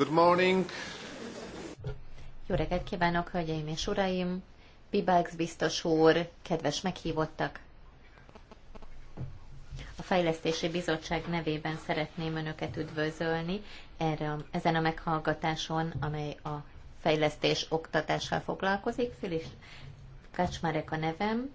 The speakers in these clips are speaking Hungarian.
Good morning. Jó reggelt kívánok, hölgyeim és uraim! Bibax biztos úr, kedves meghívottak! A Fejlesztési Bizottság nevében szeretném Önöket üdvözölni erre, ezen a meghallgatáson, amely a fejlesztés oktatással foglalkozik. Filis Kacsmarek a nevem,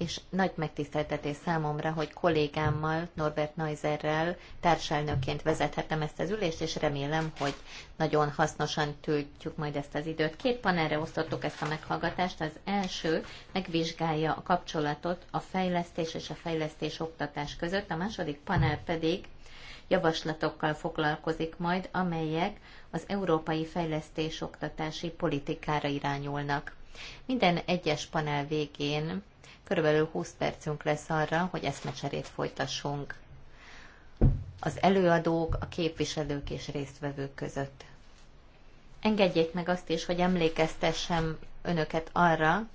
és nagy megtiszteltetés számomra, hogy kollégámmal, Norbert Neuserrel társelnökként vezethettem ezt az ülést, és remélem, hogy nagyon hasznosan töltjük majd ezt az időt. Két panelre osztottuk ezt a meghallgatást. Az első megvizsgálja a kapcsolatot a fejlesztés és a fejlesztés oktatás között, a második panel pedig javaslatokkal foglalkozik majd, amelyek az európai fejlesztés oktatási politikára irányulnak. Minden egyes panel végén Körülbelül 20 percünk lesz arra, hogy eszmecserét folytassunk az előadók, a képviselők és résztvevők között. Engedjék meg azt is, hogy emlékeztessem önöket arra,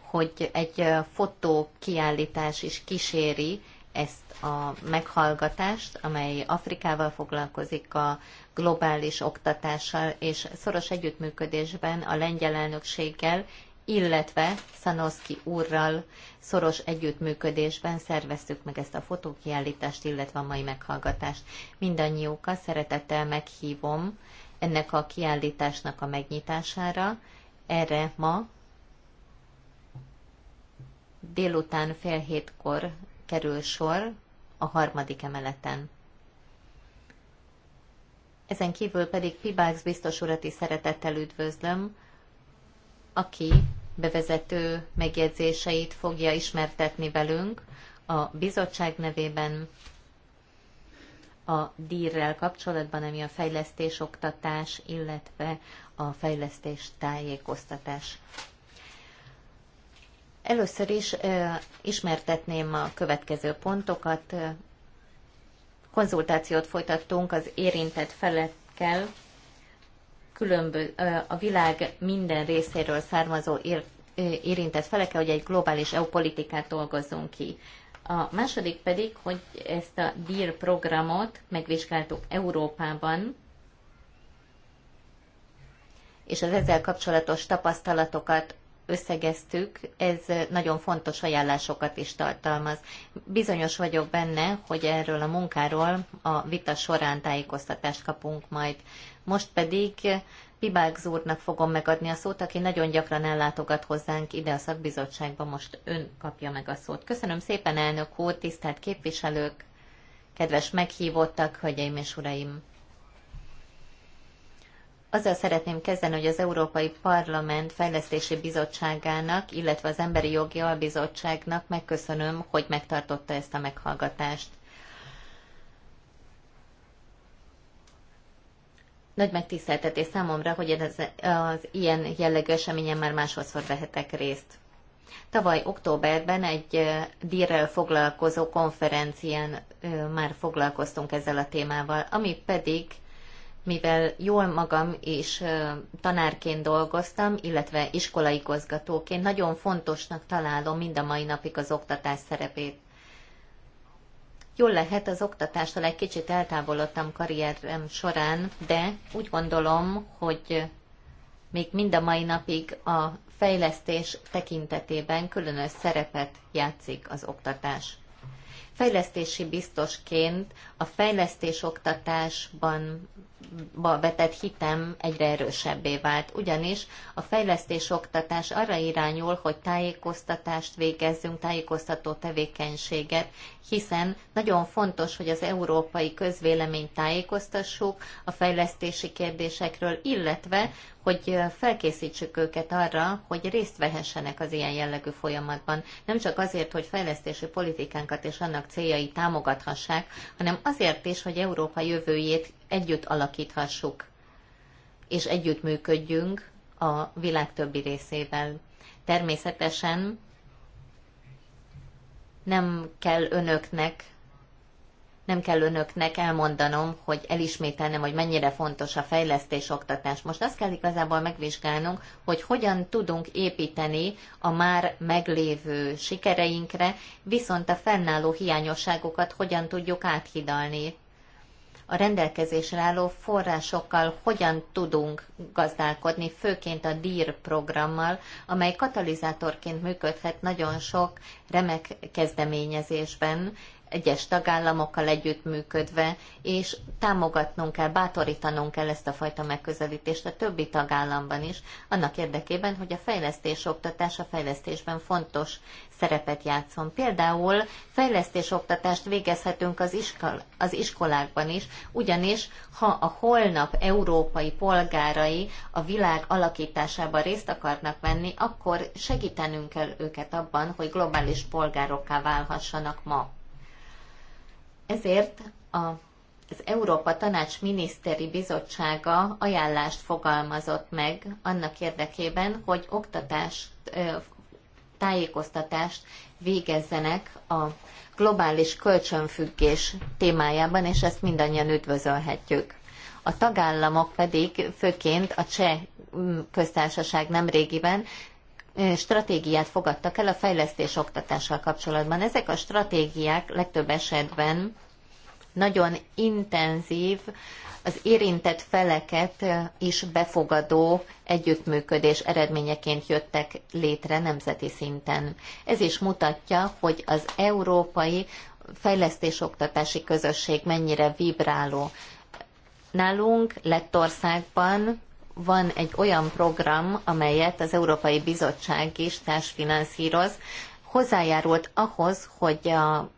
hogy egy fotó kiállítás is kíséri ezt a meghallgatást, amely Afrikával foglalkozik a globális oktatással, és szoros együttműködésben a lengyel elnökséggel illetve Szanoszki úrral szoros együttműködésben szerveztük meg ezt a fotókiállítást, illetve a mai meghallgatást. Mindannyiukat szeretettel meghívom ennek a kiállításnak a megnyitására. Erre ma délután fél hétkor kerül sor a harmadik emeleten. Ezen kívül pedig Pibax biztos urat is szeretettel üdvözlöm, aki bevezető megjegyzéseit fogja ismertetni velünk a bizottság nevében a dírrel kapcsolatban, ami a fejlesztés oktatás, illetve a fejlesztés tájékoztatás. Először is e, ismertetném a következő pontokat. Konzultációt folytattunk az érintett felekkel különböző, a világ minden részéről származó ér, érintett felekkel, hogy egy globális EU politikát dolgozzunk ki. A második pedig, hogy ezt a DIR programot megvizsgáltuk Európában, és az ezzel kapcsolatos tapasztalatokat összegeztük, ez nagyon fontos ajánlásokat is tartalmaz. Bizonyos vagyok benne, hogy erről a munkáról a vita során tájékoztatást kapunk majd. Most pedig Pibák úrnak fogom megadni a szót, aki nagyon gyakran ellátogat hozzánk ide a szakbizottságba, most ön kapja meg a szót. Köszönöm szépen, elnök úr, tisztelt képviselők, kedves meghívottak, hölgyeim és uraim! Azzal szeretném kezdeni, hogy az Európai Parlament Fejlesztési Bizottságának, illetve az Emberi Jogi Albizottságnak megköszönöm, hogy megtartotta ezt a meghallgatást. Nagy megtiszteltetés számomra, hogy az, az ilyen jellegű eseményen már máshozszor vehetek részt. Tavaly októberben egy dírrel foglalkozó konferencián már foglalkoztunk ezzel a témával, ami pedig, mivel jól magam is tanárként dolgoztam, illetve iskolaigazgatóként, nagyon fontosnak találom mind a mai napig az oktatás szerepét. Jól lehet, az oktatástól egy kicsit eltávolodtam karrierem során, de úgy gondolom, hogy még mind a mai napig a fejlesztés tekintetében különös szerepet játszik az oktatás. Fejlesztési biztosként a fejlesztés oktatásban ba vetett hitem egyre erősebbé vált, ugyanis a fejlesztés oktatás arra irányul, hogy tájékoztatást végezzünk, tájékoztató tevékenységet, hiszen nagyon fontos, hogy az európai közvéleményt tájékoztassuk a fejlesztési kérdésekről, illetve, hogy felkészítsük őket arra, hogy részt vehessenek az ilyen jellegű folyamatban. Nem csak azért, hogy fejlesztési politikánkat és annak céljai támogathassák, hanem azért is, hogy Európa jövőjét együtt alakíthassuk, és együtt működjünk a világ többi részével. Természetesen nem kell önöknek nem kell önöknek elmondanom, hogy elismételnem, hogy mennyire fontos a fejlesztés oktatás. Most azt kell igazából megvizsgálnunk, hogy hogyan tudunk építeni a már meglévő sikereinkre, viszont a fennálló hiányosságokat hogyan tudjuk áthidalni a rendelkezésre álló forrásokkal hogyan tudunk gazdálkodni, főként a DIR programmal, amely katalizátorként működhet nagyon sok remek kezdeményezésben, egyes tagállamokkal együttműködve, és támogatnunk kell, bátorítanunk kell ezt a fajta megközelítést a többi tagállamban is, annak érdekében, hogy a fejlesztés oktatás a fejlesztésben fontos szerepet játszon. Például fejlesztés oktatást végezhetünk az, iskol- az iskolákban is, ugyanis ha a holnap európai polgárai a világ alakításában részt akarnak venni, akkor segítenünk kell őket abban, hogy globális polgárokká válhassanak ma. Ezért a, az Európa Tanács Miniszteri Bizottsága ajánlást fogalmazott meg annak érdekében, hogy oktatást, tájékoztatást végezzenek a globális kölcsönfüggés témájában, és ezt mindannyian üdvözölhetjük. A tagállamok pedig főként a cseh mm, köztársaság nemrégiben stratégiát fogadtak el a fejlesztés oktatással kapcsolatban. Ezek a stratégiák legtöbb esetben nagyon intenzív, az érintett feleket is befogadó együttműködés eredményeként jöttek létre nemzeti szinten. Ez is mutatja, hogy az európai fejlesztés-oktatási közösség mennyire vibráló. Nálunk Lettországban van egy olyan program, amelyet az Európai Bizottság is társfinanszíroz, hozzájárult ahhoz, hogy a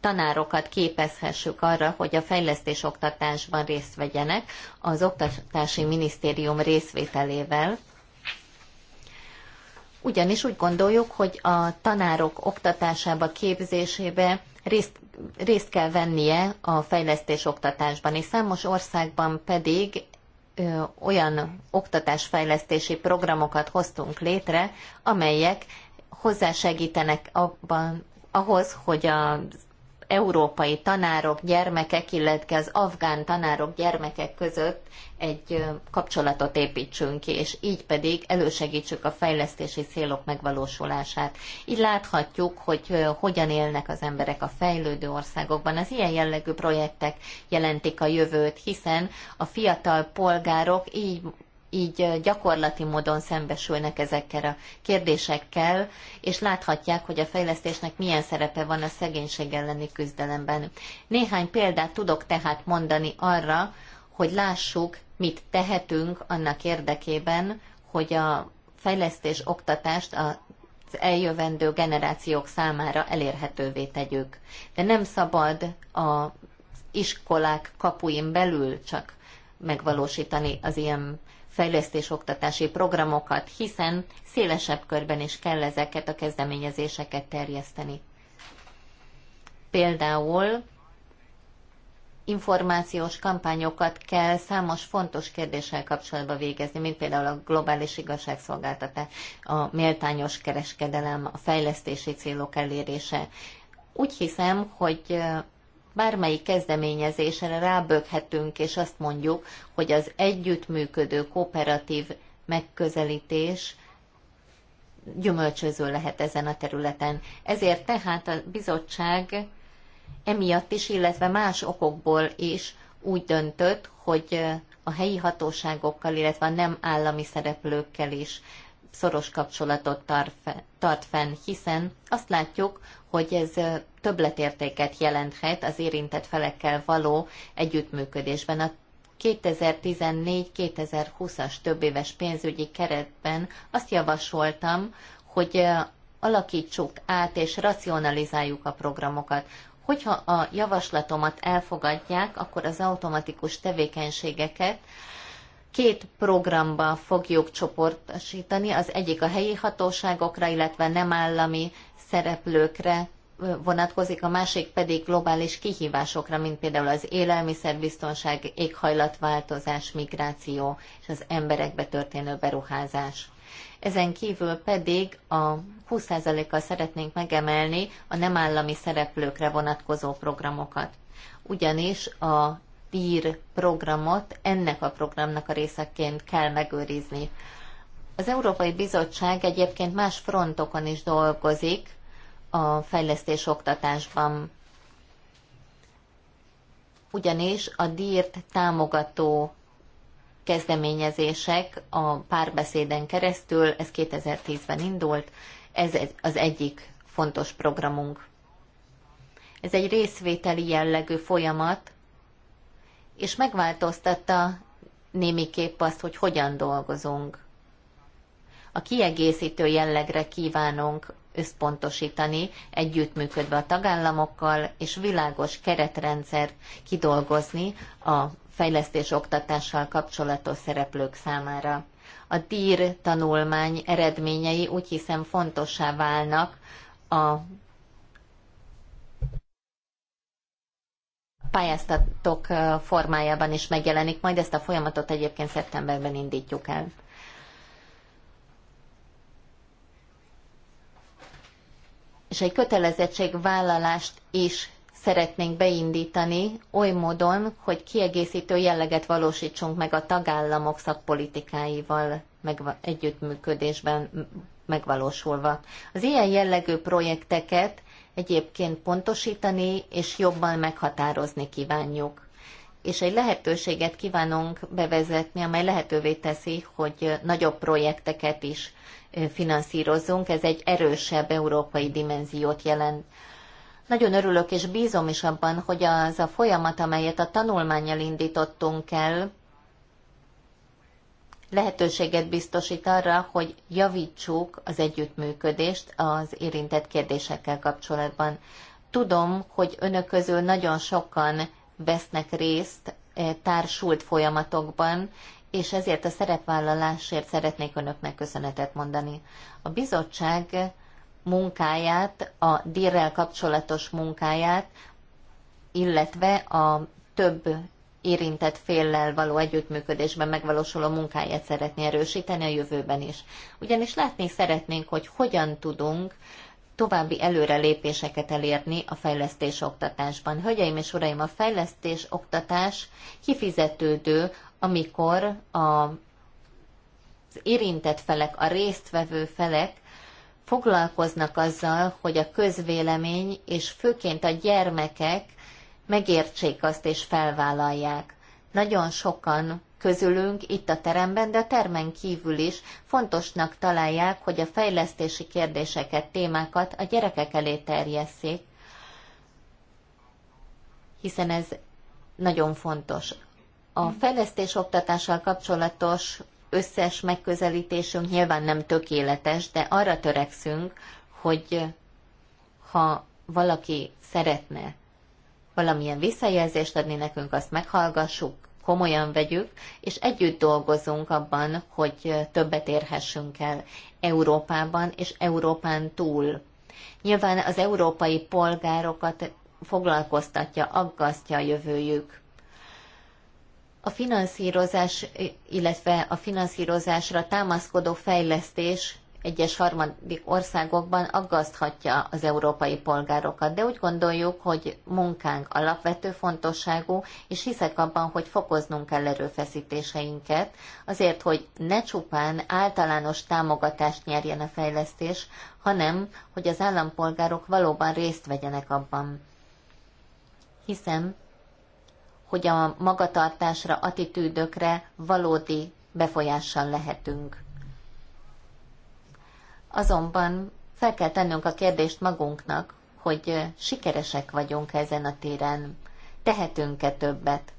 tanárokat képezhessük arra, hogy a fejlesztés oktatásban részt vegyenek az Oktatási Minisztérium részvételével. Ugyanis úgy gondoljuk, hogy a tanárok oktatásába, képzésébe részt, részt kell vennie a fejlesztés oktatásban, és számos országban pedig olyan oktatásfejlesztési programokat hoztunk létre, amelyek hozzásegítenek abban, ahhoz, hogy az európai tanárok, gyermekek, illetve az afgán tanárok, gyermekek között egy kapcsolatot építsünk ki, és így pedig elősegítsük a fejlesztési célok megvalósulását. Így láthatjuk, hogy hogyan élnek az emberek a fejlődő országokban. Az ilyen jellegű projektek jelentik a jövőt, hiszen a fiatal polgárok így így gyakorlati módon szembesülnek ezekkel a kérdésekkel, és láthatják, hogy a fejlesztésnek milyen szerepe van a szegénység elleni küzdelemben. Néhány példát tudok tehát mondani arra, hogy lássuk, mit tehetünk annak érdekében, hogy a fejlesztés oktatást a az eljövendő generációk számára elérhetővé tegyük. De nem szabad az iskolák kapuin belül csak megvalósítani az ilyen fejlesztés-oktatási programokat, hiszen szélesebb körben is kell ezeket a kezdeményezéseket terjeszteni. Például információs kampányokat kell számos fontos kérdéssel kapcsolatban végezni, mint például a globális igazságszolgáltatás, a méltányos kereskedelem, a fejlesztési célok elérése. Úgy hiszem, hogy bármelyik kezdeményezésre ráböghetünk, és azt mondjuk, hogy az együttműködő kooperatív megközelítés gyümölcsöző lehet ezen a területen. Ezért tehát a bizottság emiatt is, illetve más okokból is úgy döntött, hogy a helyi hatóságokkal, illetve a nem állami szereplőkkel is szoros kapcsolatot tart fenn, hiszen azt látjuk, hogy ez többletértéket jelenthet az érintett felekkel való együttműködésben. A 2014-2020-as többéves pénzügyi keretben azt javasoltam, hogy alakítsuk át és racionalizáljuk a programokat. Hogyha a javaslatomat elfogadják, akkor az automatikus tevékenységeket két programba fogjuk csoportosítani, az egyik a helyi hatóságokra, illetve nem állami szereplőkre vonatkozik, a másik pedig globális kihívásokra, mint például az élelmiszerbiztonság, éghajlatváltozás, migráció és az emberekbe történő beruházás. Ezen kívül pedig a 20%-kal szeretnénk megemelni a nem állami szereplőkre vonatkozó programokat. Ugyanis a PIR programot ennek a programnak a részeként kell megőrizni. Az Európai Bizottság egyébként más frontokon is dolgozik a fejlesztés oktatásban. Ugyanis a dírt támogató kezdeményezések a párbeszéden keresztül, ez 2010-ben indult, ez az egyik fontos programunk. Ez egy részvételi jellegű folyamat, és megváltoztatta némiképp azt, hogy hogyan dolgozunk. A kiegészítő jellegre kívánunk összpontosítani, együttműködve a tagállamokkal, és világos keretrendszer kidolgozni a fejlesztés oktatással kapcsolatos szereplők számára. A DIR tanulmány eredményei úgy hiszem fontossá válnak a pályáztatók formájában is megjelenik, majd ezt a folyamatot egyébként szeptemberben indítjuk el. És egy kötelezettségvállalást is szeretnénk beindítani oly módon, hogy kiegészítő jelleget valósítsunk meg a tagállamok szakpolitikáival meg, együttműködésben megvalósulva. Az ilyen jellegű projekteket egyébként pontosítani és jobban meghatározni kívánjuk. És egy lehetőséget kívánunk bevezetni, amely lehetővé teszi, hogy nagyobb projekteket is finanszírozzunk. Ez egy erősebb európai dimenziót jelent. Nagyon örülök és bízom is abban, hogy az a folyamat, amelyet a tanulmányjal indítottunk el, lehetőséget biztosít arra, hogy javítsuk az együttműködést az érintett kérdésekkel kapcsolatban. Tudom, hogy önök közül nagyon sokan vesznek részt e, társult folyamatokban, és ezért a szerepvállalásért szeretnék önöknek köszönetet mondani. A bizottság munkáját, a dírrel kapcsolatos munkáját, illetve a több érintett féllel való együttműködésben megvalósuló munkáját szeretné erősíteni a jövőben is. Ugyanis látni szeretnénk, hogy hogyan tudunk további előrelépéseket elérni a fejlesztés oktatásban. Hölgyeim és uraim, a fejlesztés oktatás kifizetődő, amikor a, az érintett felek, a résztvevő felek foglalkoznak azzal, hogy a közvélemény és főként a gyermekek megértsék azt és felvállalják. Nagyon sokan közülünk itt a teremben, de a termen kívül is fontosnak találják, hogy a fejlesztési kérdéseket, témákat a gyerekek elé terjesszék, hiszen ez nagyon fontos. A fejlesztés oktatással kapcsolatos összes megközelítésünk nyilván nem tökéletes, de arra törekszünk, hogy ha valaki szeretne valamilyen visszajelzést adni nekünk, azt meghallgassuk, komolyan vegyük, és együtt dolgozunk abban, hogy többet érhessünk el Európában és Európán túl. Nyilván az európai polgárokat foglalkoztatja, aggasztja a jövőjük. A finanszírozás, illetve a finanszírozásra támaszkodó fejlesztés egyes harmadik országokban aggaszthatja az európai polgárokat, de úgy gondoljuk, hogy munkánk alapvető fontosságú, és hiszek abban, hogy fokoznunk kell erőfeszítéseinket, azért, hogy ne csupán általános támogatást nyerjen a fejlesztés, hanem, hogy az állampolgárok valóban részt vegyenek abban. Hiszem, hogy a magatartásra, attitűdökre valódi befolyással lehetünk. Azonban fel kell tennünk a kérdést magunknak, hogy sikeresek vagyunk ezen a téren, tehetünk-e többet,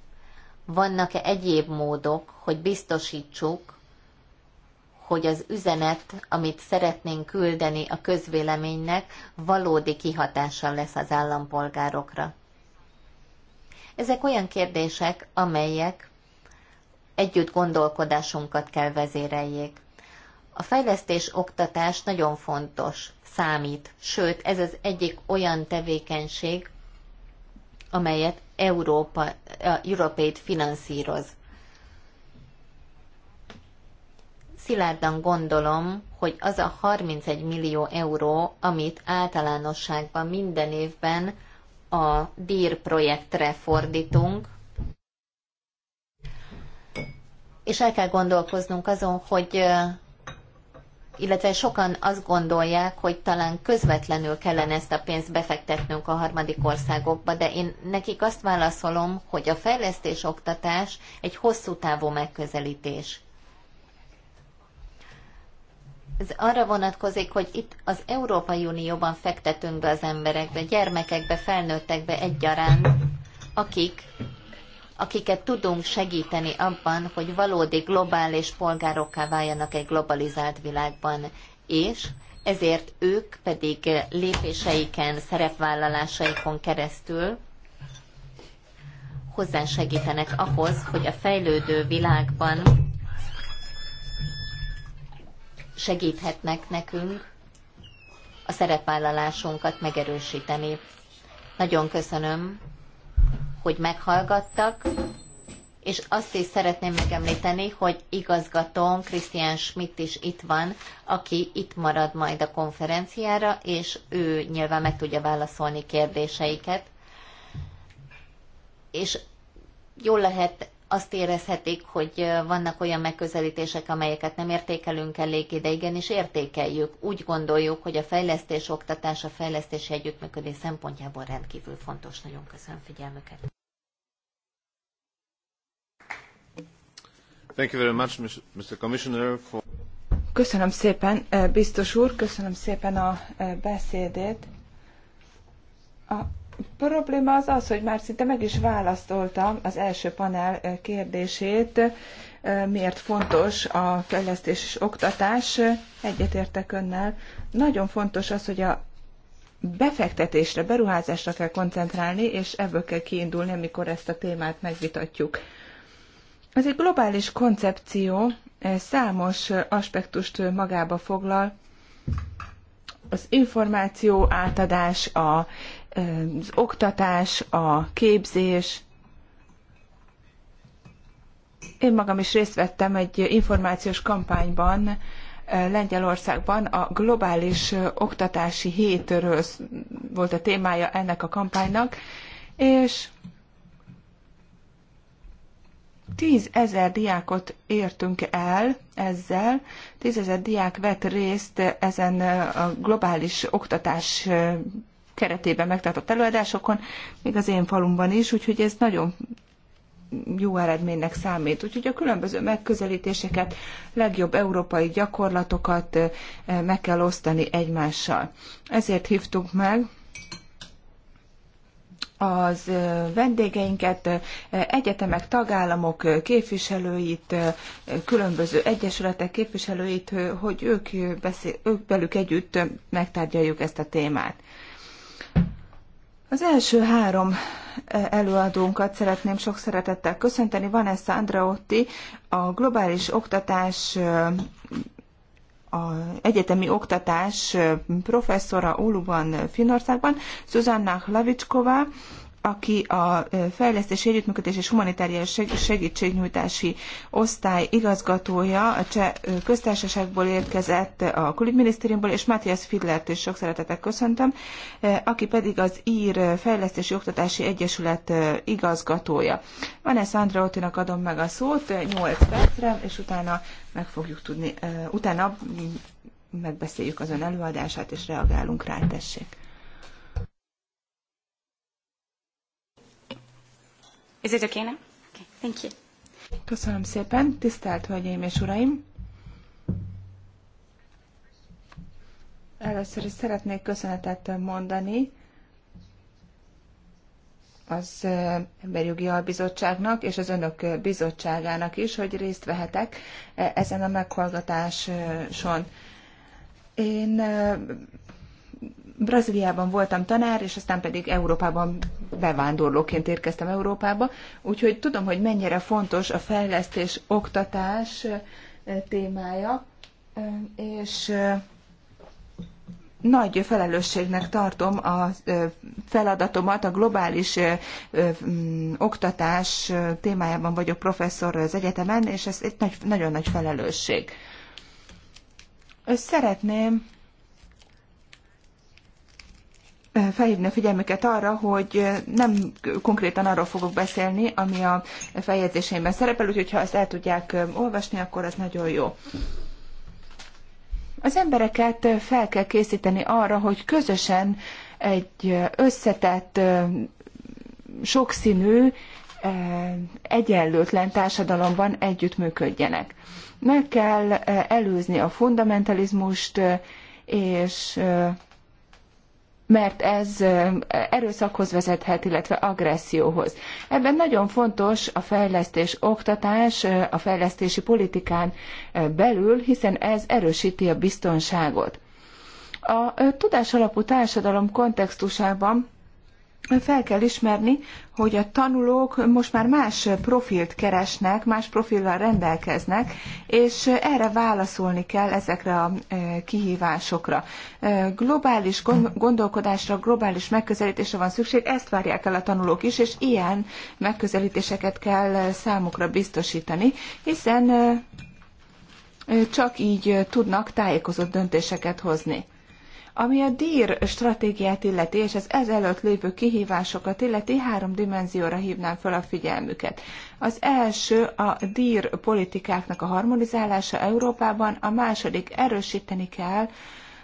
vannak-e egyéb módok, hogy biztosítsuk, hogy az üzenet, amit szeretnénk küldeni a közvéleménynek, valódi kihatással lesz az állampolgárokra. Ezek olyan kérdések, amelyek együtt gondolkodásunkat kell vezéreljék. A fejlesztés oktatás nagyon fontos, számít, sőt ez az egyik olyan tevékenység, amelyet Európa, Európét finanszíroz. Szilárdan gondolom, hogy az a 31 millió euró, amit általánosságban minden évben a DIR projektre fordítunk, és el kell gondolkoznunk azon, hogy illetve sokan azt gondolják, hogy talán közvetlenül kellene ezt a pénzt befektetnünk a harmadik országokba, de én nekik azt válaszolom, hogy a fejlesztés oktatás egy hosszú távú megközelítés. Ez arra vonatkozik, hogy itt az Európai Unióban fektetünk be az emberekbe, gyermekekbe, felnőttekbe egyaránt, akik akiket tudunk segíteni abban, hogy valódi globális polgárokká váljanak egy globalizált világban, és ezért ők pedig lépéseiken, szerepvállalásaikon keresztül hozzásegítenek ahhoz, hogy a fejlődő világban segíthetnek nekünk a szerepvállalásunkat megerősíteni. Nagyon köszönöm hogy meghallgattak, és azt is szeretném megemlíteni, hogy igazgatón Christian Schmidt is itt van, aki itt marad majd a konferenciára, és ő nyilván meg tudja válaszolni kérdéseiket. És jól lehet, azt érezhetik, hogy vannak olyan megközelítések, amelyeket nem értékelünk elég ideig, és értékeljük. Úgy gondoljuk, hogy a fejlesztés, oktatás, a fejlesztési együttműködés szempontjából rendkívül fontos. Nagyon köszönöm figyelmüket. Köszönöm szépen, eh, biztos úr, köszönöm szépen a eh, beszédét. A probléma az az, hogy már szinte meg is választoltam az első panel eh, kérdését, miért fontos a fejlesztés és oktatás. Egyetértek önnel. Nagyon fontos az, hogy a befektetésre, beruházásra kell koncentrálni, és ebből kell kiindulni, amikor ezt a témát megvitatjuk. Ez egy globális koncepció, számos aspektust magába foglal. Az információ átadás, a, az oktatás, a képzés. Én magam is részt vettem egy információs kampányban, Lengyelországban a globális oktatási hétről volt a témája ennek a kampánynak, és 10 ezer diákot értünk el ezzel, 10 ezer diák vett részt ezen a globális oktatás keretében megtartott előadásokon, még az én falumban is, úgyhogy ez nagyon jó eredménynek számít. Úgyhogy a különböző megközelítéseket, legjobb európai gyakorlatokat meg kell osztani egymással. Ezért hívtuk meg az vendégeinket, egyetemek, tagállamok képviselőit, különböző egyesületek képviselőit, hogy ők, beszél, ők belük együtt megtárgyaljuk ezt a témát. Az első három előadónkat szeretném sok szeretettel köszönteni. Vanessa Andraotti, a globális oktatás a egyetemi oktatás professzora Óluban, Finországban, Zuzanna Hlavicskova, aki a fejlesztési együttműködés és humanitárius segítségnyújtási osztály igazgatója, a cseh köztársaságból érkezett a külügyminisztériumból, és Matthias Fidlert is sok szeretettel köszöntöm, aki pedig az Ír Fejlesztési Oktatási Egyesület igazgatója. Van-e Szandra Otinak adom meg a szót 8 percre, és utána meg fogjuk tudni, utána megbeszéljük az ön előadását, és reagálunk rá, tessék. Is it okay now? Okay, thank you. Köszönöm szépen, tisztelt Hölgyeim és Uraim! Először is szeretnék köszönetet mondani az Emberjogi Albizottságnak és az Önök Bizottságának is, hogy részt vehetek ezen a meghallgatáson. Én Brazíliában voltam tanár, és aztán pedig Európában bevándorlóként érkeztem Európába, úgyhogy tudom, hogy mennyire fontos a fejlesztés, oktatás témája, és nagy felelősségnek tartom a feladatomat, a globális oktatás témájában vagyok professzor az egyetemen, és ez egy nagy, nagyon nagy felelősség. Szeretném felhívni a figyelmüket arra, hogy nem konkrétan arról fogok beszélni, ami a feljegyzéseimben szerepel, úgyhogy ha ezt el tudják olvasni, akkor az nagyon jó. Az embereket fel kell készíteni arra, hogy közösen egy összetett, sokszínű, egyenlőtlen társadalomban együttműködjenek. Meg kell előzni a fundamentalizmust, és mert ez erőszakhoz vezethet, illetve agresszióhoz. Ebben nagyon fontos a fejlesztés oktatás, a fejlesztési politikán belül, hiszen ez erősíti a biztonságot. A tudásalapú társadalom kontextusában fel kell ismerni, hogy a tanulók most már más profilt keresnek, más profillal rendelkeznek, és erre válaszolni kell ezekre a e, kihívásokra. E, globális gondolkodásra, globális megközelítésre van szükség, ezt várják el a tanulók is, és ilyen megközelítéseket kell számukra biztosítani, hiszen e, csak így tudnak tájékozott döntéseket hozni. Ami a DIR stratégiát illeti, és az ez előtt lévő kihívásokat illeti, három dimenzióra hívnám fel a figyelmüket. Az első a DIR politikáknak a harmonizálása Európában, a második erősíteni kell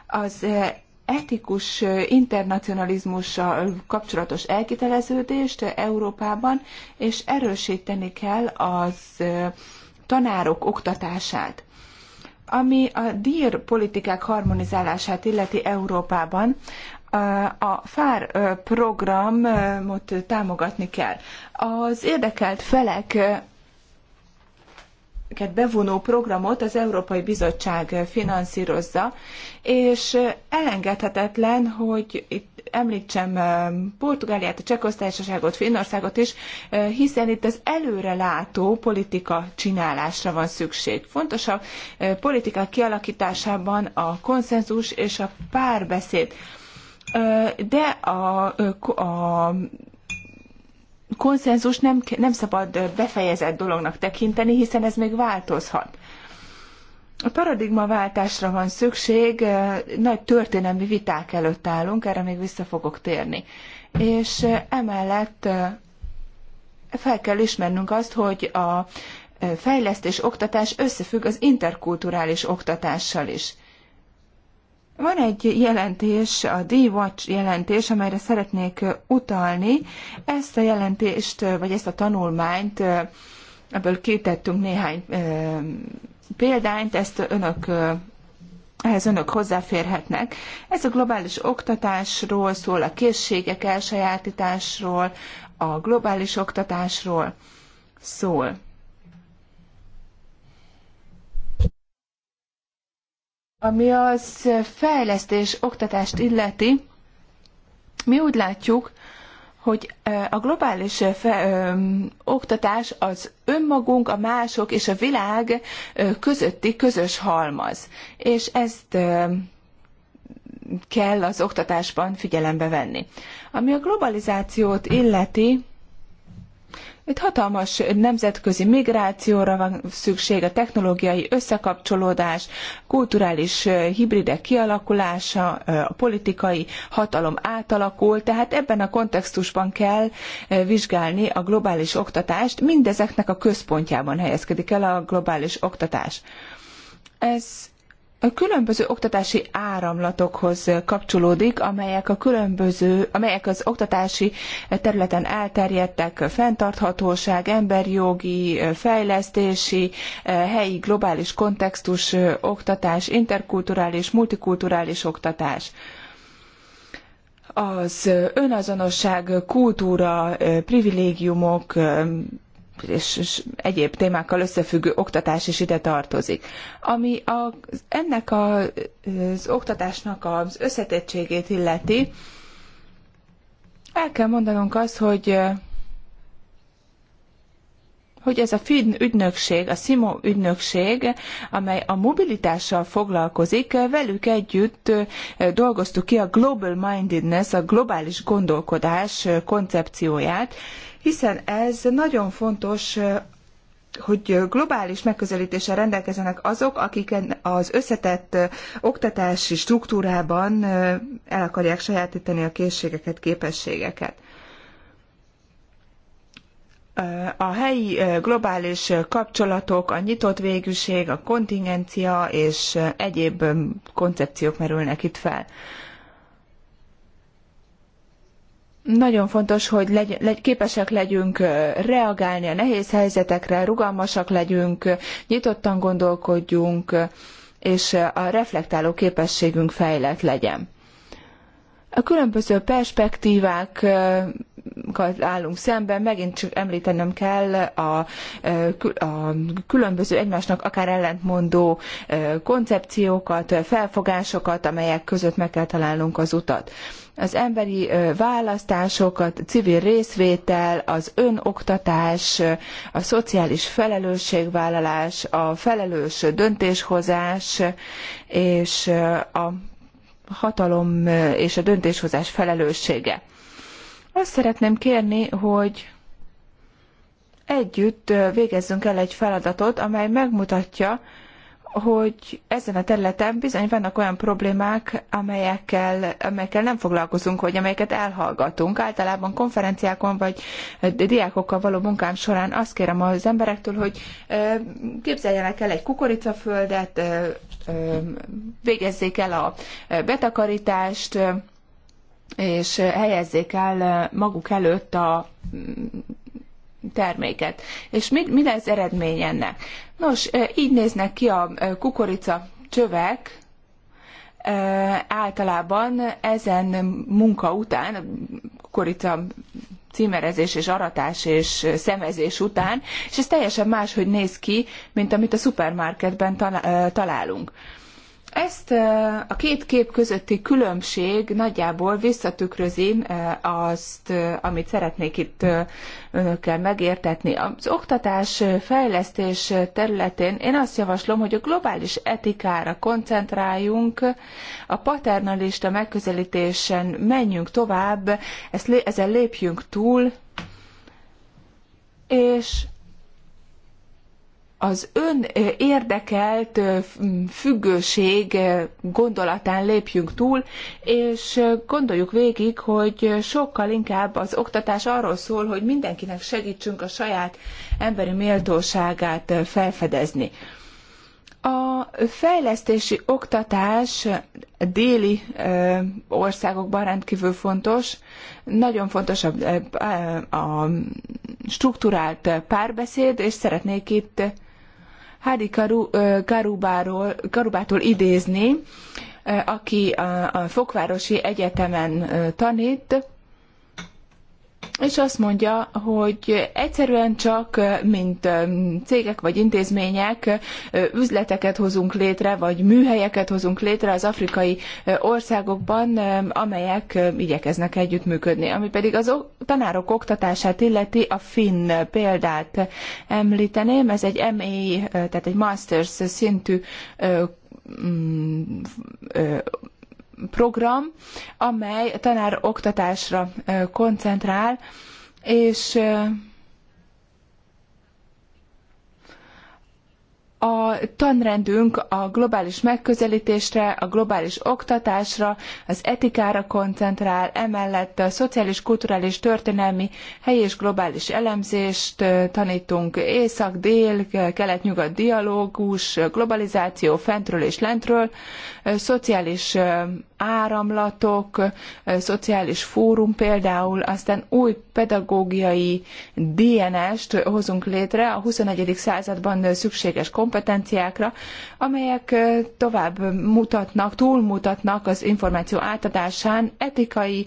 az eh, etikus eh, internacionalizmussal kapcsolatos elkiteleződést eh, Európában, és erősíteni kell az tanárok oktatását. Ami a dír politikák harmonizálását illeti Európában, a FÁR programot támogatni kell. Az érdekelt felek bevonó programot az Európai Bizottság finanszírozza, és elengedhetetlen, hogy itt említsem Portugáliát, a Csehköztársaságot, Finnországot is, hiszen itt az előrelátó politika csinálásra van szükség. Fontos a politika kialakításában a konszenzus és a párbeszéd de a, a konszenzus nem, nem szabad befejezett dolognak tekinteni, hiszen ez még változhat. A paradigmaváltásra van szükség, nagy történelmi viták előtt állunk, erre még vissza fogok térni. És emellett fel kell ismernünk azt, hogy a fejlesztés oktatás összefügg az interkulturális oktatással is. Van egy jelentés, a D-Watch jelentés, amelyre szeretnék utalni. Ezt a jelentést, vagy ezt a tanulmányt, ebből kétettünk néhány példányt, ezt önök ehhez önök hozzáférhetnek. Ez a globális oktatásról szól, a készségek elsajátításról, a globális oktatásról szól. Ami az fejlesztés, oktatást illeti, mi úgy látjuk, hogy a globális fe, oktatás az önmagunk, a mások és a világ közötti közös halmaz. És ezt kell az oktatásban figyelembe venni. Ami a globalizációt illeti, itt hatalmas nemzetközi migrációra van szükség, a technológiai összekapcsolódás, kulturális hibridek kialakulása, a politikai hatalom átalakul, tehát ebben a kontextusban kell vizsgálni a globális oktatást, mindezeknek a központjában helyezkedik el a globális oktatás. Ez különböző oktatási áramlatokhoz kapcsolódik, amelyek a különböző, amelyek az oktatási területen elterjedtek, fenntarthatóság, emberi jogi, fejlesztési, helyi globális kontextus oktatás, interkulturális, multikulturális oktatás az önazonosság, kultúra, privilégiumok, és, és egyéb témákkal összefüggő oktatás is ide tartozik. Ami a, ennek a, az oktatásnak az összetettségét illeti, el kell mondanunk azt, hogy hogy ez a FIN ügynökség, a SIMO ügynökség, amely a mobilitással foglalkozik, velük együtt dolgoztuk ki a Global Mindedness, a globális gondolkodás koncepcióját, hiszen ez nagyon fontos hogy globális megközelítéssel rendelkezenek azok, akik az összetett oktatási struktúrában el akarják sajátítani a készségeket, képességeket. A helyi globális kapcsolatok, a nyitott végűség, a kontingencia és egyéb koncepciók merülnek itt fel nagyon fontos, hogy legy, legy, képesek legyünk reagálni a nehéz helyzetekre, rugalmasak legyünk, nyitottan gondolkodjunk, és a reflektáló képességünk fejlett legyen. A különböző perspektívák állunk szemben, megint csak említenem kell a, a különböző egymásnak akár ellentmondó koncepciókat, felfogásokat, amelyek között meg kell találnunk az utat az emberi választások, a civil részvétel, az önoktatás, a szociális felelősségvállalás, a felelős döntéshozás és a hatalom és a döntéshozás felelőssége. Azt szeretném kérni, hogy együtt végezzünk el egy feladatot, amely megmutatja, hogy ezen a területen bizony vannak olyan problémák, amelyekkel, amelyekkel nem foglalkozunk, vagy amelyeket elhallgatunk. Általában konferenciákon vagy diákokkal való munkám során azt kérem az emberektől, hogy képzeljenek el egy kukoricaföldet, végezzék el a betakarítást, és helyezzék el maguk előtt a mm, terméket. És mi, mi lesz eredmény ennek? Nos, így néznek ki a kukorica csövek, általában ezen munka után, kukorica címerezés és aratás és szemezés után, és ez teljesen máshogy néz ki, mint amit a szupermarketben találunk. Ezt a két kép közötti különbség nagyjából visszatükrözi azt, amit szeretnék itt önökkel megértetni. Az oktatás fejlesztés területén én azt javaslom, hogy a globális etikára koncentráljunk, a paternalista megközelítésen menjünk tovább, ezen lépjünk túl, és az ön érdekelt függőség gondolatán lépjünk túl, és gondoljuk végig, hogy sokkal inkább az oktatás arról szól, hogy mindenkinek segítsünk a saját emberi méltóságát felfedezni. A fejlesztési oktatás déli országokban rendkívül fontos. Nagyon fontos a, a, a strukturált párbeszéd, és szeretnék itt Hádi Karu, Karubáról, Karubától idézni, aki a Fokvárosi Egyetemen tanít, és azt mondja, hogy egyszerűen csak, mint cégek vagy intézmények, üzleteket hozunk létre, vagy műhelyeket hozunk létre az afrikai országokban, amelyek igyekeznek együttműködni. Ami pedig az tanárok oktatását illeti, a finn példát említeném, ez egy MA, tehát egy master's szintű program, amely tanároktatásra koncentrál, és a tanrendünk a globális megközelítésre, a globális oktatásra, az etikára koncentrál, emellett a szociális, kulturális, történelmi, helyi és globális elemzést tanítunk, észak-dél, kelet-nyugat dialógus, globalizáció fentről és lentről, szociális áramlatok, szociális fórum például, aztán új pedagógiai DNS-t hozunk létre a 21. században szükséges kompetenciákra, amelyek tovább mutatnak, túlmutatnak az információ átadásán, etikai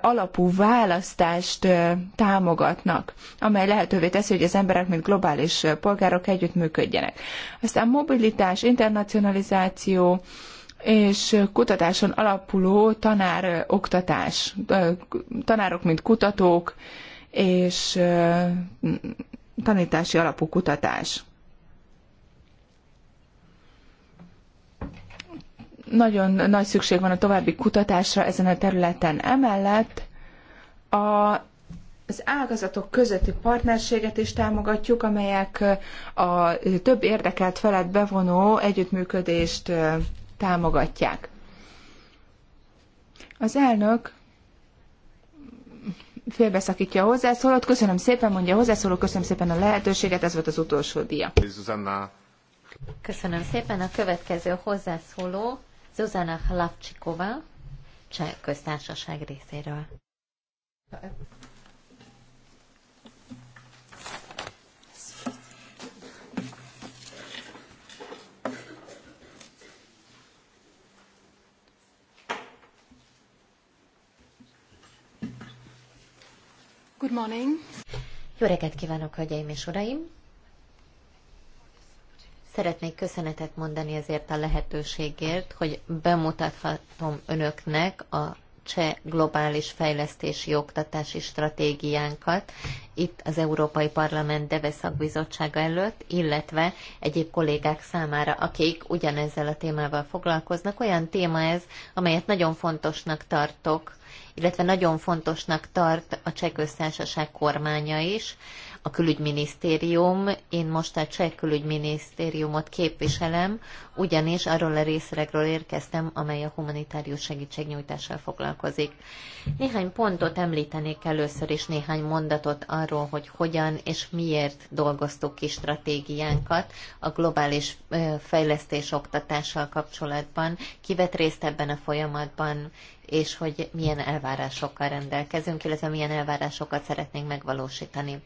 alapú választást támogatnak, amely lehetővé teszi, hogy az emberek, mint globális polgárok együttműködjenek. Aztán mobilitás, internacionalizáció, és kutatáson alapuló tanár oktatás, tanárok, mint kutatók, és tanítási alapú kutatás. Nagyon nagy szükség van a további kutatásra ezen a területen. Emellett a az ágazatok közötti partnerséget is támogatjuk, amelyek a több érdekelt felett bevonó együttműködést támogatják. Az elnök félbeszakítja a hozzászólót. Köszönöm szépen, mondja a hozzászóló, köszönöm szépen a lehetőséget, ez volt az utolsó dia. Köszönöm szépen. A következő hozzászóló Zuzana Hlavcsikova, Cseh köztársaság részéről. Good morning. Jó reggelt kívánok, hölgyeim és uraim! Szeretnék köszönetet mondani ezért a lehetőségért, hogy bemutathatom önöknek a cseh globális fejlesztési oktatási stratégiánkat itt az Európai Parlament Deveszak Bizottsága előtt, illetve egyéb kollégák számára, akik ugyanezzel a témával foglalkoznak. Olyan téma ez, amelyet nagyon fontosnak tartok illetve nagyon fontosnak tart a cseh köztársaság kormánya is, a külügyminisztérium, én most a cseh külügyminisztériumot képviselem, ugyanis arról a részregről érkeztem, amely a humanitárius segítségnyújtással foglalkozik. Néhány pontot említenék először, és néhány mondatot arról, hogy hogyan és miért dolgoztuk ki stratégiánkat a globális fejlesztés oktatással kapcsolatban, kivet részt ebben a folyamatban, és hogy milyen elvárásokkal rendelkezünk, illetve milyen elvárásokat szeretnénk megvalósítani.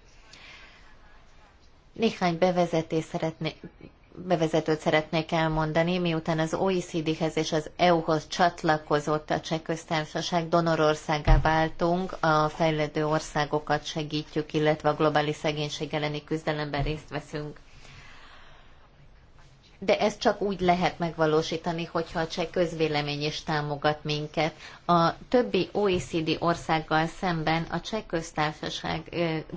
Néhány bevezetés szeretnék, bevezetőt szeretnék elmondani, miután az OECD-hez és az EU-hoz csatlakozott a Cseh Köztársaság donorországá váltunk, a fejlődő országokat segítjük, illetve a globális szegénység elleni küzdelemben részt veszünk de ezt csak úgy lehet megvalósítani, hogyha a cseh közvélemény is támogat minket. A többi OECD országgal szemben a cseh köztársaság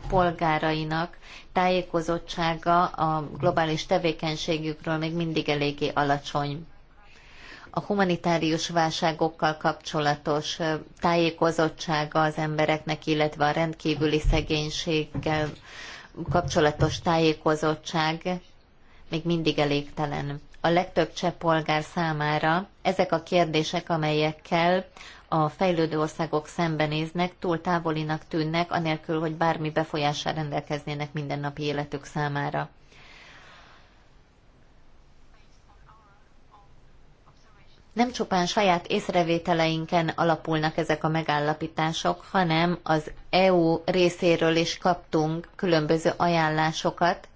polgárainak tájékozottsága a globális tevékenységükről még mindig eléggé alacsony a humanitárius válságokkal kapcsolatos tájékozottsága az embereknek, illetve a rendkívüli szegénységgel kapcsolatos tájékozottság még mindig elégtelen. A legtöbb cseh polgár számára ezek a kérdések, amelyekkel a fejlődő országok szembenéznek, túl távolinak tűnnek, anélkül, hogy bármi befolyással rendelkeznének mindennapi életük számára. nem csupán saját észrevételeinken alapulnak ezek a megállapítások, hanem az EU részéről is kaptunk különböző ajánlásokat,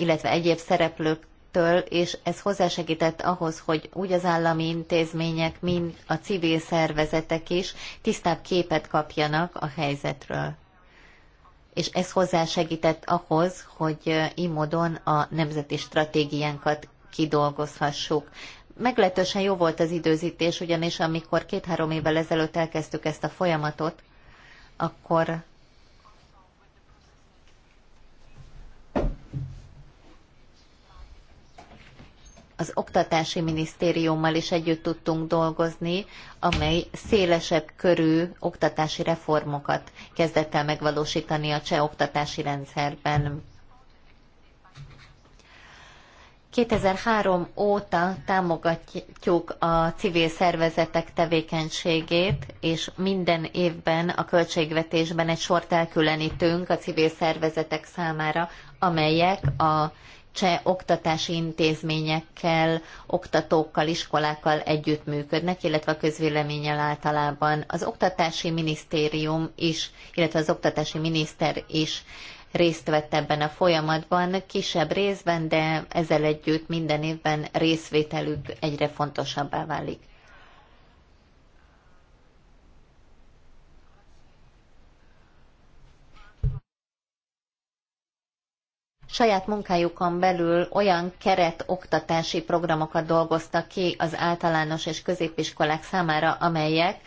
illetve egyéb szereplőktől, és ez hozzásegített ahhoz, hogy úgy az állami intézmények, mint a civil szervezetek is tisztább képet kapjanak a helyzetről. És ez hozzásegített ahhoz, hogy így módon a nemzeti stratégiánkat kidolgozhassuk meglehetősen jó volt az időzítés, ugyanis amikor két-három évvel ezelőtt elkezdtük ezt a folyamatot, akkor az Oktatási Minisztériummal is együtt tudtunk dolgozni, amely szélesebb körű oktatási reformokat kezdett el megvalósítani a cseh oktatási rendszerben. 2003 óta támogatjuk a civil szervezetek tevékenységét, és minden évben a költségvetésben egy sort elkülönítünk a civil szervezetek számára, amelyek a cseh oktatási intézményekkel, oktatókkal, iskolákkal együttműködnek, illetve a közvéleménnyel általában. Az oktatási minisztérium is, illetve az oktatási miniszter is részt vett ebben a folyamatban, kisebb részben, de ezzel együtt minden évben részvételük egyre fontosabbá válik. saját munkájukon belül olyan keret oktatási programokat dolgoztak ki az általános és középiskolák számára, amelyek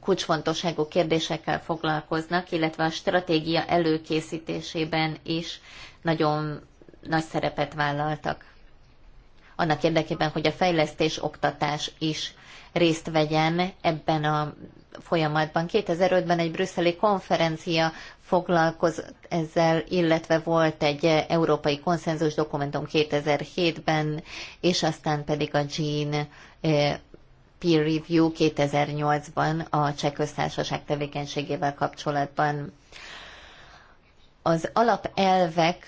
kulcsfontosságú kérdésekkel foglalkoznak, illetve a stratégia előkészítésében is nagyon nagy szerepet vállaltak. Annak érdekében, hogy a fejlesztés oktatás is részt vegyen ebben a folyamatban. 2005-ben egy brüsszeli konferencia foglalkozott ezzel, illetve volt egy európai konszenzus dokumentum 2007-ben, és aztán pedig a Jean eh, Peer Review 2008-ban a Cseh Köztársaság tevékenységével kapcsolatban. Az alapelvek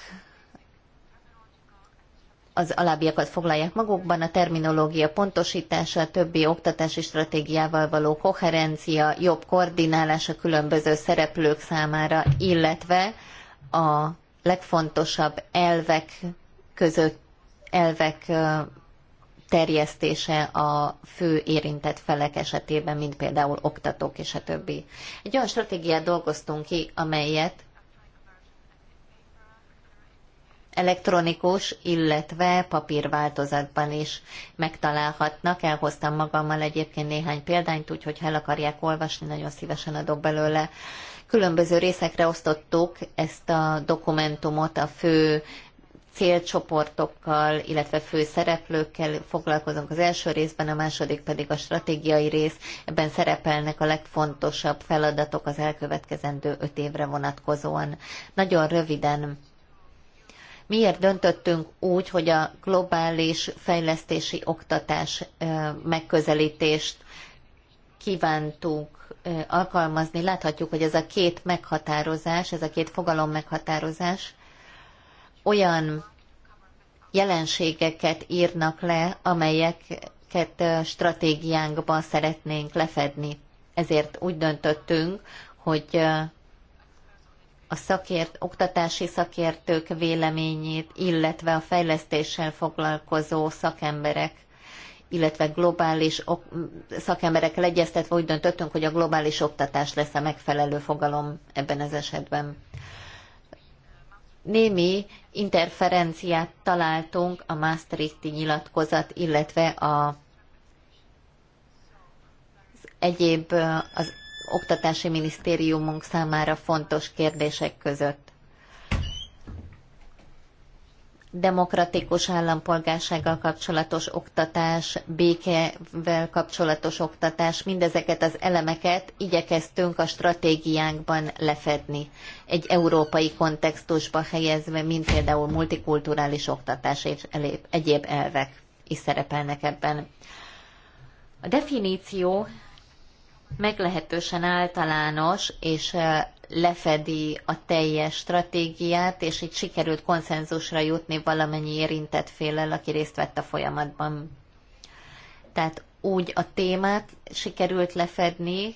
az alábbiakat foglalják magukban, a terminológia pontosítása, a többi oktatási stratégiával való koherencia, jobb koordinálás a különböző szereplők számára, illetve a legfontosabb elvek között elvek terjesztése a fő érintett felek esetében, mint például oktatók és a többi. Egy olyan stratégiát dolgoztunk ki, amelyet elektronikus, illetve papírváltozatban is megtalálhatnak. Elhoztam magammal egyébként néhány példányt, úgyhogy ha el akarják olvasni, nagyon szívesen adok belőle. Különböző részekre osztottuk ezt a dokumentumot a fő célcsoportokkal, illetve fő szereplőkkel foglalkozunk az első részben, a második pedig a stratégiai rész. Ebben szerepelnek a legfontosabb feladatok az elkövetkezendő öt évre vonatkozóan. Nagyon röviden Miért döntöttünk úgy, hogy a globális fejlesztési oktatás megközelítést kívántunk alkalmazni? Láthatjuk, hogy ez a két meghatározás, ez a két fogalom meghatározás olyan jelenségeket írnak le, amelyeket stratégiánkban szeretnénk lefedni. Ezért úgy döntöttünk, hogy a szakért, oktatási szakértők véleményét, illetve a fejlesztéssel foglalkozó szakemberek illetve globális szakemberek egyeztetve úgy döntöttünk, hogy a globális oktatás lesz a megfelelő fogalom ebben az esetben. Némi interferenciát találtunk a Maastrichti nyilatkozat, illetve a, az egyéb az Oktatási Minisztériumunk számára fontos kérdések között. Demokratikus állampolgársággal kapcsolatos oktatás, békevel kapcsolatos oktatás, mindezeket az elemeket igyekeztünk a stratégiánkban lefedni, egy európai kontextusba helyezve, mint például multikulturális oktatás és egyéb elvek is szerepelnek ebben. A definíció meglehetősen általános, és lefedi a teljes stratégiát, és így sikerült konszenzusra jutni valamennyi érintett félel, aki részt vett a folyamatban. Tehát úgy a témát sikerült lefedni,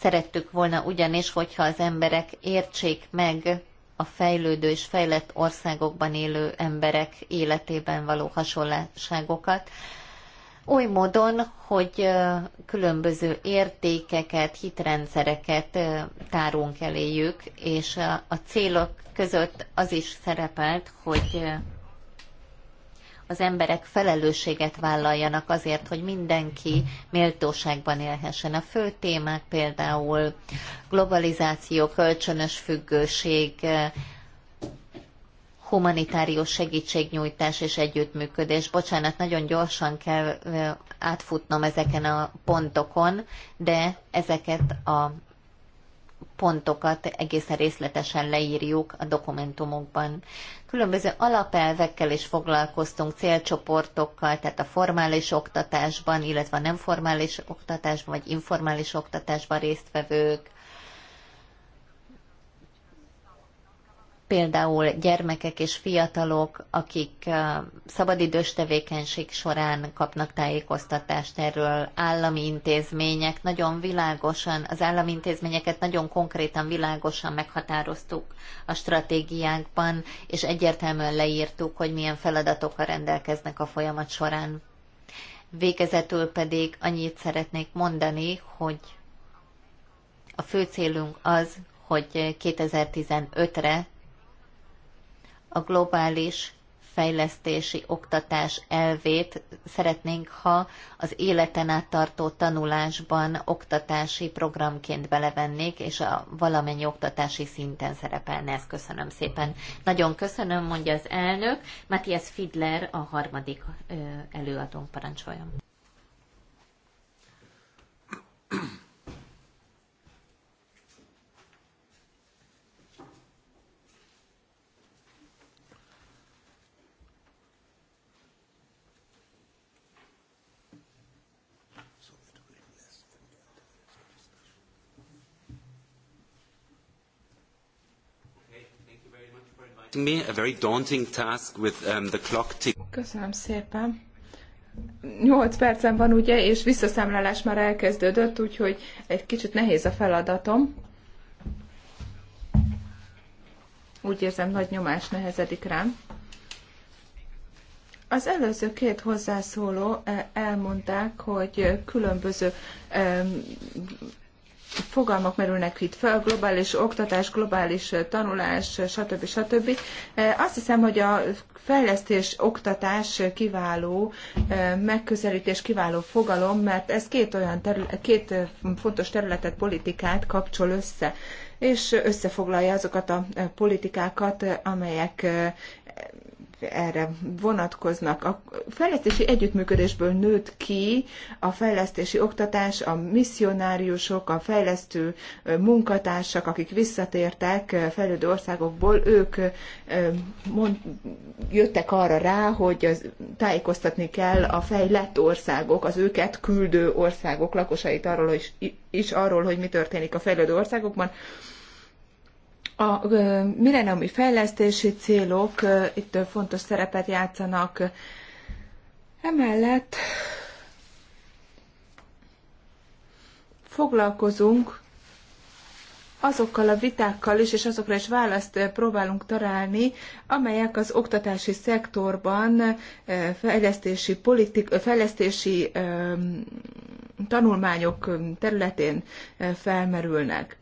szerettük volna ugyanis, hogyha az emberek értsék meg a fejlődő és fejlett országokban élő emberek életében való hasonlóságokat, oly módon, hogy különböző értékeket, hitrendszereket tárunk eléjük, és a célok között az is szerepelt, hogy az emberek felelősséget vállaljanak azért, hogy mindenki méltóságban élhessen. A fő témák például globalizáció, kölcsönös függőség, humanitárius segítségnyújtás és együttműködés. Bocsánat, nagyon gyorsan kell átfutnom ezeken a pontokon, de ezeket a pontokat egészen részletesen leírjuk a dokumentumokban. Különböző alapelvekkel is foglalkoztunk, célcsoportokkal, tehát a formális oktatásban, illetve a nem formális oktatásban, vagy informális oktatásban résztvevők, például gyermekek és fiatalok, akik szabadidős tevékenység során kapnak tájékoztatást erről, állami intézmények, nagyon világosan, az állami intézményeket nagyon konkrétan, világosan meghatároztuk a stratégiánkban, és egyértelműen leírtuk, hogy milyen feladatokkal rendelkeznek a folyamat során. Végezetül pedig annyit szeretnék mondani, hogy a fő célunk az, hogy 2015-re a globális fejlesztési oktatás elvét szeretnénk, ha az életen át tartó tanulásban oktatási programként belevennék, és a valamennyi oktatási szinten szerepelne. Ezt köszönöm szépen. Nagyon köszönöm, mondja az elnök. Matthias Fidler, a harmadik előadónk parancsoljon. me a very daunting task with um, the clock tick. Köszönöm szépen. 8 percem van, ugye, és visszaszámlálás már elkezdődött, úgyhogy egy kicsit nehéz a feladatom. Úgy érzem, nagy nyomás nehezedik rám. Az előző két hozzászóló eh, elmondták, hogy különböző fogalmak merülnek itt fel, globális oktatás, globális tanulás, stb. stb. Azt hiszem, hogy a fejlesztés, oktatás kiváló megközelítés, kiváló fogalom, mert ez két olyan terület, két fontos területet, politikát kapcsol össze és összefoglalja azokat a politikákat, amelyek erre vonatkoznak. A fejlesztési együttműködésből nőtt ki a fejlesztési oktatás, a misszionáriusok, a fejlesztő munkatársak, akik visszatértek fejlődő országokból, ők mond, jöttek arra rá, hogy az, tájékoztatni kell a fejlett országok, az őket küldő országok lakosait arról is, is arról, hogy mi történik a fejlődő országokban, a millenniumi fejlesztési célok itt fontos szerepet játszanak. Emellett foglalkozunk azokkal a vitákkal is, és azokra is választ próbálunk találni, amelyek az oktatási szektorban fejlesztési, politik, fejlesztési tanulmányok területén felmerülnek.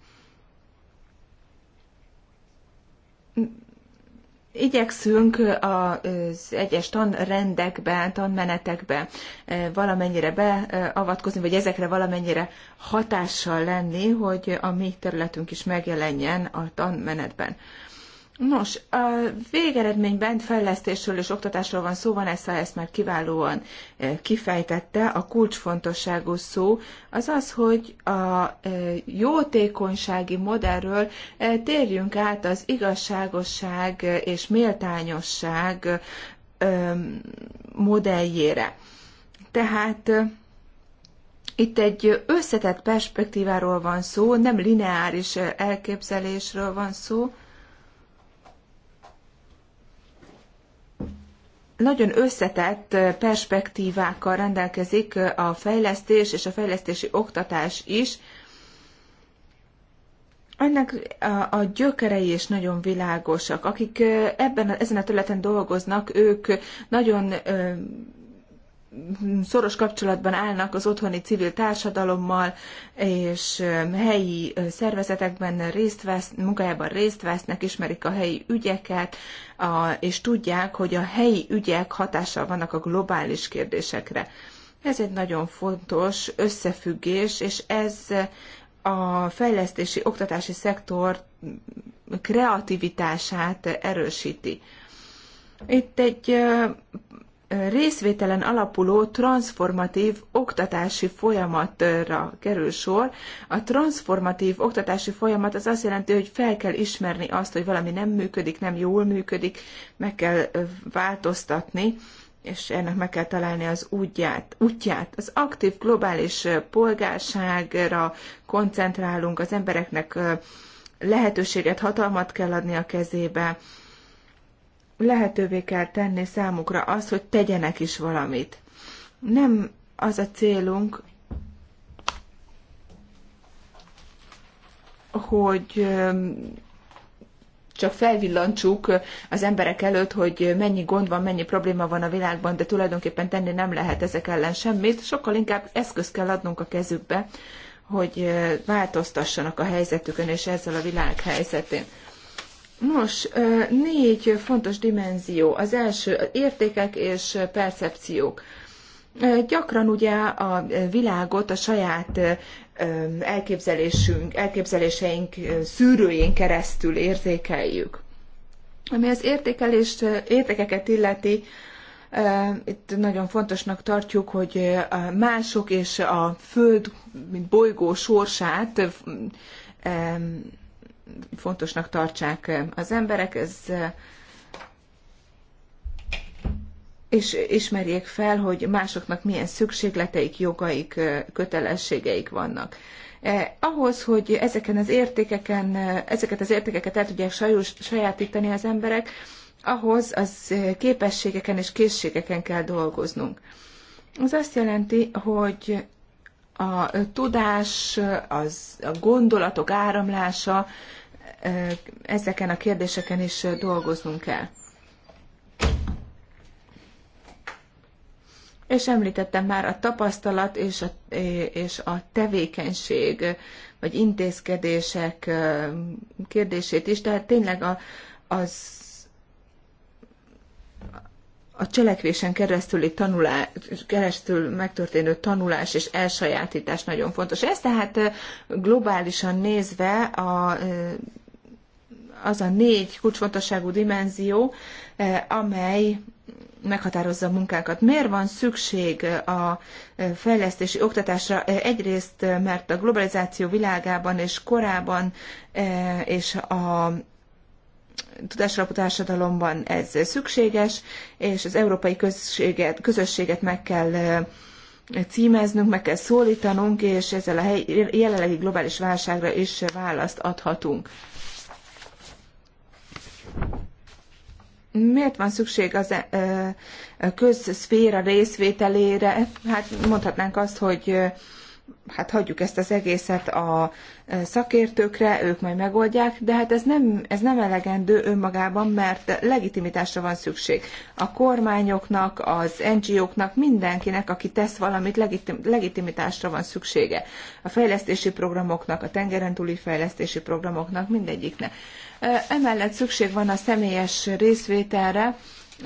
igyekszünk az egyes tanrendekbe, tanmenetekbe eh, valamennyire beavatkozni, vagy ezekre valamennyire hatással lenni, hogy a mi területünk is megjelenjen a tanmenetben. Nos, a végeredményben fejlesztésről és oktatásról van szó, Vanessa ezt már kiválóan eh, kifejtette. A kulcsfontosságú szó az az, hogy a eh, jótékonysági modellről eh, térjünk át az igazságosság és méltányosság modelljére. Tehát itt egy összetett perspektíváról van szó, nem lineáris elképzelésről van szó, nagyon összetett perspektívákkal rendelkezik a fejlesztés és a fejlesztési oktatás is. Ennek a, a gyökerei is nagyon világosak. Akik ebben, ezen a területen dolgoznak, ők nagyon szoros kapcsolatban állnak az otthoni civil társadalommal, és helyi szervezetekben részt vesz, munkájában részt vesznek, ismerik a helyi ügyeket, a, és tudják, hogy a helyi ügyek hatással vannak a globális kérdésekre. Ez egy nagyon fontos összefüggés, és ez a fejlesztési, oktatási szektor kreativitását erősíti. Itt egy részvételen alapuló transformatív oktatási folyamatra kerül sor. A transformatív oktatási folyamat az azt jelenti, hogy fel kell ismerni azt, hogy valami nem működik, nem jól működik, meg kell változtatni, és ennek meg kell találni az útját. útját. Az aktív globális polgárságra koncentrálunk, az embereknek lehetőséget, hatalmat kell adni a kezébe, lehetővé kell tenni számukra azt, hogy tegyenek is valamit. Nem az a célunk, hogy csak felvillancsuk az emberek előtt, hogy mennyi gond van, mennyi probléma van a világban, de tulajdonképpen tenni nem lehet ezek ellen semmit. Sokkal inkább eszköz kell adnunk a kezükbe, hogy változtassanak a helyzetükön és ezzel a világ helyzetén. Nos, négy fontos dimenzió. Az első értékek és percepciók. Gyakran ugye a világot a saját elképzelésünk, elképzeléseink szűrőjén keresztül értékeljük. Ami az értékelést, értékeket illeti, itt nagyon fontosnak tartjuk, hogy mások és a Föld, mint bolygó sorsát fontosnak tartsák az emberek, ez és ismerjék fel, hogy másoknak milyen szükségleteik, jogaik, kötelességeik vannak. Eh, ahhoz, hogy ezeken az értékeken, ezeket az értékeket el tudják sajátítani az emberek, ahhoz az képességeken és készségeken kell dolgoznunk. Ez azt jelenti, hogy a tudás, az, a gondolatok áramlása, e, ezeken a kérdéseken is dolgoznunk kell. És említettem már a tapasztalat és a, e, és a tevékenység, vagy intézkedések e, kérdését is, tehát tényleg a, az a cselekvésen keresztüli tanulás, keresztül megtörténő tanulás és elsajátítás nagyon fontos. Ez tehát globálisan nézve a, az a négy kulcsfontosságú dimenzió, amely meghatározza a munkákat. Miért van szükség a fejlesztési oktatásra? Egyrészt, mert a globalizáció világában és korában és a tudásalapú társadalomban ez szükséges, és az európai községet, közösséget meg kell címeznünk, meg kell szólítanunk, és ezzel a hely, jelenlegi globális válságra is választ adhatunk. Miért van szükség az közszféra részvételére? Hát mondhatnánk azt, hogy hát hagyjuk ezt az egészet a e, szakértőkre, ők majd megoldják, de hát ez nem, ez nem elegendő önmagában, mert legitimitásra van szükség. A kormányoknak, az NGO-knak, mindenkinek, aki tesz valamit, legitim, legitimitásra van szüksége. A fejlesztési programoknak, a tengeren túli fejlesztési programoknak, mindegyiknek. E, emellett szükség van a személyes részvételre,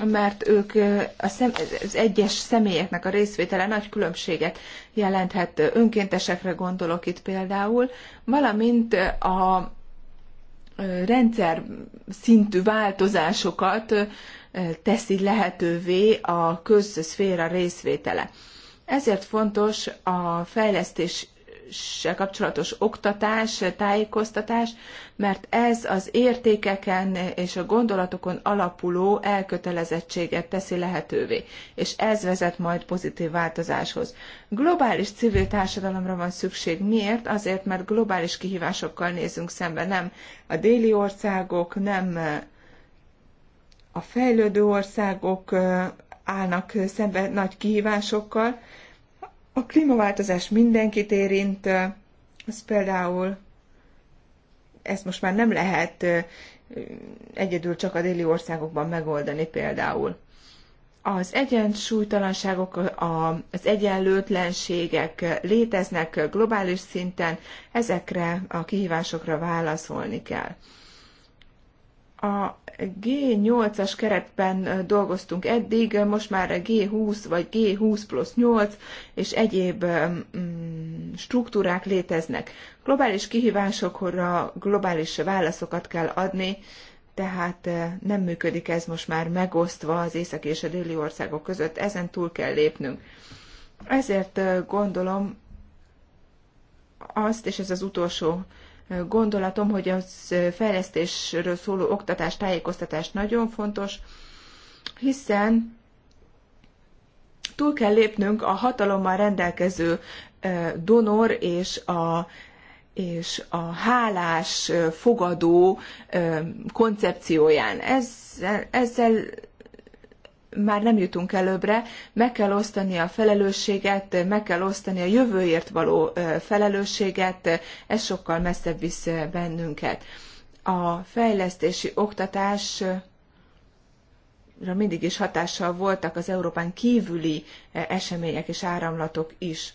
mert ők a szem, az egyes személyeknek a részvétele nagy különbséget jelenthet, önkéntesekre gondolok itt például, valamint a rendszer szintű változásokat teszi lehetővé a közszféra részvétele. Ezért fontos a fejlesztés se kapcsolatos oktatás, tájékoztatás, mert ez az értékeken és a gondolatokon alapuló elkötelezettséget teszi lehetővé, és ez vezet majd pozitív változáshoz. Globális civil társadalomra van szükség. Miért? Azért, mert globális kihívásokkal nézünk szembe, nem a déli országok, nem a fejlődő országok állnak szembe nagy kihívásokkal, a klímaváltozás mindenkit érint, az például, ezt most már nem lehet egyedül csak a déli országokban megoldani például. Az egyensúlytalanságok, az egyenlőtlenségek léteznek globális szinten, ezekre a kihívásokra válaszolni kell. A G8-as keretben dolgoztunk eddig, most már G20 vagy G20 plusz 8 és egyéb struktúrák léteznek. Globális kihívásokra globális válaszokat kell adni, tehát nem működik ez most már megosztva az észak és a déli országok között, ezen túl kell lépnünk. Ezért gondolom azt, és ez az utolsó gondolatom, hogy a fejlesztésről szóló oktatás, tájékoztatás nagyon fontos, hiszen túl kell lépnünk a hatalommal rendelkező donor és a, és a hálás fogadó koncepcióján. Ezzel, ezzel már nem jutunk előbbre, meg kell osztani a felelősséget, meg kell osztani a jövőért való felelősséget, ez sokkal messzebb visz bennünket. A fejlesztési oktatás mindig is hatással voltak az Európán kívüli események és áramlatok is.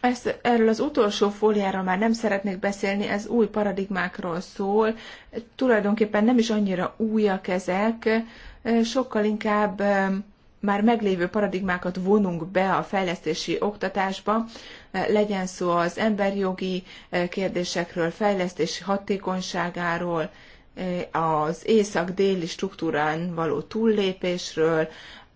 Ezt, erről az utolsó fóliáról már nem szeretnék beszélni, ez új paradigmákról szól. Tulajdonképpen nem is annyira újak ezek, sokkal inkább már meglévő paradigmákat vonunk be a fejlesztési oktatásba, legyen szó az emberjogi kérdésekről, fejlesztési hatékonyságáról, az észak-déli struktúrán való túllépésről,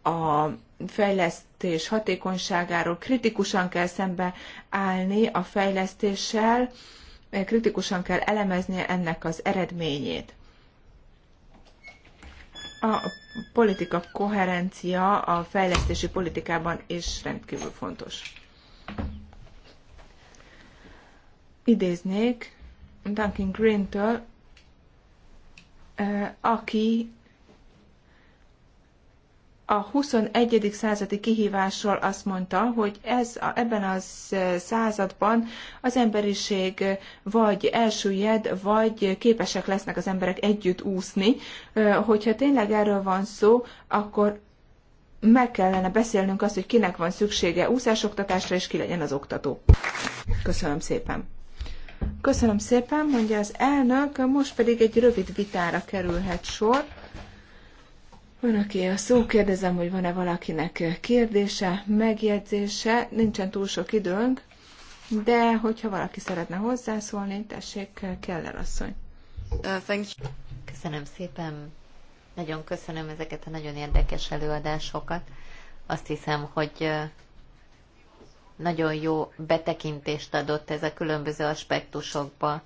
a fejlesztés hatékonyságáról. Kritikusan kell szembe állni a fejlesztéssel, kritikusan kell elemezni ennek az eredményét a politika koherencia a fejlesztési politikában is rendkívül fontos. Idéznék Duncan Green-től, eh, aki a 21. századi kihívásról azt mondta, hogy ez ebben a században az emberiség vagy elsüllyed, vagy képesek lesznek az emberek együtt úszni. Hogyha tényleg erről van szó, akkor meg kellene beszélnünk azt, hogy kinek van szüksége úszásoktatásra, és ki legyen az oktató. Köszönöm szépen. Köszönöm szépen, mondja az elnök, most pedig egy rövid vitára kerülhet sor. Van, aki a szó, kérdezem, hogy van-e valakinek kérdése, megjegyzése, nincsen túl sok időnk, de hogyha valaki szeretne hozzászólni, tessék, el asszony. Uh, köszönöm szépen, nagyon köszönöm ezeket a nagyon érdekes előadásokat. Azt hiszem, hogy uh, nagyon jó betekintést adott ez a különböző aspektusokba,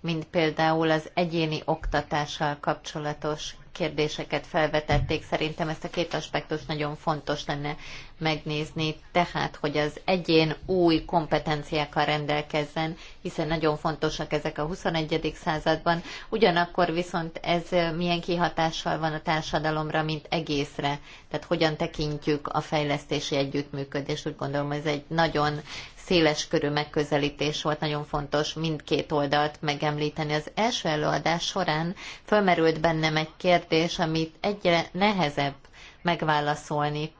mint például az egyéni oktatással kapcsolatos kérdéseket felvetették. Szerintem ezt a két aspektus nagyon fontos lenne megnézni, tehát, hogy az egyén új kompetenciákkal rendelkezzen, hiszen nagyon fontosak ezek a 21. században, ugyanakkor viszont ez milyen kihatással van a társadalomra, mint egészre, tehát hogyan tekintjük a fejlesztési együttműködést, úgy gondolom ez egy nagyon széles körű megközelítés volt, nagyon fontos mindkét oldalt megemlíteni. Az első előadás során fölmerült bennem egy kérdés, amit egyre nehezebb megválaszolni,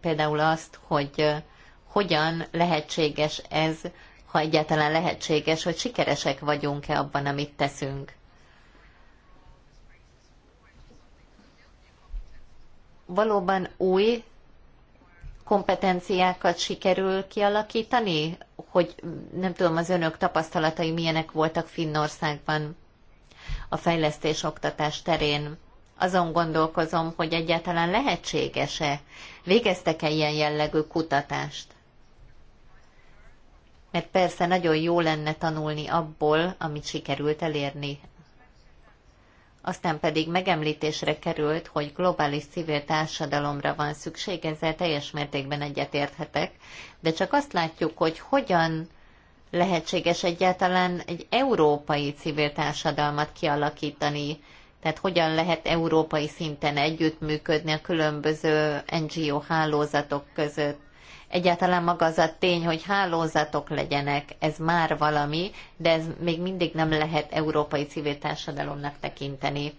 például azt, hogy hogyan lehetséges ez, ha egyáltalán lehetséges, hogy sikeresek vagyunk-e abban, amit teszünk. Valóban új kompetenciákat sikerül kialakítani? Hogy nem tudom, az önök tapasztalatai milyenek voltak Finnországban a fejlesztés-oktatás terén. Azon gondolkozom, hogy egyáltalán lehetséges-e? Végeztek-e ilyen jellegű kutatást? Mert persze nagyon jó lenne tanulni abból, amit sikerült elérni aztán pedig megemlítésre került, hogy globális civil társadalomra van szükség, ezzel teljes mértékben egyetérthetek, de csak azt látjuk, hogy hogyan lehetséges egyáltalán egy európai civil társadalmat kialakítani, tehát hogyan lehet európai szinten együttműködni a különböző NGO hálózatok között, Egyáltalán maga az a tény, hogy hálózatok legyenek, ez már valami, de ez még mindig nem lehet európai civil társadalomnak tekinteni.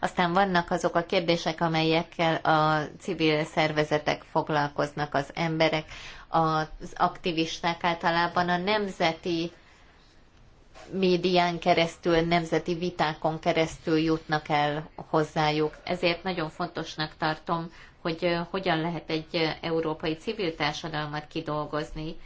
Aztán vannak azok a kérdések, amelyekkel a civil szervezetek foglalkoznak, az emberek, az aktivisták általában a nemzeti médián keresztül, nemzeti vitákon keresztül jutnak el hozzájuk. Ezért nagyon fontosnak tartom hogy hogyan lehet egy európai civil társadalmat kidolgozni,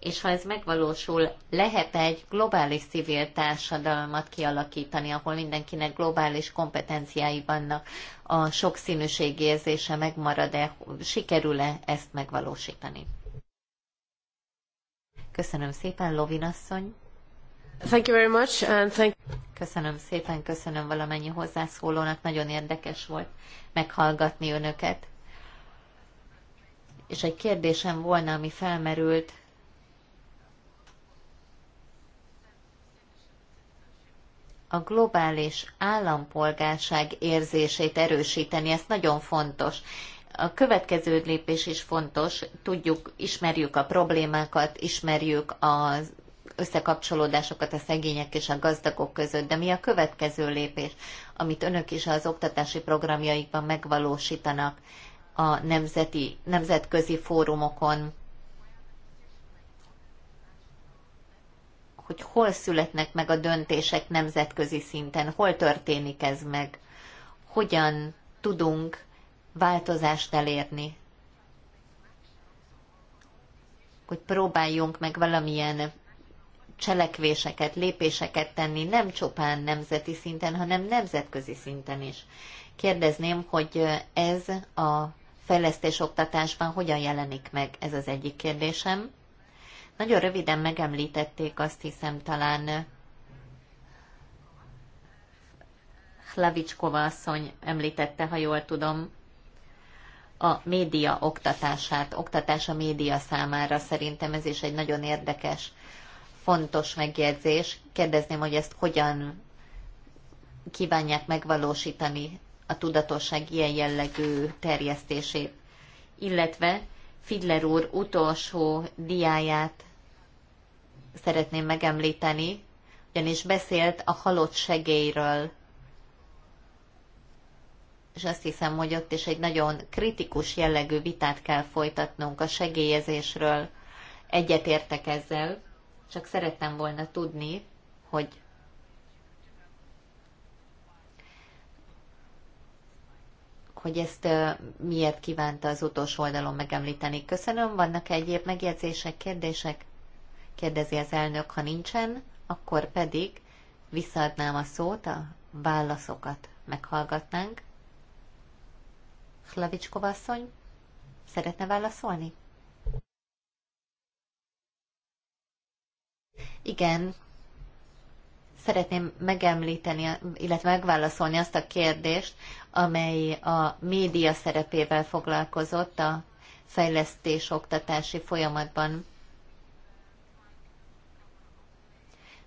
és ha ez megvalósul, lehet -e egy globális civil társadalmat kialakítani, ahol mindenkinek globális kompetenciái vannak, a sokszínűség érzése megmarad-e, sikerül-e ezt megvalósítani? Köszönöm szépen, Lovin asszony! Thank you very much, and thank... Köszönöm szépen, köszönöm valamennyi hozzászólónak, nagyon érdekes volt meghallgatni önöket. És egy kérdésem volna, ami felmerült, a globális állampolgárság érzését erősíteni, ez nagyon fontos. A következő lépés is fontos, tudjuk, ismerjük a problémákat, ismerjük az összekapcsolódásokat a szegények és a gazdagok között, de mi a következő lépés, amit önök is az oktatási programjaikban megvalósítanak a nemzeti, nemzetközi fórumokon, hogy hol születnek meg a döntések nemzetközi szinten, hol történik ez meg, hogyan tudunk változást elérni, hogy próbáljunk meg valamilyen cselekvéseket, lépéseket tenni, nem csupán nemzeti szinten, hanem nemzetközi szinten is. Kérdezném, hogy ez a fejlesztés oktatásban hogyan jelenik meg, ez az egyik kérdésem. Nagyon röviden megemlítették azt hiszem talán Hlavicskova asszony említette, ha jól tudom, a média oktatását, oktatás a média számára. Szerintem ez is egy nagyon érdekes fontos megjegyzés. Kérdezném, hogy ezt hogyan kívánják megvalósítani a tudatosság ilyen jellegű terjesztését. Illetve Fidler úr utolsó diáját szeretném megemlíteni, ugyanis beszélt a halott segélyről. És azt hiszem, hogy ott is egy nagyon kritikus jellegű vitát kell folytatnunk a segélyezésről. Egyetértek ezzel, csak szerettem volna tudni, hogy hogy ezt miért kívánta az utolsó oldalon megemlíteni. Köszönöm, vannak -e egyéb megjegyzések, kérdések? Kérdezi az elnök, ha nincsen, akkor pedig visszaadnám a szót, a válaszokat meghallgatnánk. asszony, szeretne válaszolni? Igen, szeretném megemlíteni, illetve megválaszolni azt a kérdést, amely a média szerepével foglalkozott a fejlesztés-oktatási folyamatban.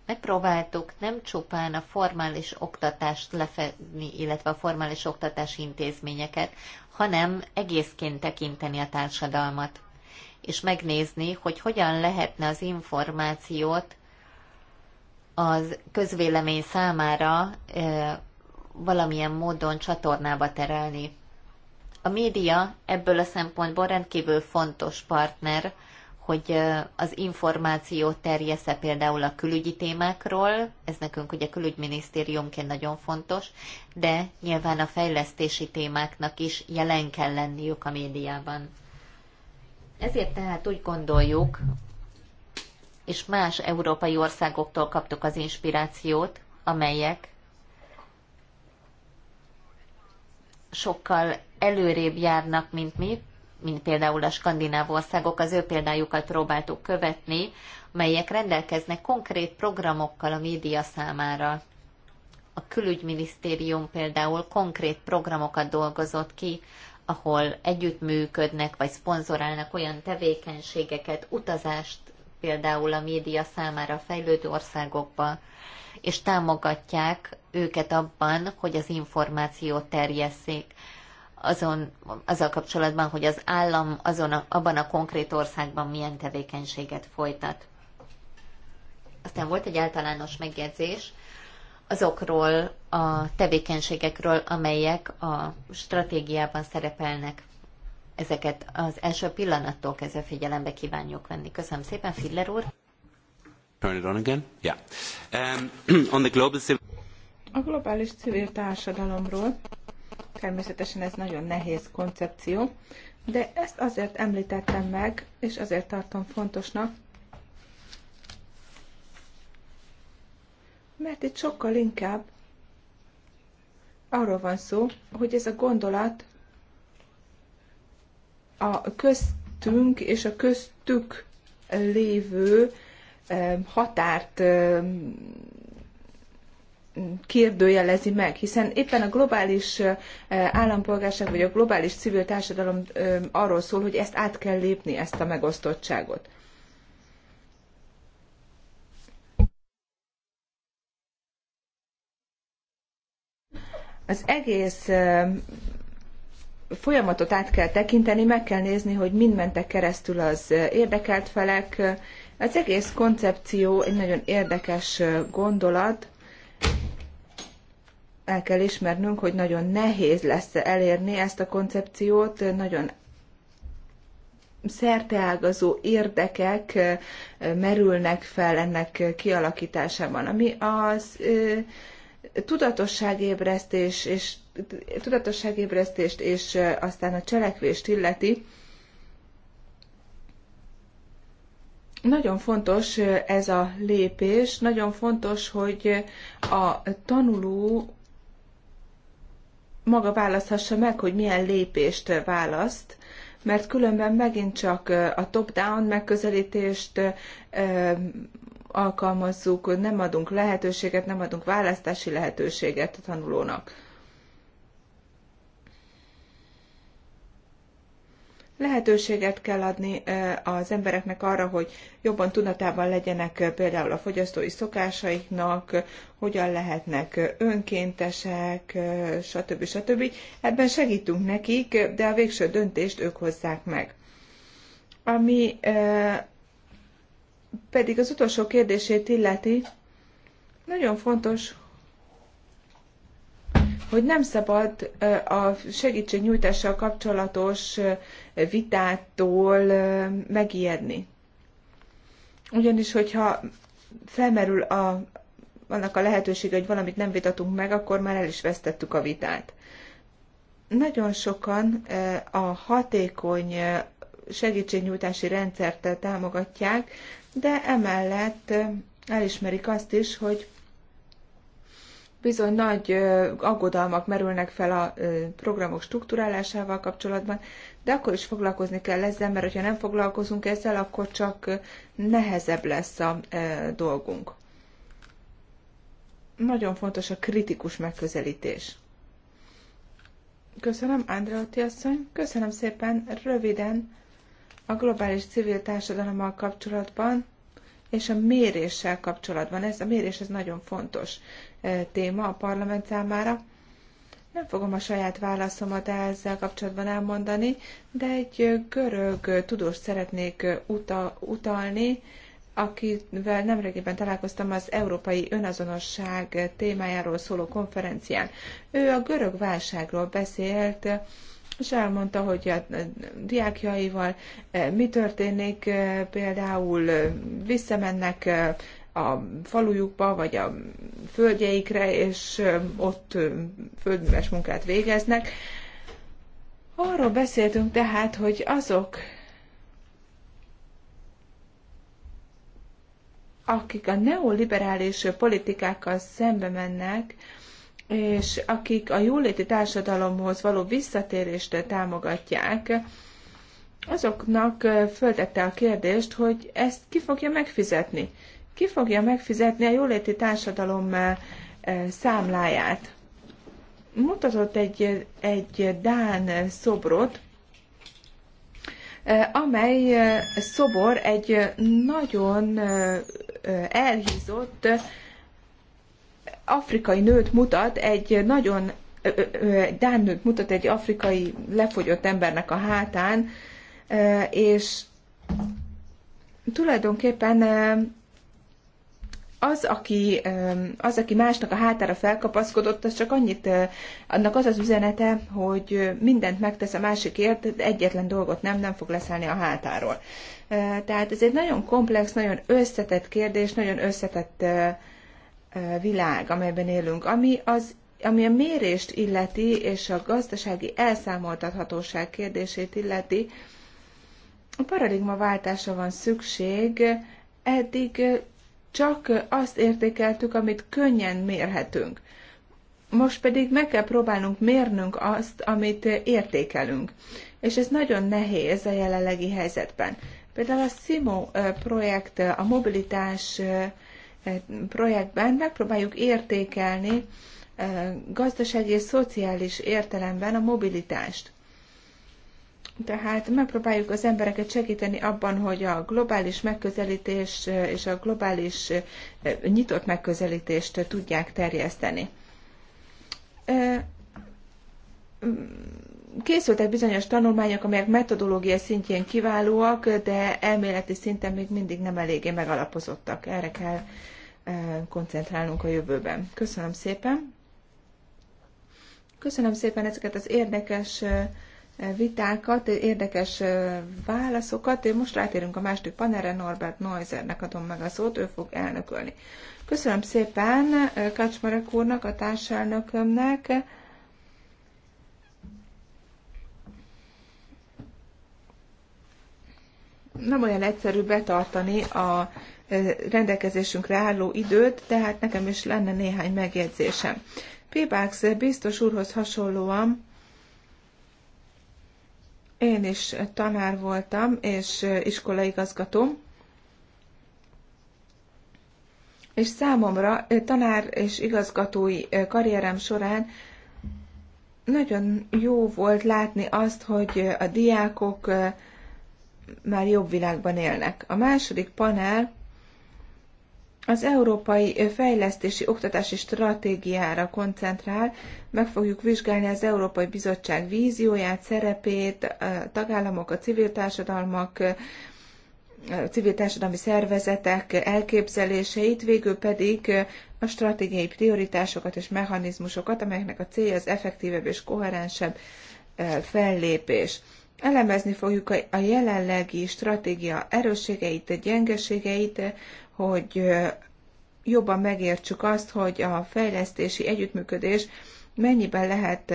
Megpróbáltuk nem csupán a formális oktatást lefedni, illetve a formális oktatási intézményeket, hanem egészként tekinteni a társadalmat és megnézni, hogy hogyan lehetne az információt az közvélemény számára valamilyen módon csatornába terelni. A média ebből a szempontból rendkívül fontos partner, hogy az információ terjesze például a külügyi témákról, ez nekünk ugye külügyminisztériumként nagyon fontos, de nyilván a fejlesztési témáknak is jelen kell lenniük a médiában. Ezért tehát úgy gondoljuk, és más európai országoktól kaptuk az inspirációt, amelyek sokkal előrébb járnak, mint mi, mint például a skandináv országok, az ő példájukat próbáltuk követni, melyek rendelkeznek konkrét programokkal a média számára. A külügyminisztérium például konkrét programokat dolgozott ki ahol együttműködnek vagy szponzorálnak olyan tevékenységeket, utazást például a média számára fejlődő országokba, és támogatják őket abban, hogy az információt terjesszék azon, azzal kapcsolatban, hogy az állam azon a, abban a konkrét országban milyen tevékenységet folytat. Aztán volt egy általános megjegyzés azokról a tevékenységekről, amelyek a stratégiában szerepelnek. Ezeket az első pillanattól kezdve figyelembe kívánjuk venni. Köszönöm szépen, filler úr. Turn it on again? Yeah. Um, on the global civil... A globális civil társadalomról természetesen ez nagyon nehéz koncepció, de ezt azért említettem meg, és azért tartom fontosnak, mert itt sokkal inkább arról van szó, hogy ez a gondolat a köztünk és a köztük lévő eh, határt eh, kérdőjelezi meg, hiszen éppen a globális eh, állampolgárság vagy a globális civil társadalom arról szól, hogy ezt át kell lépni, ezt a megosztottságot. az egész folyamatot át kell tekinteni, meg kell nézni, hogy mind mentek keresztül az érdekelt felek. Az egész koncepció egy nagyon érdekes gondolat. El kell ismernünk, hogy nagyon nehéz lesz elérni ezt a koncepciót, nagyon szerteágazó érdekek merülnek fel ennek kialakításában, ami az tudatosságébresztés és tudatosságébresztést és aztán a cselekvést illeti, nagyon fontos ez a lépés, nagyon fontos, hogy a tanuló maga választhassa meg, hogy milyen lépést választ, mert különben megint csak a top-down megközelítést alkalmazzuk, nem adunk lehetőséget, nem adunk választási lehetőséget a tanulónak. Lehetőséget kell adni az embereknek arra, hogy jobban tudatában legyenek például a fogyasztói szokásaiknak, hogyan lehetnek önkéntesek, stb. stb. Ebben segítünk nekik, de a végső döntést ők hozzák meg. Ami pedig az utolsó kérdését illeti, nagyon fontos, hogy nem szabad a segítségnyújtással kapcsolatos vitától megijedni. Ugyanis, hogyha felmerül a, annak a lehetősége, hogy valamit nem vitatunk meg, akkor már el is vesztettük a vitát. Nagyon sokan a hatékony segítségnyújtási rendszert támogatják, de emellett elismerik azt is, hogy bizony nagy aggodalmak merülnek fel a programok strukturálásával kapcsolatban, de akkor is foglalkozni kell ezzel, mert ha nem foglalkozunk ezzel, akkor csak nehezebb lesz a dolgunk. Nagyon fontos a kritikus megközelítés. Köszönöm, Andrea asszony. Köszönöm szépen, röviden a globális civil társadalommal kapcsolatban, és a méréssel kapcsolatban. Ez a mérés ez nagyon fontos e, téma a parlament számára. Nem fogom a saját válaszomat ezzel kapcsolatban elmondani, de egy görög tudós szeretnék utalni, akivel nemrégiben találkoztam az Európai Önazonosság témájáról szóló konferencián. Ő a görög válságról beszélt, és elmondta, hogy a diákjaival eh, mi történik, eh, például eh, visszamennek a falujukba, vagy a földjeikre, és ott földműves munkát végeznek. Arról beszéltünk tehát, hogy azok, akik a neoliberális politikákkal szembe mennek, és akik a jóléti társadalomhoz való visszatérést támogatják, azoknak föltette a kérdést, hogy ezt ki fogja megfizetni. Ki fogja megfizetni a jóléti társadalom számláját. Mutatott egy, egy Dán szobrot, amely szobor egy nagyon elhízott afrikai nőt mutat egy nagyon dán nőt mutat egy afrikai lefogyott embernek a hátán, és tulajdonképpen az, aki, az, aki másnak a hátára felkapaszkodott, az csak annyit, annak az az üzenete, hogy mindent megtesz a másikért, egyetlen dolgot nem, nem fog leszállni a hátáról. Tehát ez egy nagyon komplex, nagyon összetett kérdés, nagyon összetett uh, világ, amelyben élünk, ami az ami a mérést illeti, és a gazdasági elszámoltathatóság kérdését illeti, a paradigmaváltásra van szükség. Eddig csak azt értékeltük, amit könnyen mérhetünk. Most pedig meg kell próbálnunk mérnünk azt, amit értékelünk. És ez nagyon nehéz a jelenlegi helyzetben. Például a SIMO projekt, a mobilitás projektben megpróbáljuk értékelni eh, gazdasági és szociális értelemben a mobilitást. Tehát megpróbáljuk az embereket segíteni abban, hogy a globális megközelítés eh, és a globális eh, nyitott megközelítést tudják terjeszteni. Készültek bizonyos tanulmányok, amelyek metodológiai szintjén kiválóak, de elméleti szinten még mindig nem eléggé megalapozottak. Erre kell koncentrálnunk a jövőben. Köszönöm szépen! Köszönöm szépen ezeket az érdekes vitákat, érdekes válaszokat. most rátérünk a második panelre, Norbert Neuzernek adom meg a szót, ő fog elnökölni. Köszönöm szépen Kacsmarek úrnak, a társelnökömnek. Nem olyan egyszerű betartani a rendelkezésünkre álló időt, tehát nekem is lenne néhány megjegyzésem. Pébax biztos úrhoz hasonlóan én is tanár voltam, és iskolaigazgató, és számomra tanár és igazgatói karrierem során nagyon jó volt látni azt, hogy a diákok már jobb világban élnek. A második panel az Európai Fejlesztési Oktatási Stratégiára koncentrál, meg fogjuk vizsgálni az Európai Bizottság vízióját, szerepét, a tagállamok, a civil társadalmak, a civil társadalmi szervezetek elképzeléseit, végül pedig a stratégiai prioritásokat és mechanizmusokat, amelyeknek a célja az effektívebb és koherensebb fellépés. Elemezni fogjuk a jelenlegi stratégia erősségeit, gyengeségeit, hogy jobban megértsük azt, hogy a fejlesztési együttműködés mennyiben lehet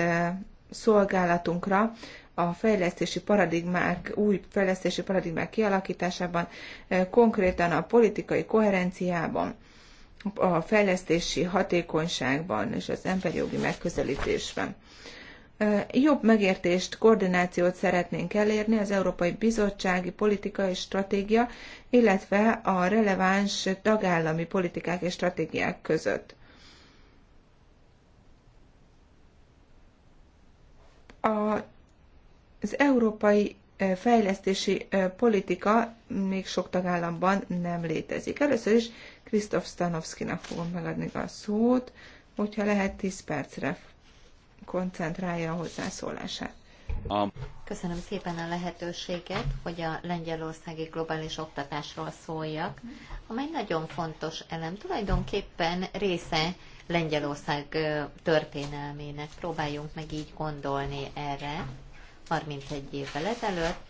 szolgálatunkra a fejlesztési paradigmák, új fejlesztési paradigmák kialakításában, konkrétan a politikai koherenciában, a fejlesztési hatékonyságban és az emberi jogi megközelítésben. Jobb megértést, koordinációt szeretnénk elérni az Európai Bizottsági Politika és Stratégia, illetve a releváns tagállami politikák és stratégiák között. A, az európai fejlesztési politika még sok tagállamban nem létezik. Először is Krisztof Stanovszkinak fogom megadni a szót, hogyha lehet 10 percre koncentrálja a hozzászólását. Köszönöm szépen a lehetőséget, hogy a lengyelországi globális oktatásról szóljak, amely nagyon fontos elem, tulajdonképpen része Lengyelország történelmének. Próbáljunk meg így gondolni erre. 31 évvel ezelőtt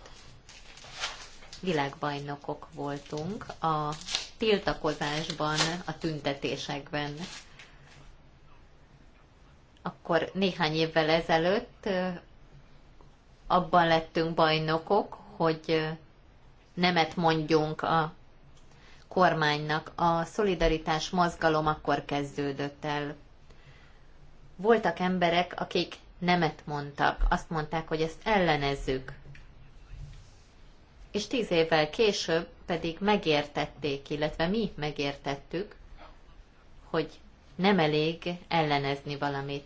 világbajnokok voltunk a tiltakozásban, a tüntetésekben akkor néhány évvel ezelőtt abban lettünk bajnokok, hogy nemet mondjunk a kormánynak. A szolidaritás mozgalom akkor kezdődött el. Voltak emberek, akik nemet mondtak, azt mondták, hogy ezt ellenezzük. És tíz évvel később pedig megértették, illetve mi megértettük, hogy nem elég ellenezni valamit,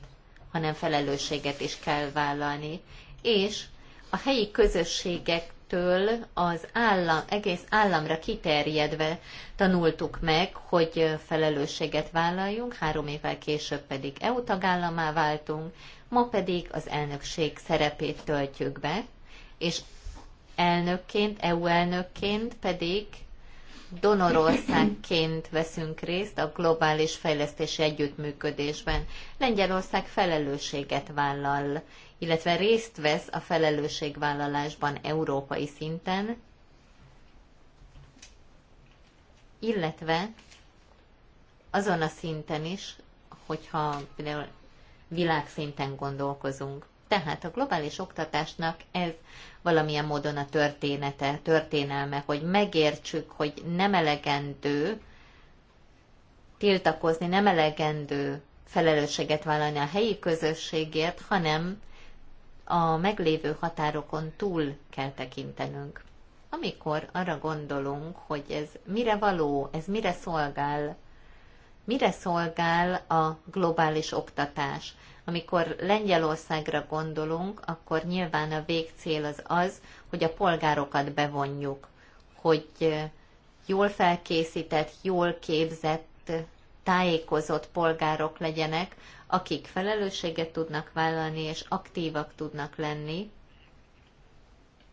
hanem felelősséget is kell vállalni, és a helyi közösségektől az állam, egész államra kiterjedve tanultuk meg, hogy felelősséget vállaljunk, három évvel később pedig EU tagállamá váltunk, ma pedig az elnökség szerepét töltjük be, és elnökként, EU elnökként pedig donorországként veszünk részt a globális fejlesztési együttműködésben. Lengyelország felelősséget vállal, illetve részt vesz a felelősségvállalásban európai szinten, illetve azon a szinten is, hogyha például világszinten gondolkozunk. Tehát a globális oktatásnak ez valamilyen módon a története, történelme, hogy megértsük, hogy nem elegendő tiltakozni, nem elegendő felelősséget vállalni a helyi közösségért, hanem a meglévő határokon túl kell tekintenünk. Amikor arra gondolunk, hogy ez mire való, ez mire szolgál, mire szolgál a globális oktatás, amikor Lengyelországra gondolunk, akkor nyilván a végcél az az, hogy a polgárokat bevonjuk, hogy jól felkészített, jól képzett, tájékozott polgárok legyenek, akik felelősséget tudnak vállalni és aktívak tudnak lenni,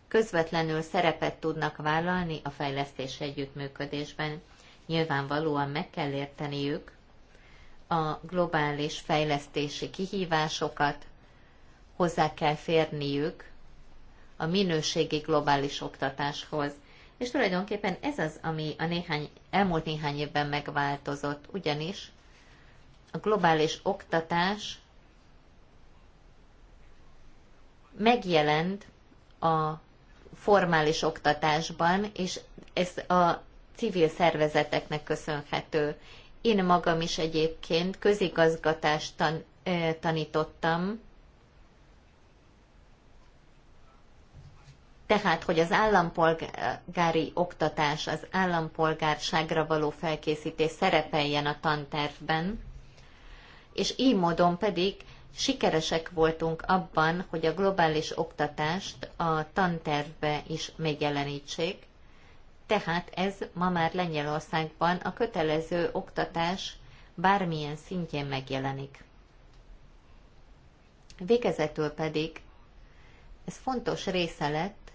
közvetlenül szerepet tudnak vállalni a fejlesztés együttműködésben. Nyilvánvalóan meg kell érteniük, a globális fejlesztési kihívásokat, hozzá kell férniük a minőségi globális oktatáshoz. És tulajdonképpen ez az, ami a néhány, elmúlt néhány évben megváltozott, ugyanis a globális oktatás megjelent a formális oktatásban, és ez a civil szervezeteknek köszönhető. Én magam is egyébként közigazgatást tan- tanítottam, tehát, hogy az állampolgári oktatás, az állampolgárságra való felkészítés szerepeljen a tantervben, és így módon pedig sikeresek voltunk abban, hogy a globális oktatást a tantervbe is megjelenítsék, tehát ez ma már Lengyelországban a kötelező oktatás bármilyen szintjén megjelenik. Végezetül pedig ez fontos része lett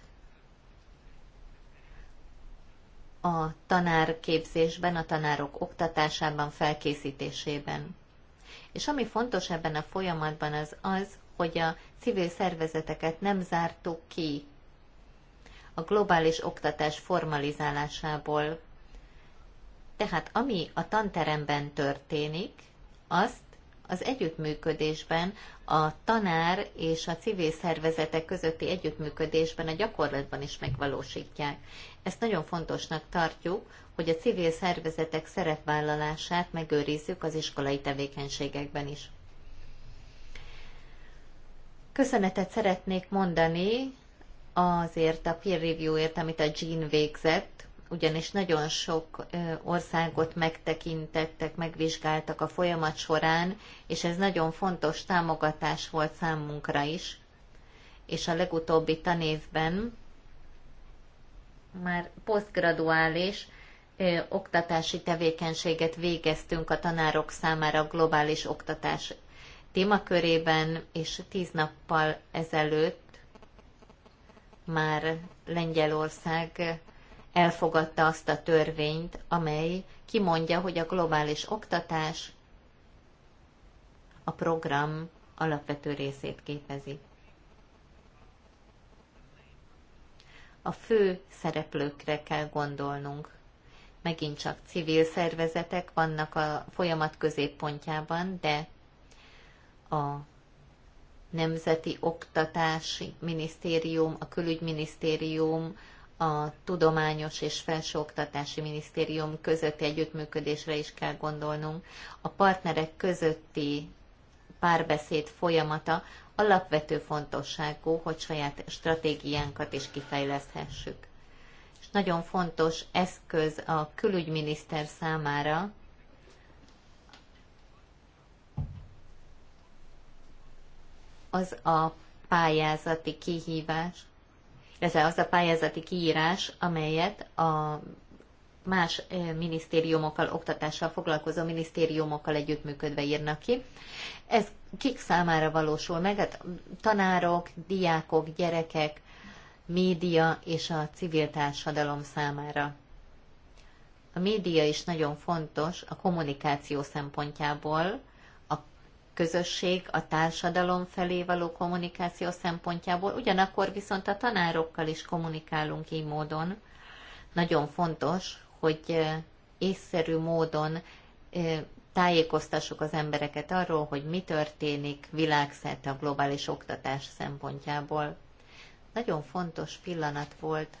a tanárképzésben, a tanárok oktatásában, felkészítésében. És ami fontos ebben a folyamatban az az, hogy a civil szervezeteket nem zártuk ki a globális oktatás formalizálásából. Tehát ami a tanteremben történik, azt az együttműködésben, a tanár és a civil szervezetek közötti együttműködésben a gyakorlatban is megvalósítják. Ezt nagyon fontosnak tartjuk, hogy a civil szervezetek szerepvállalását megőrizzük az iskolai tevékenységekben is. Köszönetet szeretnék mondani azért a peer reviewért, amit a Gene végzett, ugyanis nagyon sok országot megtekintettek, megvizsgáltak a folyamat során, és ez nagyon fontos támogatás volt számunkra is. És a legutóbbi tanévben már posztgraduális oktatási tevékenységet végeztünk a tanárok számára a globális oktatás témakörében, és tíz nappal ezelőtt már Lengyelország elfogadta azt a törvényt, amely kimondja, hogy a globális oktatás a program alapvető részét képezi. A fő szereplőkre kell gondolnunk. Megint csak civil szervezetek vannak a folyamat középpontjában, de a Nemzeti Oktatási Minisztérium, a Külügyminisztérium, a Tudományos és Felsőoktatási Minisztérium közötti együttműködésre is kell gondolnunk. A partnerek közötti párbeszéd folyamata alapvető fontosságú, hogy saját stratégiánkat is kifejleszthessük. És nagyon fontos eszköz a külügyminiszter számára, az a pályázati kihívás, ez az a pályázati kiírás, amelyet a más minisztériumokkal, oktatással foglalkozó minisztériumokkal együttműködve írnak ki. Ez kik számára valósul meg? Hát tanárok, diákok, gyerekek, média és a civil társadalom számára. A média is nagyon fontos a kommunikáció szempontjából, közösség, a társadalom felé való kommunikáció szempontjából, ugyanakkor viszont a tanárokkal is kommunikálunk így módon. Nagyon fontos, hogy észszerű módon tájékoztassuk az embereket arról, hogy mi történik világszerte a globális oktatás szempontjából. Nagyon fontos pillanat volt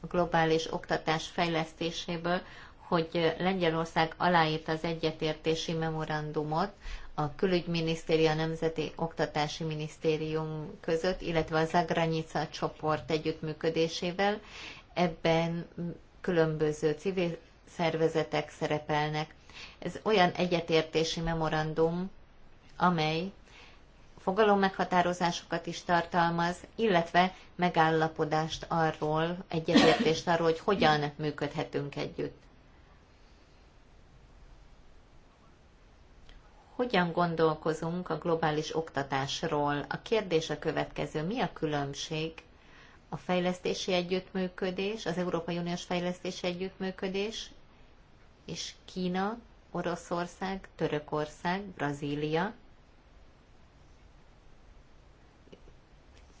a globális oktatás fejlesztéséből, hogy Lengyelország aláírta az egyetértési memorandumot a külügyminisztéri, a Nemzeti Oktatási Minisztérium között, illetve a Zagranica csoport együttműködésével. Ebben különböző civil szervezetek szerepelnek. Ez olyan egyetértési memorandum, amely fogalommeghatározásokat is tartalmaz, illetve megállapodást arról, egyetértést arról, hogy hogyan működhetünk együtt. hogyan gondolkozunk a globális oktatásról. A kérdés a következő, mi a különbség a fejlesztési együttműködés, az Európai Uniós fejlesztési együttműködés és Kína, Oroszország, Törökország, Brazília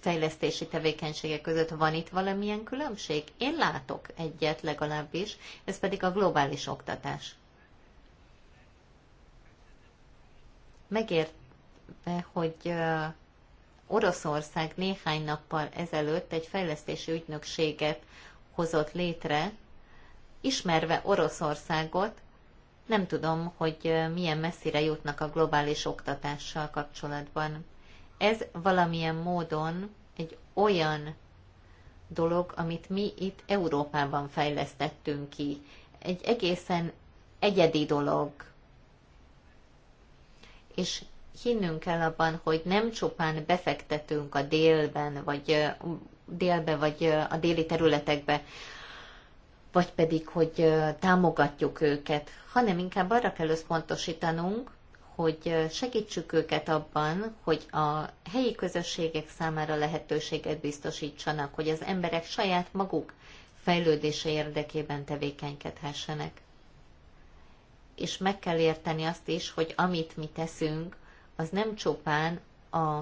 fejlesztési tevékenységek között van itt valamilyen különbség? Én látok egyet legalábbis, ez pedig a globális oktatás. megértve, hogy Oroszország néhány nappal ezelőtt egy fejlesztési ügynökséget hozott létre, ismerve Oroszországot, nem tudom, hogy milyen messzire jutnak a globális oktatással kapcsolatban. Ez valamilyen módon egy olyan dolog, amit mi itt Európában fejlesztettünk ki. Egy egészen egyedi dolog, és hinnünk kell abban, hogy nem csupán befektetünk a délben, vagy délbe, vagy a déli területekbe, vagy pedig, hogy támogatjuk őket, hanem inkább arra kell összpontosítanunk, hogy segítsük őket abban, hogy a helyi közösségek számára lehetőséget biztosítsanak, hogy az emberek saját maguk fejlődése érdekében tevékenykedhessenek és meg kell érteni azt is, hogy amit mi teszünk, az nem csupán a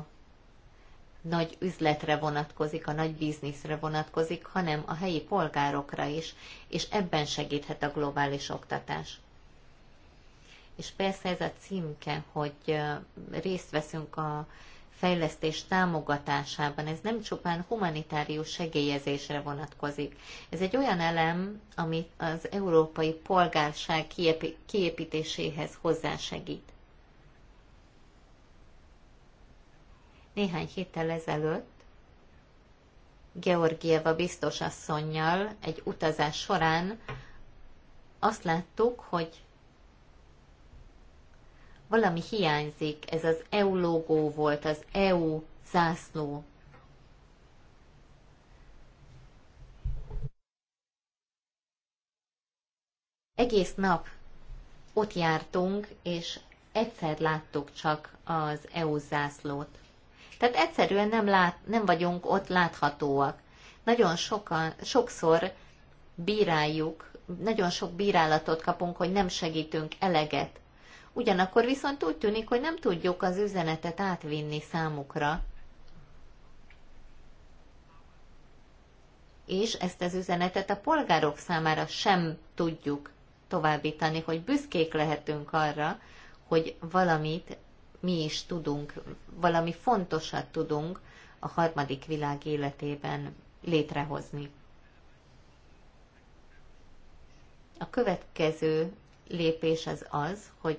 nagy üzletre vonatkozik, a nagy bizniszre vonatkozik, hanem a helyi polgárokra is, és ebben segíthet a globális oktatás. És persze ez a címke, hogy részt veszünk a fejlesztés támogatásában. Ez nem csupán humanitárius segélyezésre vonatkozik. Ez egy olyan elem, amit az európai polgárság kiépítéséhez hozzásegít. Néhány héttel ezelőtt Georgieva biztos asszonynal egy utazás során azt láttuk, hogy valami hiányzik, ez az EU logó volt, az EU zászló. Egész nap ott jártunk, és egyszer láttuk csak az EU zászlót. Tehát egyszerűen nem, lát, nem vagyunk ott láthatóak. Nagyon sokan, sokszor bíráljuk, nagyon sok bírálatot kapunk, hogy nem segítünk eleget Ugyanakkor viszont úgy tűnik, hogy nem tudjuk az üzenetet átvinni számukra. És ezt az üzenetet a polgárok számára sem tudjuk továbbítani, hogy büszkék lehetünk arra, hogy valamit mi is tudunk, valami fontosat tudunk a harmadik világ életében létrehozni. A következő lépés az az, hogy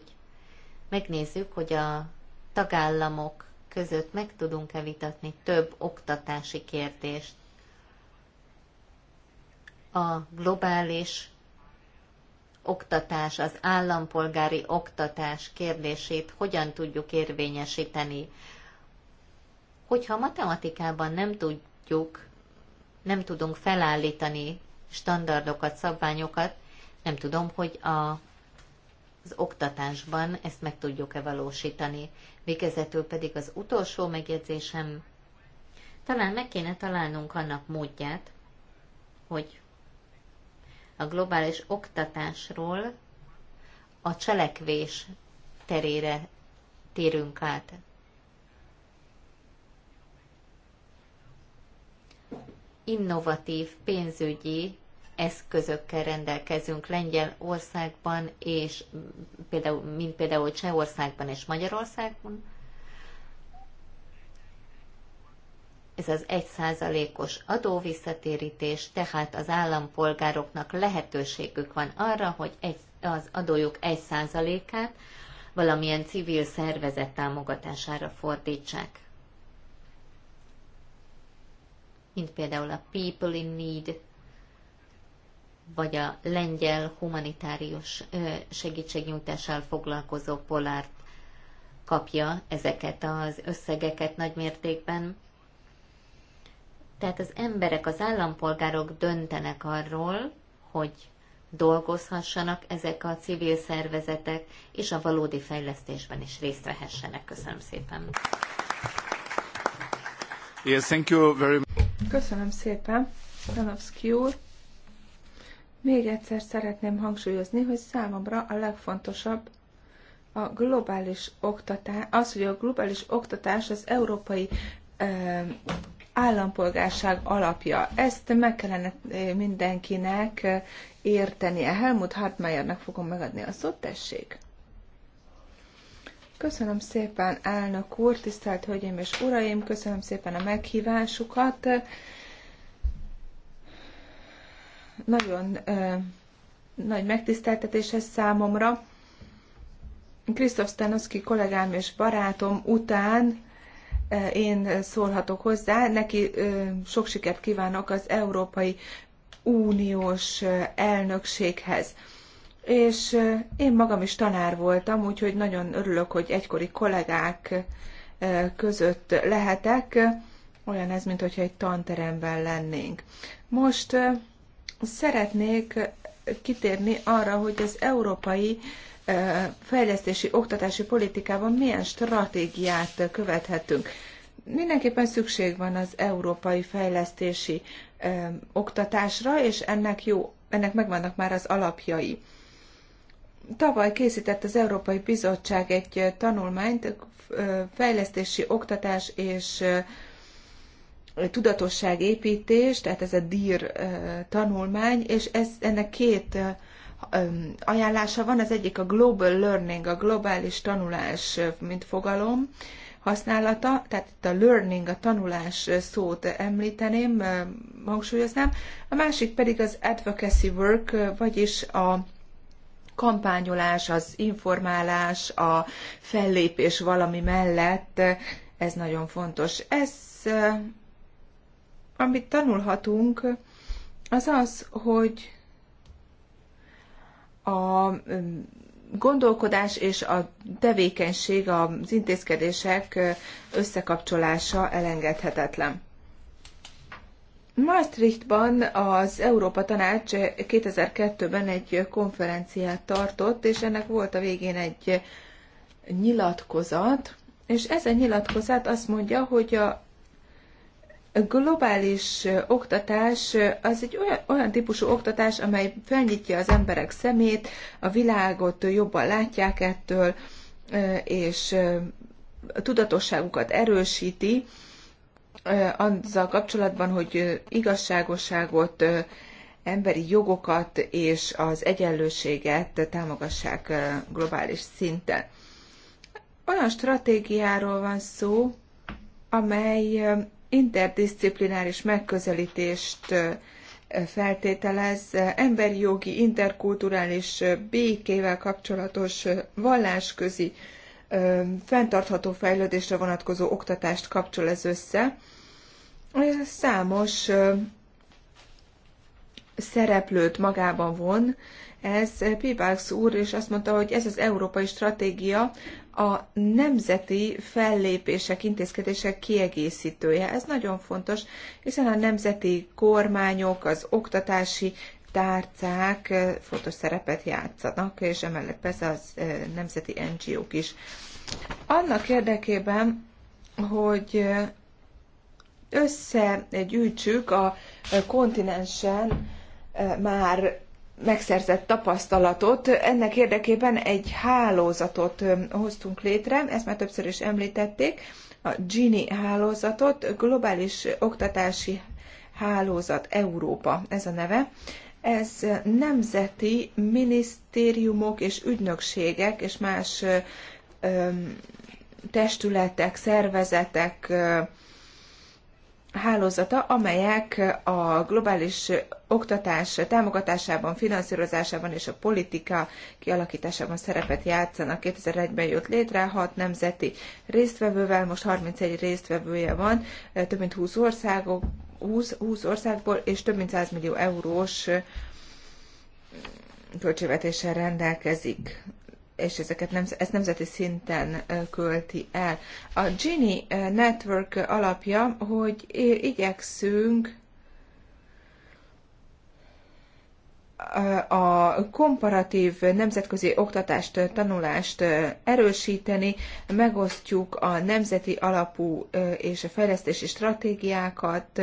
megnézzük, hogy a tagállamok között meg tudunk-e vitatni több oktatási kérdést. A globális oktatás, az állampolgári oktatás kérdését hogyan tudjuk érvényesíteni. Hogyha matematikában nem tudjuk, nem tudunk felállítani standardokat, szabványokat, nem tudom, hogy a az oktatásban ezt meg tudjuk-e valósítani. Végezetül pedig az utolsó megjegyzésem, talán meg kéne találnunk annak módját, hogy a globális oktatásról a cselekvés terére térünk át. Innovatív pénzügyi eszközökkel rendelkezünk Lengyelországban, és például, mint például Csehországban és magyarországban Ez az egy százalékos adóvisszatérítés, tehát az állampolgároknak lehetőségük van arra, hogy egy, az adójuk egy százalékát valamilyen civil szervezet támogatására fordítsák. Mint például a People in Need vagy a lengyel humanitárius segítségnyújtással foglalkozó polárt kapja ezeket az összegeket nagy mértékben. Tehát az emberek, az állampolgárok döntenek arról, hogy dolgozhassanak ezek a civil szervezetek, és a valódi fejlesztésben is részt vehessenek. Köszönöm szépen. Yes, thank you very much. Köszönöm szépen, Kanovszki úr. Még egyszer szeretném hangsúlyozni, hogy számomra a legfontosabb a globális oktatás, az, hogy a globális oktatás az európai ö, állampolgárság alapja. Ezt meg kellene mindenkinek értenie. Helmut Hartmeiernek fogom megadni a szót, tessék! Köszönöm szépen, elnök úr, tisztelt hölgyeim és uraim, köszönöm szépen a meghívásukat nagyon nagy megtiszteltetés ez számomra. Krisztof Stanoszki kollégám és barátom után én szólhatok hozzá. Neki sok sikert kívánok az Európai Uniós elnökséghez. És én magam is tanár voltam, úgyhogy nagyon örülök, hogy egykori kollégák között lehetek. Olyan ez, mintha egy tanteremben lennénk. Most Szeretnék kitérni arra, hogy az európai fejlesztési, oktatási politikában milyen stratégiát követhetünk. Mindenképpen szükség van az európai fejlesztési oktatásra, és ennek jó, ennek megvannak már az alapjai. Tavaly készített az Európai Bizottság egy tanulmányt, fejlesztési oktatás és tudatosságépítés, tehát ez a DIR tanulmány, és ez, ennek két ajánlása van, az egyik a global learning, a globális tanulás, mint fogalom használata, tehát itt a learning, a tanulás szót említeném, hangsúlyoznám, a másik pedig az advocacy work, vagyis a kampányolás, az informálás, a fellépés valami mellett, ez nagyon fontos. Ez amit tanulhatunk, az az, hogy a gondolkodás és a tevékenység, az intézkedések összekapcsolása elengedhetetlen. Maastrichtban az Európa Tanács 2002-ben egy konferenciát tartott, és ennek volt a végén egy nyilatkozat, és ez a nyilatkozat azt mondja, hogy a globális oktatás az egy olyan, olyan típusú oktatás, amely felnyitja az emberek szemét, a világot jobban látják ettől, és a tudatosságukat erősíti azzal kapcsolatban, hogy igazságosságot, emberi jogokat és az egyenlőséget támogassák globális szinten. Olyan stratégiáról van szó, amely interdisziplináris megközelítést feltételez, emberi jogi, interkulturális békével kapcsolatos vallásközi fenntartható fejlődésre vonatkozó oktatást kapcsol ez össze. Számos szereplőt magában von, ez Pibax úr, és azt mondta, hogy ez az európai stratégia a nemzeti fellépések, intézkedések kiegészítője. Ez nagyon fontos, hiszen a nemzeti kormányok, az oktatási tárcák eh, fontos szerepet játszanak, és emellett persze az eh, nemzeti NGO-k is. Annak érdekében, hogy eh, összegyűjtsük a kontinensen már megszerzett tapasztalatot. Ennek érdekében egy hálózatot hoztunk létre, ezt már többször is említették, a Gini hálózatot, globális oktatási hálózat Európa, ez a neve. Ez nemzeti minisztériumok és ügynökségek és más testületek, szervezetek hálózata, amelyek a globális oktatás támogatásában, finanszírozásában és a politika kialakításában szerepet játszanak. 2001-ben jött létre, hat nemzeti résztvevővel, most 31 résztvevője van, több mint 20, országok, 20, 20 országból és több mint 100 millió eurós költségvetéssel rendelkezik és ezeket nem, ezt nemzeti szinten költi el. A Gini Network alapja, hogy igyekszünk a komparatív nemzetközi oktatást, tanulást erősíteni, megosztjuk a nemzeti alapú és a fejlesztési stratégiákat,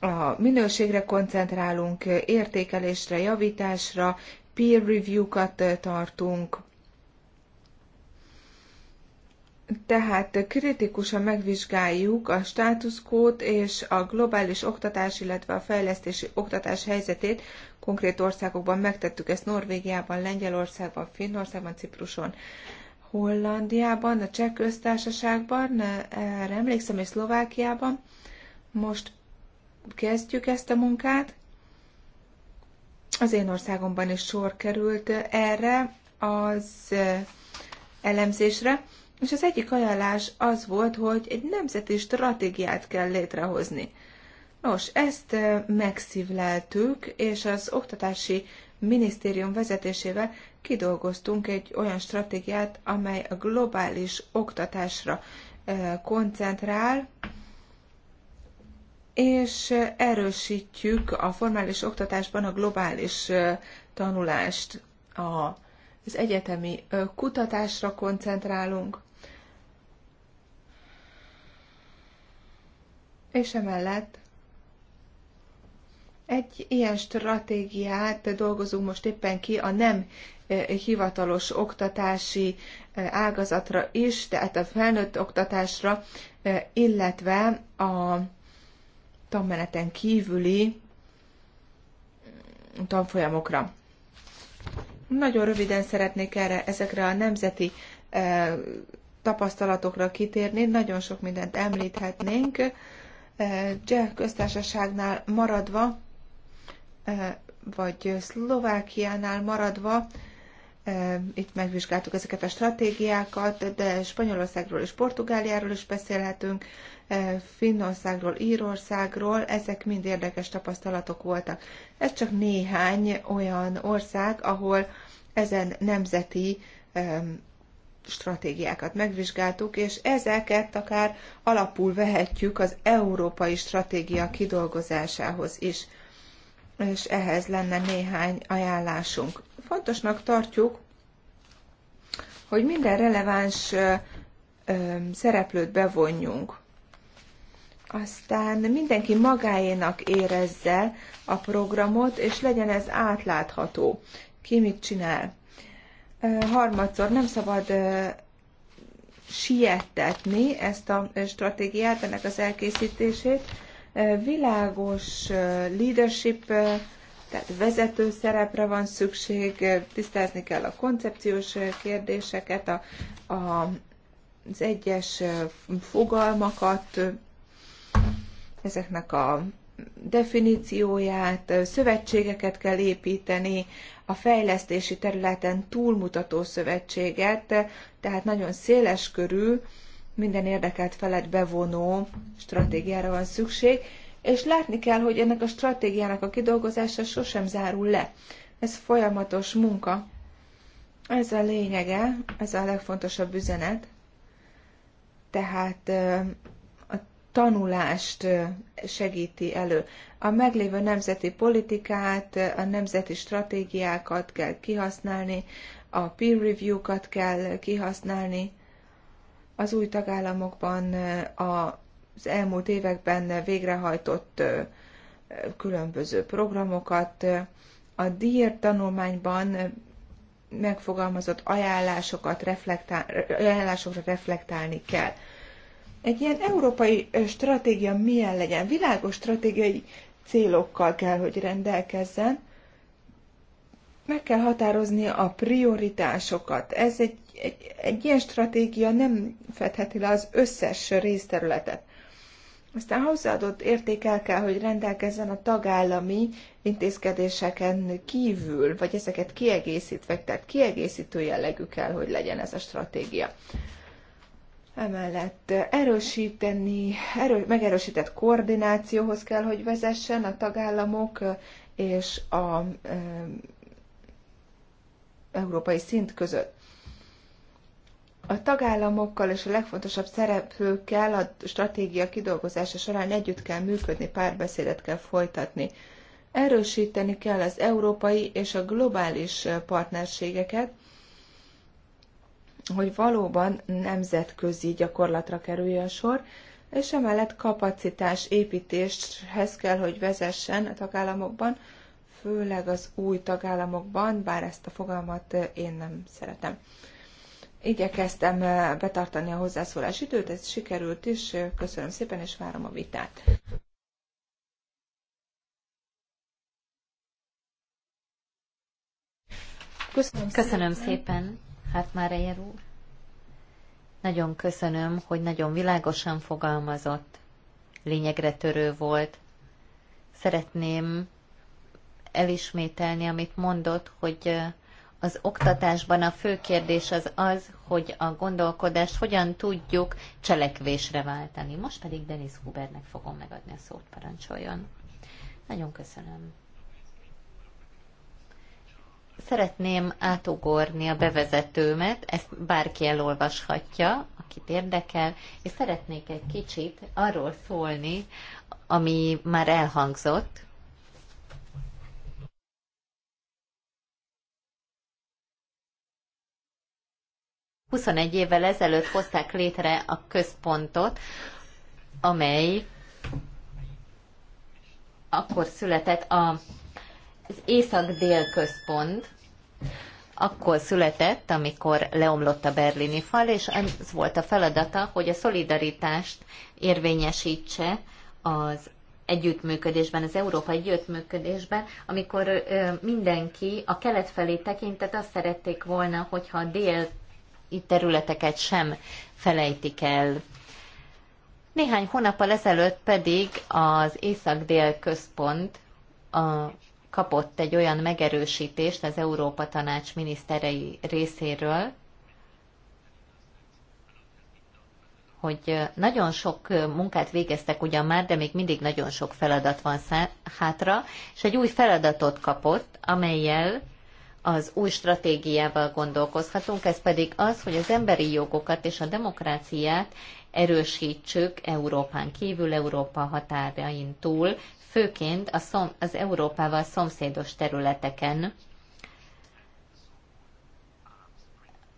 a minőségre koncentrálunk, értékelésre, javításra, peer review-kat eh, tartunk, tehát kritikusan megvizsgáljuk a státuszkót és a globális oktatás, illetve a fejlesztési oktatás helyzetét. Konkrét országokban megtettük ezt Norvégiában, Lengyelországban, Finnországban, Cipruson, Hollandiában, a Cseh köztársaságban, eh, erre emlékszem, és Szlovákiában. Most kezdjük ezt a munkát. Az én országomban is sor került erre az elemzésre, és az egyik ajánlás az volt, hogy egy nemzeti stratégiát kell létrehozni. Nos, ezt megszívleltük, és az oktatási minisztérium vezetésével kidolgoztunk egy olyan stratégiát, amely a globális oktatásra koncentrál, és erősítjük a formális oktatásban a globális tanulást, az egyetemi kutatásra koncentrálunk, és emellett egy ilyen stratégiát dolgozunk most éppen ki a nem hivatalos oktatási ágazatra is, tehát a felnőtt oktatásra, illetve a tanmeneten kívüli tanfolyamokra. Nagyon röviden szeretnék erre, ezekre a nemzeti e, tapasztalatokra kitérni. Nagyon sok mindent említhetnénk. E, Cseh köztársaságnál maradva, e, vagy Szlovákiánál maradva, itt megvizsgáltuk ezeket a stratégiákat, de Spanyolországról és Portugáliáról is beszélhetünk, Finnországról, Írországról, ezek mind érdekes tapasztalatok voltak. Ez csak néhány olyan ország, ahol ezen nemzeti stratégiákat megvizsgáltuk, és ezeket akár alapul vehetjük az európai stratégia kidolgozásához is. És ehhez lenne néhány ajánlásunk fontosnak tartjuk, hogy minden releváns szereplőt bevonjunk. Aztán mindenki magáénak érezze a programot, és legyen ez átlátható, ki mit csinál. Harmadszor nem szabad sietetni ezt a stratégiát, ennek az elkészítését. Világos leadership tehát vezető szerepre van szükség, tisztázni kell a koncepciós kérdéseket, a, a, az egyes fogalmakat, ezeknek a definícióját, szövetségeket kell építeni, a fejlesztési területen túlmutató szövetséget, tehát nagyon széles körű, minden érdekelt felet bevonó stratégiára van szükség, és látni kell, hogy ennek a stratégiának a kidolgozása sosem zárul le. Ez folyamatos munka. Ez a lényege, ez a legfontosabb üzenet. Tehát a tanulást segíti elő. A meglévő nemzeti politikát, a nemzeti stratégiákat kell kihasználni, a peer review-kat kell kihasználni, az új tagállamokban a az elmúlt években végrehajtott különböző programokat, a DIR tanulmányban megfogalmazott ajánlásokat reflektál, ajánlásokra reflektálni kell. Egy ilyen európai stratégia milyen legyen? Világos stratégiai célokkal kell, hogy rendelkezzen. Meg kell határozni a prioritásokat. Ez egy, egy, egy ilyen stratégia nem fedheti le az összes részterületet. Aztán hozzáadott értékel kell, hogy rendelkezzen a tagállami intézkedéseken kívül, vagy ezeket kiegészítve, tehát kiegészítő jellegű kell, hogy legyen ez a stratégia. Emellett erősíteni, erő, megerősített koordinációhoz kell, hogy vezessen a tagállamok és a e, európai szint között. A tagállamokkal és a legfontosabb szereplőkkel a stratégia kidolgozása során együtt kell működni, párbeszédet kell folytatni. Erősíteni kell az európai és a globális partnerségeket, hogy valóban nemzetközi gyakorlatra kerüljön sor, és emellett kapacitás építéshez kell, hogy vezessen a tagállamokban, főleg az új tagállamokban, bár ezt a fogalmat én nem szeretem igyekeztem betartani a hozzászólás időt, ez sikerült is. Köszönöm szépen, és várom a vitát. Köszönöm, köszönöm szépen, szépen hát már ér úr. Nagyon köszönöm, hogy nagyon világosan fogalmazott, lényegre törő volt. Szeretném elismételni, amit mondott, hogy az oktatásban a fő kérdés az az, hogy a gondolkodást hogyan tudjuk cselekvésre váltani. Most pedig Denis Hubernek fogom megadni a szót, parancsoljon. Nagyon köszönöm. Szeretném átugorni a bevezetőmet, ezt bárki elolvashatja, akit érdekel, és szeretnék egy kicsit arról szólni, ami már elhangzott, 21 évvel ezelőtt hozták létre a központot, amely akkor született a, az Észak-Dél központ, akkor született, amikor leomlott a berlini fal, és az volt a feladata, hogy a szolidaritást érvényesítse az együttműködésben, az európai együttműködésben, amikor mindenki a kelet felé tekintett, azt szerették volna, hogyha a dél itt területeket sem felejtik el. Néhány hónappal ezelőtt pedig az Észak-Dél Központ a, kapott egy olyan megerősítést az Európa Tanács miniszterei részéről, hogy nagyon sok munkát végeztek ugyan már, de még mindig nagyon sok feladat van hátra, és egy új feladatot kapott, amelyel az új stratégiával gondolkozhatunk, ez pedig az, hogy az emberi jogokat és a demokráciát erősítsük Európán kívül, Európa határain túl, főként a szom, az Európával szomszédos területeken,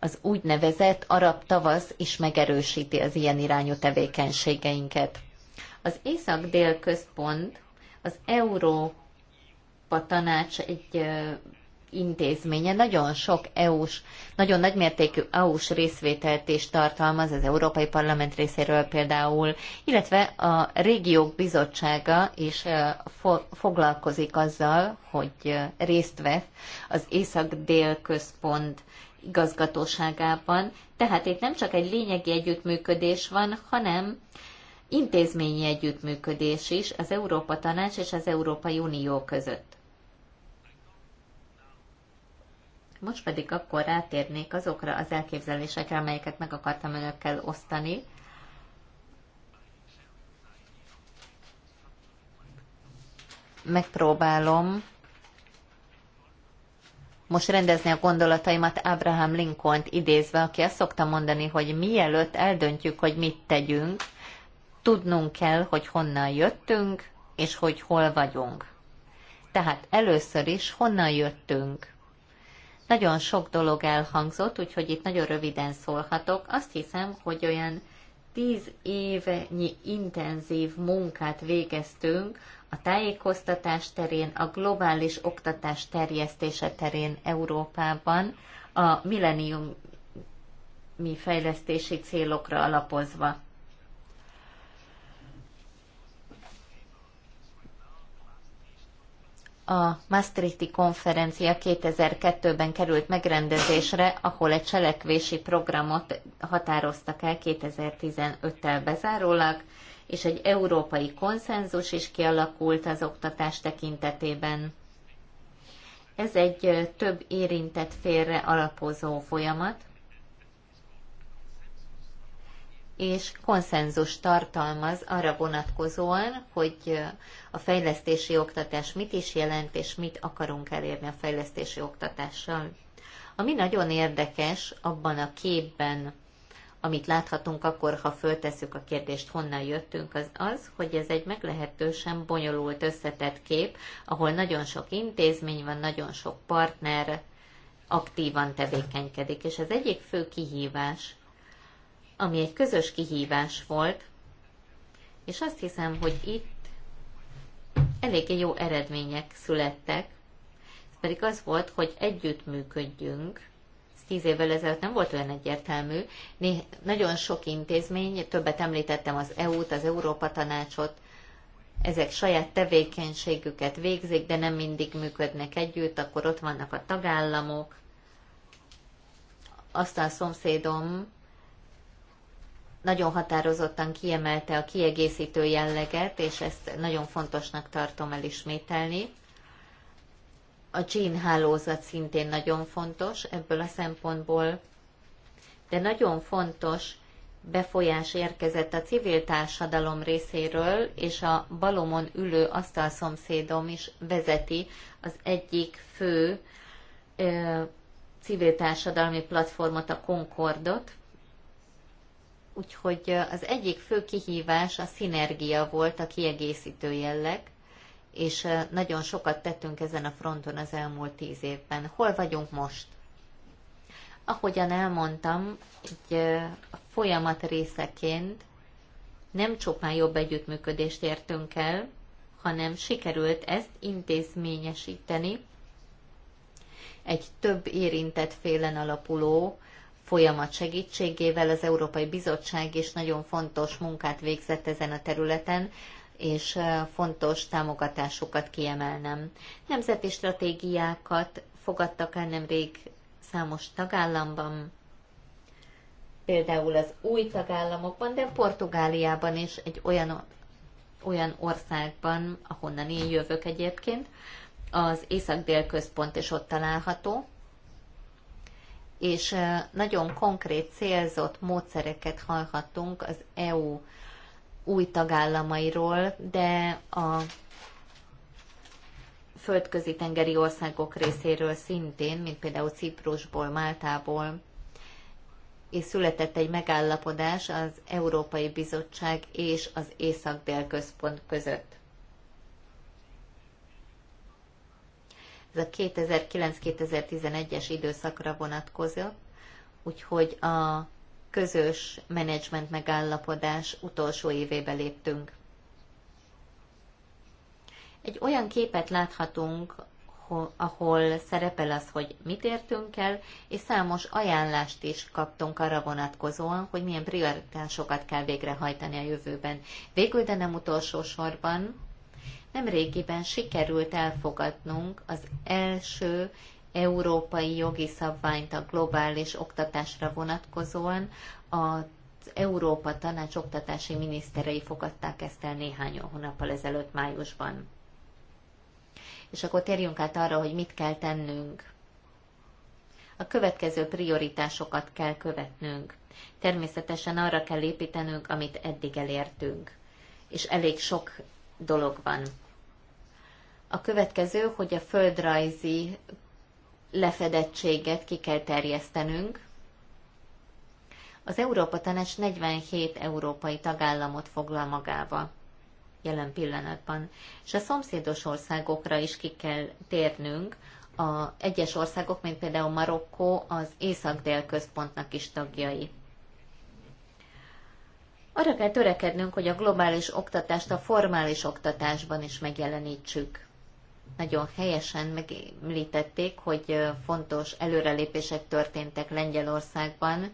az úgynevezett arab tavasz is megerősíti az ilyen irányú tevékenységeinket. Az Észak-Dél Központ az Európa Tanács egy intézménye nagyon sok EU-s, nagyon nagymértékű EU-s részvételt is tartalmaz, az Európai Parlament részéről például, illetve a Régiók Bizottsága is fo- foglalkozik azzal, hogy részt vesz az Észak-Dél Központ igazgatóságában. Tehát itt nem csak egy lényegi együttműködés van, hanem intézményi együttműködés is az Európa Tanács és az Európai Unió között. Most pedig akkor rátérnék azokra az elképzelésekre, amelyeket meg akartam önökkel osztani. Megpróbálom most rendezni a gondolataimat Abraham Lincoln-t idézve, aki azt szokta mondani, hogy mielőtt eldöntjük, hogy mit tegyünk, tudnunk kell, hogy honnan jöttünk, és hogy hol vagyunk. Tehát először is honnan jöttünk, nagyon sok dolog elhangzott, úgyhogy itt nagyon röviden szólhatok. Azt hiszem, hogy olyan tíz évnyi intenzív munkát végeztünk a tájékoztatás terén, a globális oktatás terjesztése terén Európában, a mi fejlesztési célokra alapozva. a Maastrichti konferencia 2002-ben került megrendezésre, ahol egy cselekvési programot határoztak el 2015-tel bezárólag, és egy európai konszenzus is kialakult az oktatás tekintetében. Ez egy több érintett félre alapozó folyamat, és konszenzus tartalmaz arra vonatkozóan, hogy a fejlesztési oktatás mit is jelent, és mit akarunk elérni a fejlesztési oktatással. Ami nagyon érdekes abban a képben, amit láthatunk akkor, ha föltesszük a kérdést, honnan jöttünk, az az, hogy ez egy meglehetősen bonyolult, összetett kép, ahol nagyon sok intézmény van, nagyon sok partner aktívan tevékenykedik. És az egyik fő kihívás ami egy közös kihívás volt, és azt hiszem, hogy itt eléggé jó eredmények születtek, ez pedig az volt, hogy együttműködjünk, ez tíz évvel ezelőtt nem volt olyan egyértelmű, Néh- nagyon sok intézmény, többet említettem az EU-t, az Európa Tanácsot, ezek saját tevékenységüket végzik, de nem mindig működnek együtt, akkor ott vannak a tagállamok, aztán a szomszédom nagyon határozottan kiemelte a kiegészítő jelleget, és ezt nagyon fontosnak tartom elismételni. A Jean hálózat szintén nagyon fontos ebből a szempontból, de nagyon fontos befolyás érkezett a civil társadalom részéről, és a balomon ülő asztalszomszédom is vezeti az egyik fő ö, civil társadalmi platformot, a Concordot, Úgyhogy az egyik fő kihívás a szinergia volt, a kiegészítő jelleg, és nagyon sokat tettünk ezen a fronton az elmúlt tíz évben. Hol vagyunk most? Ahogyan elmondtam, egy folyamat részeként nem csupán jobb együttműködést értünk el, hanem sikerült ezt intézményesíteni egy több érintett félen alapuló folyamat segítségével. Az Európai Bizottság is nagyon fontos munkát végzett ezen a területen, és fontos támogatásukat kiemelnem. Nemzeti stratégiákat fogadtak el nemrég számos tagállamban, például az új tagállamokban, de Portugáliában is egy olyan, olyan országban, ahonnan én jövök egyébként, az észak-dél központ is ott található, és nagyon konkrét célzott módszereket hallhattunk az EU új tagállamairól, de a földközi tengeri országok részéről szintén, mint például Ciprusból, Máltából, és született egy megállapodás az Európai Bizottság és az Észak-Dél Központ között. Ez a 2009-2011-es időszakra vonatkozott, úgyhogy a közös menedzsment megállapodás utolsó évébe léptünk. Egy olyan képet láthatunk, ahol szerepel az, hogy mit értünk el, és számos ajánlást is kaptunk arra vonatkozóan, hogy milyen prioritásokat kell végrehajtani a jövőben. Végül, de nem utolsó sorban, nem régiben sikerült elfogadnunk az első európai jogi szabványt a globális oktatásra vonatkozóan. Az Európa Tanács oktatási miniszterei fogadták ezt el néhány hónappal ezelőtt májusban. És akkor térjünk át arra, hogy mit kell tennünk. A következő prioritásokat kell követnünk. Természetesen arra kell építenünk, amit eddig elértünk. És elég sok dologban. A következő, hogy a földrajzi lefedettséget ki kell terjesztenünk. Az Európa Tanács 47 európai tagállamot foglal magába jelen pillanatban, és a szomszédos országokra is ki kell térnünk. A egyes országok, mint például Marokkó, az észak-dél központnak is tagjai. Arra kell törekednünk, hogy a globális oktatást a formális oktatásban is megjelenítsük. Nagyon helyesen megemlítették, hogy fontos előrelépések történtek Lengyelországban.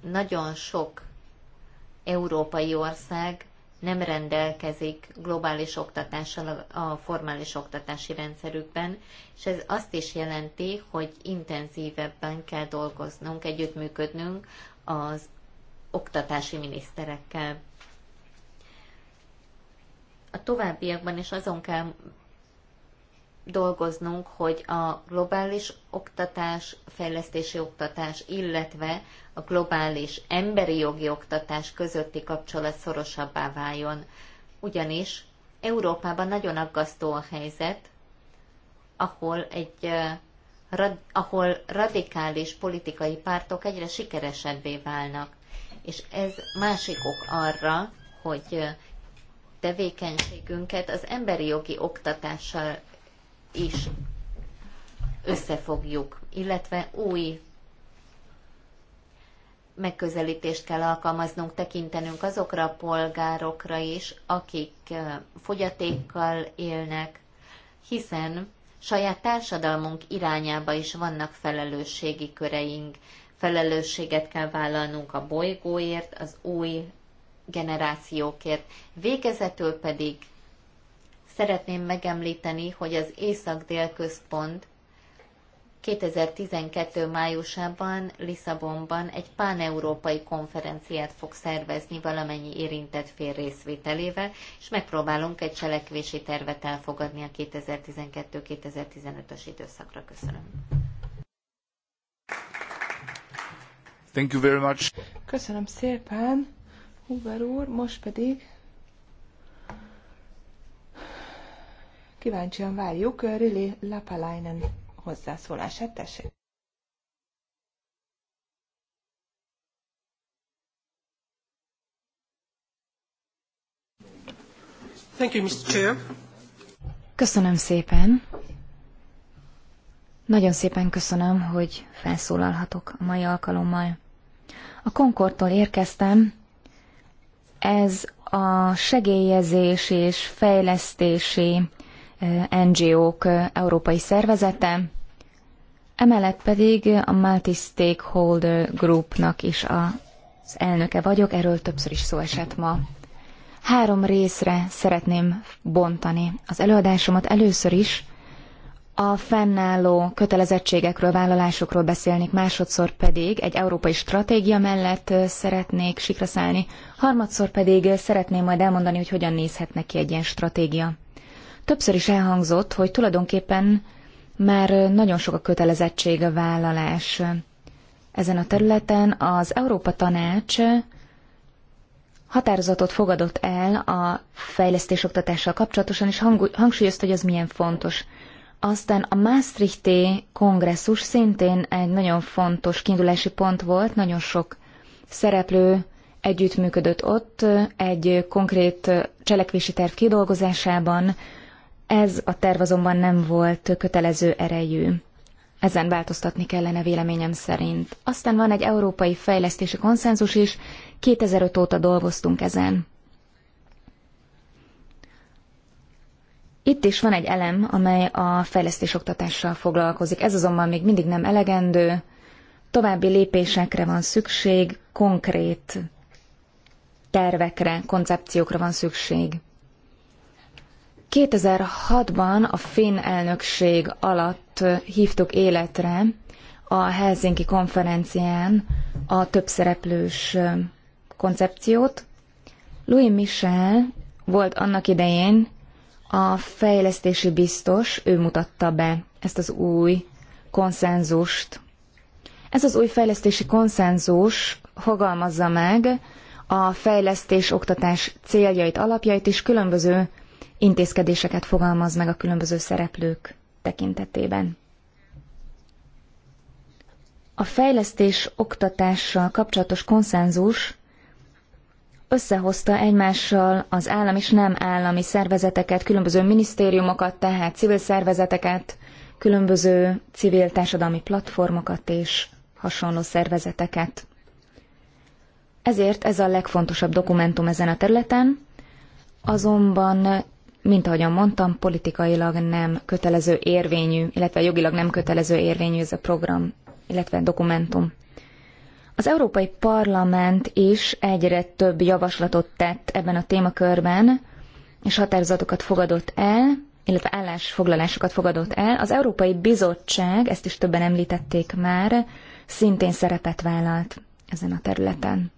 Nagyon sok európai ország nem rendelkezik globális oktatással a formális oktatási rendszerükben, és ez azt is jelenti, hogy intenzívebben kell dolgoznunk, együttműködnünk az oktatási miniszterekkel. A továbbiakban is azon kell dolgoznunk, hogy a globális oktatás, fejlesztési oktatás, illetve a globális emberi jogi oktatás közötti kapcsolat szorosabbá váljon. Ugyanis Európában nagyon aggasztó a helyzet, ahol egy ahol radikális politikai pártok egyre sikeresebbé válnak és ez másik ok arra, hogy tevékenységünket az emberi jogi oktatással is összefogjuk, illetve új megközelítést kell alkalmaznunk, tekintenünk azokra a polgárokra is, akik fogyatékkal élnek, hiszen saját társadalmunk irányába is vannak felelősségi köreink, felelősséget kell vállalnunk a bolygóért, az új generációkért. Végezetül pedig szeretném megemlíteni, hogy az Észak-Dél Központ 2012. májusában Lisszabonban egy páneurópai konferenciát fog szervezni valamennyi érintett fél részvételével, és megpróbálunk egy cselekvési tervet elfogadni a 2012-2015-ös időszakra. Köszönöm. Thank you very much. Köszönöm szépen, Huber úr, most pedig kíváncsian várjuk Rili Lapalainen hozzászólását, tessék. Thank you, Mr. Chair. Köszönöm szépen. Nagyon szépen köszönöm, hogy felszólalhatok a mai alkalommal. A Concordtól érkeztem, ez a segélyezés és fejlesztési eh, NGO-k eh, európai szervezete, emellett pedig a Multi Stakeholder Groupnak is az elnöke vagyok, erről többször is szó esett ma. Három részre szeretném bontani az előadásomat először is, a fennálló kötelezettségekről, vállalásokról beszélnék, másodszor pedig egy európai stratégia mellett szeretnék sikra szállni, harmadszor pedig szeretném majd elmondani, hogy hogyan nézhetne ki egy ilyen stratégia. Többször is elhangzott, hogy tulajdonképpen már nagyon sok a kötelezettség a vállalás ezen a területen. Az Európa Tanács határozatot fogadott el a fejlesztés oktatással kapcsolatosan, és hangsúlyozta, hogy ez milyen fontos. Aztán a Maastrichti kongresszus szintén egy nagyon fontos kiindulási pont volt, nagyon sok szereplő együttműködött ott egy konkrét cselekvési terv kidolgozásában, ez a terv azonban nem volt kötelező erejű. Ezen változtatni kellene véleményem szerint. Aztán van egy európai fejlesztési konszenzus is, 2005 óta dolgoztunk ezen. Itt is van egy elem, amely a fejlesztés oktatással foglalkozik. Ez azonban még mindig nem elegendő. További lépésekre van szükség, konkrét tervekre, koncepciókra van szükség. 2006-ban a finn elnökség alatt hívtuk életre a Helsinki konferencián a többszereplős koncepciót. Louis Michel volt annak idején a fejlesztési biztos, ő mutatta be ezt az új konszenzust. Ez az új fejlesztési konszenzus fogalmazza meg a fejlesztés-oktatás céljait, alapjait és különböző intézkedéseket fogalmaz meg a különböző szereplők tekintetében. A fejlesztés oktatással kapcsolatos konszenzus összehozta egymással az állam és nem állami szervezeteket, különböző minisztériumokat, tehát civil szervezeteket, különböző civil társadalmi platformokat és hasonló szervezeteket. Ezért ez a legfontosabb dokumentum ezen a területen, azonban, mint ahogyan mondtam, politikailag nem kötelező érvényű, illetve jogilag nem kötelező érvényű ez a program, illetve dokumentum. Az Európai Parlament is egyre több javaslatot tett ebben a témakörben, és határozatokat fogadott el, illetve állásfoglalásokat fogadott el. Az Európai Bizottság, ezt is többen említették már, szintén szerepet vállalt ezen a területen.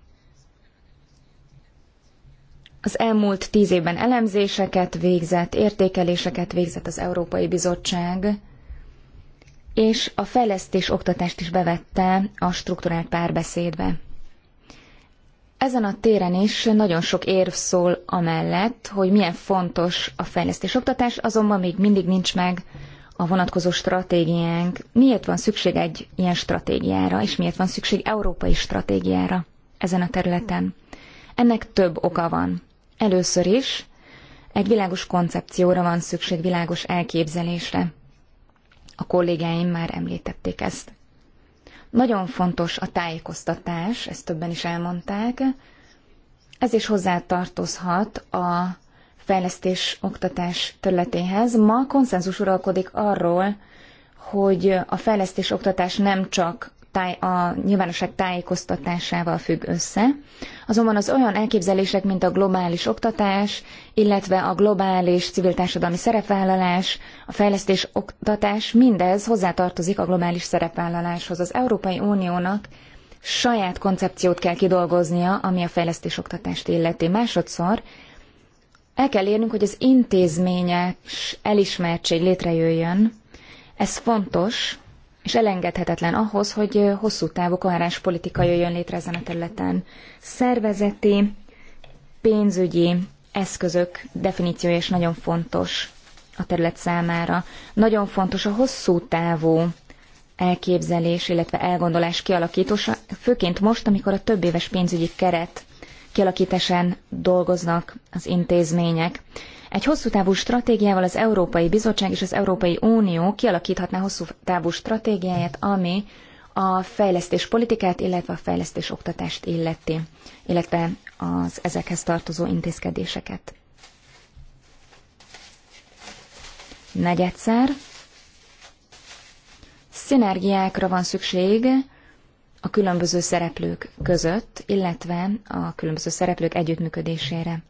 Az elmúlt tíz évben elemzéseket végzett, értékeléseket végzett az Európai Bizottság és a fejlesztés oktatást is bevette a strukturált párbeszédbe. Ezen a téren is nagyon sok érv szól amellett, hogy milyen fontos a fejlesztés oktatás, azonban még mindig nincs meg a vonatkozó stratégiánk. Miért van szükség egy ilyen stratégiára, és miért van szükség európai stratégiára ezen a területen? Ennek több oka van. Először is egy világos koncepcióra van szükség, világos elképzelésre. A kollégáim már említették ezt. Nagyon fontos a tájékoztatás, ezt többen is elmondták. Ez is hozzátartozhat a fejlesztés oktatás területéhez. Ma konszenzus uralkodik arról, hogy a fejlesztés oktatás nem csak táj, a nyilvánosság tájékoztatásával függ össze. Azonban az olyan elképzelések, mint a globális oktatás, illetve a globális civil társadalmi szerepvállalás, a fejlesztés oktatás, mindez hozzátartozik a globális szerepvállaláshoz. Az Európai Uniónak saját koncepciót kell kidolgoznia, ami a fejlesztés oktatást illeti. Másodszor el kell érnünk, hogy az intézményes elismertség létrejöjjön. Ez fontos, és elengedhetetlen ahhoz, hogy hosszú távú koherens politika jöjjön létre ezen a területen. Szervezeti, pénzügyi eszközök definíciója is nagyon fontos a terület számára. Nagyon fontos a hosszú távú elképzelés, illetve elgondolás kialakítása, főként most, amikor a több éves pénzügyi keret kialakításán dolgoznak az intézmények. Egy hosszú távú stratégiával az Európai Bizottság és az Európai Unió kialakíthatná hosszú távú stratégiáját, ami a fejlesztés politikát, illetve a fejlesztés oktatást illeti, illetve az ezekhez tartozó intézkedéseket. Negyedszer, szinergiákra van szükség a különböző szereplők között, illetve a különböző szereplők együttműködésére.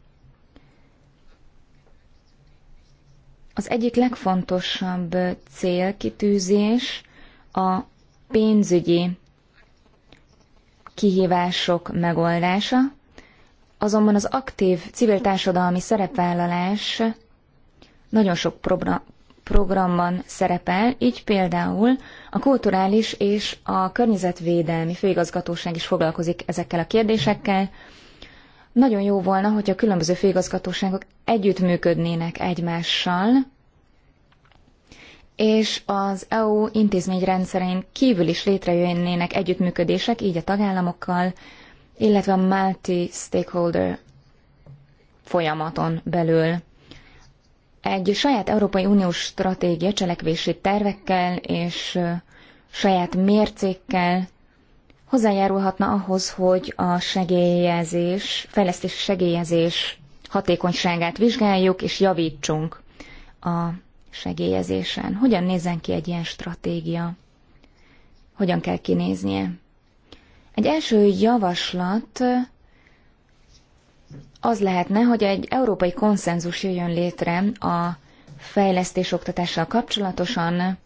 Az egyik legfontosabb célkitűzés a pénzügyi kihívások megoldása, azonban az aktív civil társadalmi szerepvállalás nagyon sok programban szerepel, így például a kulturális és a környezetvédelmi főigazgatóság is foglalkozik ezekkel a kérdésekkel, nagyon jó volna, hogyha a különböző főigazgatóságok együttműködnének egymással, és az EU intézményrendszerén kívül is létrejönnének együttműködések, így a tagállamokkal, illetve a multi-stakeholder folyamaton belül. Egy saját Európai Uniós stratégia cselekvési tervekkel és saját mércékkel hozzájárulhatna ahhoz, hogy a segélyezés, fejlesztési segélyezés hatékonyságát vizsgáljuk és javítsunk a segélyezésen. Hogyan nézzen ki egy ilyen stratégia? Hogyan kell kinéznie? Egy első javaslat az lehetne, hogy egy európai konszenzus jöjjön létre a fejlesztés oktatással kapcsolatosan,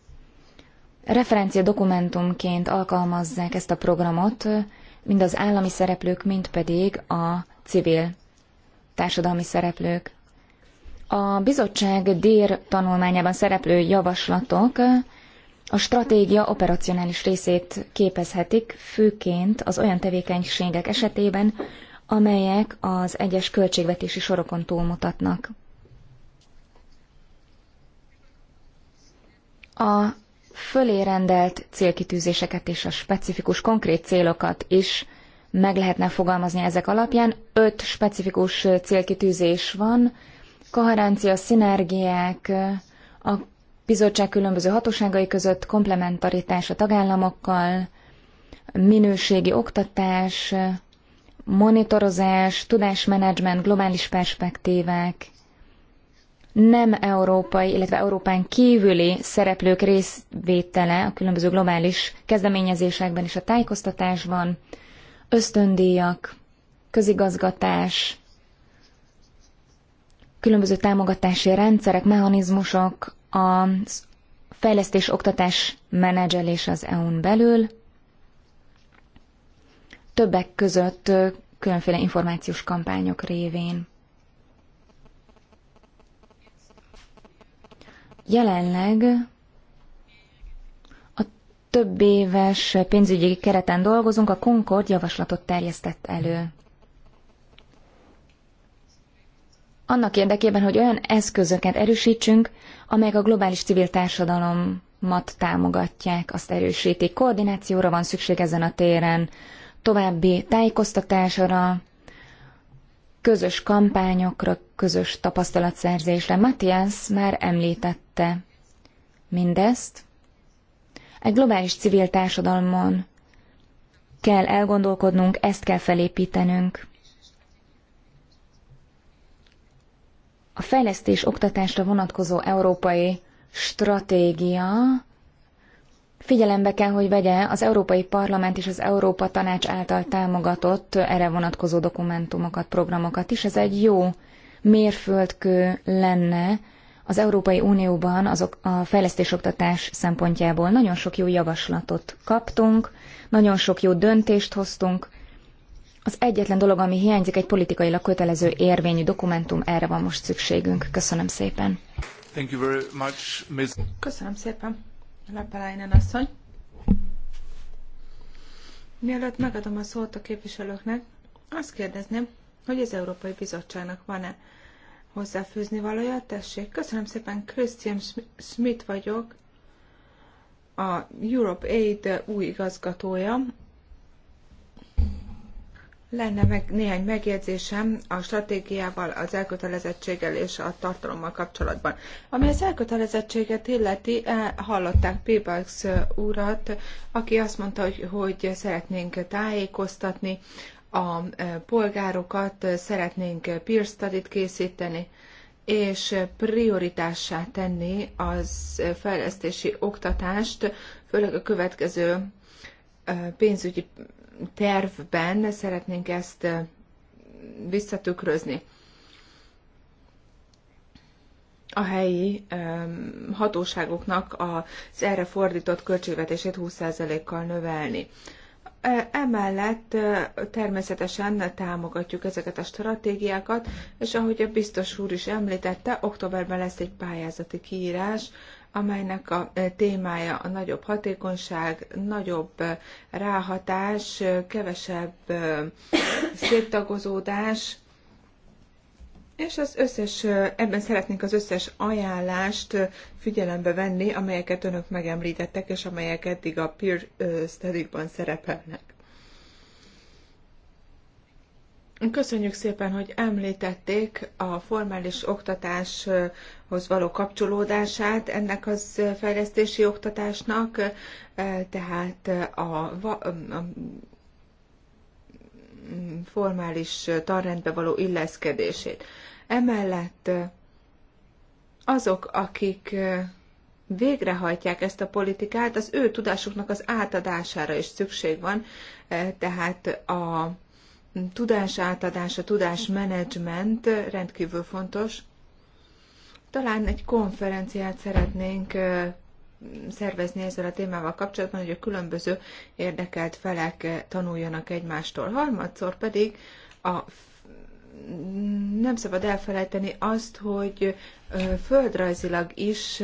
referencia dokumentumként alkalmazzák ezt a programot, mind az állami szereplők, mind pedig a civil társadalmi szereplők. A bizottság DÉR tanulmányában szereplő javaslatok a stratégia operacionális részét képezhetik, főként az olyan tevékenységek esetében, amelyek az egyes költségvetési sorokon túlmutatnak. A fölé rendelt célkitűzéseket és a specifikus konkrét célokat is meg lehetne fogalmazni ezek alapján. Öt specifikus célkitűzés van, koherencia, szinergiák, a bizottság különböző hatóságai között, komplementaritás a tagállamokkal, minőségi oktatás, monitorozás, tudásmenedzsment, globális perspektívák, nem európai, illetve Európán kívüli szereplők részvétele a különböző globális kezdeményezésekben és a tájékoztatásban, ösztöndíjak, közigazgatás, különböző támogatási rendszerek, mechanizmusok, a fejlesztés-oktatás menedzselés az EU-n belül, többek között különféle információs kampányok révén. Jelenleg a több éves pénzügyi kereten dolgozunk, a Concord javaslatot terjesztett elő. Annak érdekében, hogy olyan eszközöket erősítsünk, amelyek a globális civil társadalomat támogatják, azt erősítik. Koordinációra van szükség ezen a téren, további tájékoztatásra, közös kampányokra, közös tapasztalatszerzésre. Matthias már említette mindezt. Egy globális civil társadalmon kell elgondolkodnunk, ezt kell felépítenünk. A fejlesztés oktatásra vonatkozó európai stratégia Figyelembe kell, hogy vegye az Európai Parlament és az Európa Tanács által támogatott erre vonatkozó dokumentumokat, programokat is. Ez egy jó mérföldkő lenne az Európai Unióban azok a fejlesztésoktatás szempontjából. Nagyon sok jó javaslatot kaptunk, nagyon sok jó döntést hoztunk. Az egyetlen dolog, ami hiányzik, egy politikailag kötelező érvényű dokumentum, erre van most szükségünk. Köszönöm szépen. Thank you very much, Ms. Köszönöm szépen. Lapalainen asszony. Mielőtt megadom a szót a képviselőknek, azt kérdezném, hogy az Európai Bizottságnak van-e hozzáfűzni valója? Tessék, köszönöm szépen, Christian Schmidt vagyok, a Europe Aid új igazgatója, lenne meg néhány megjegyzésem a stratégiával, az elkötelezettséggel és a tartalommal kapcsolatban. Ami az elkötelezettséget illeti, eh, hallották Pébax úrat, eh, aki azt mondta, hogy, hogy szeretnénk tájékoztatni a eh, polgárokat, szeretnénk peer study készíteni, és prioritássá tenni az fejlesztési oktatást, főleg a következő pénzügyi tervben szeretnénk ezt visszatükrözni. A helyi hatóságoknak az erre fordított költségvetését 20%-kal növelni. Emellett természetesen támogatjuk ezeket a stratégiákat, és ahogy a biztos úr is említette, októberben lesz egy pályázati kiírás amelynek a e, témája a nagyobb hatékonyság, nagyobb e, ráhatás, e, kevesebb széttagozódás, és az összes, ebben szeretnénk az összes ajánlást figyelembe venni, amelyeket önök megemlítettek, és amelyek eddig a peer study-ban szerepelnek. Köszönjük szépen, hogy említették a formális oktatáshoz való kapcsolódását ennek az fejlesztési oktatásnak, e, tehát a, a formális tanrendbe való illeszkedését. Emellett azok, akik végrehajtják ezt a politikát, az ő tudásuknak az átadására is szükség van, e, tehát a tudásátadás, a menedzsment rendkívül fontos. Talán egy konferenciát szeretnénk szervezni ezzel a témával kapcsolatban, hogy a különböző érdekelt felek tanuljanak egymástól. Harmadszor pedig a nem szabad elfelejteni azt, hogy földrajzilag is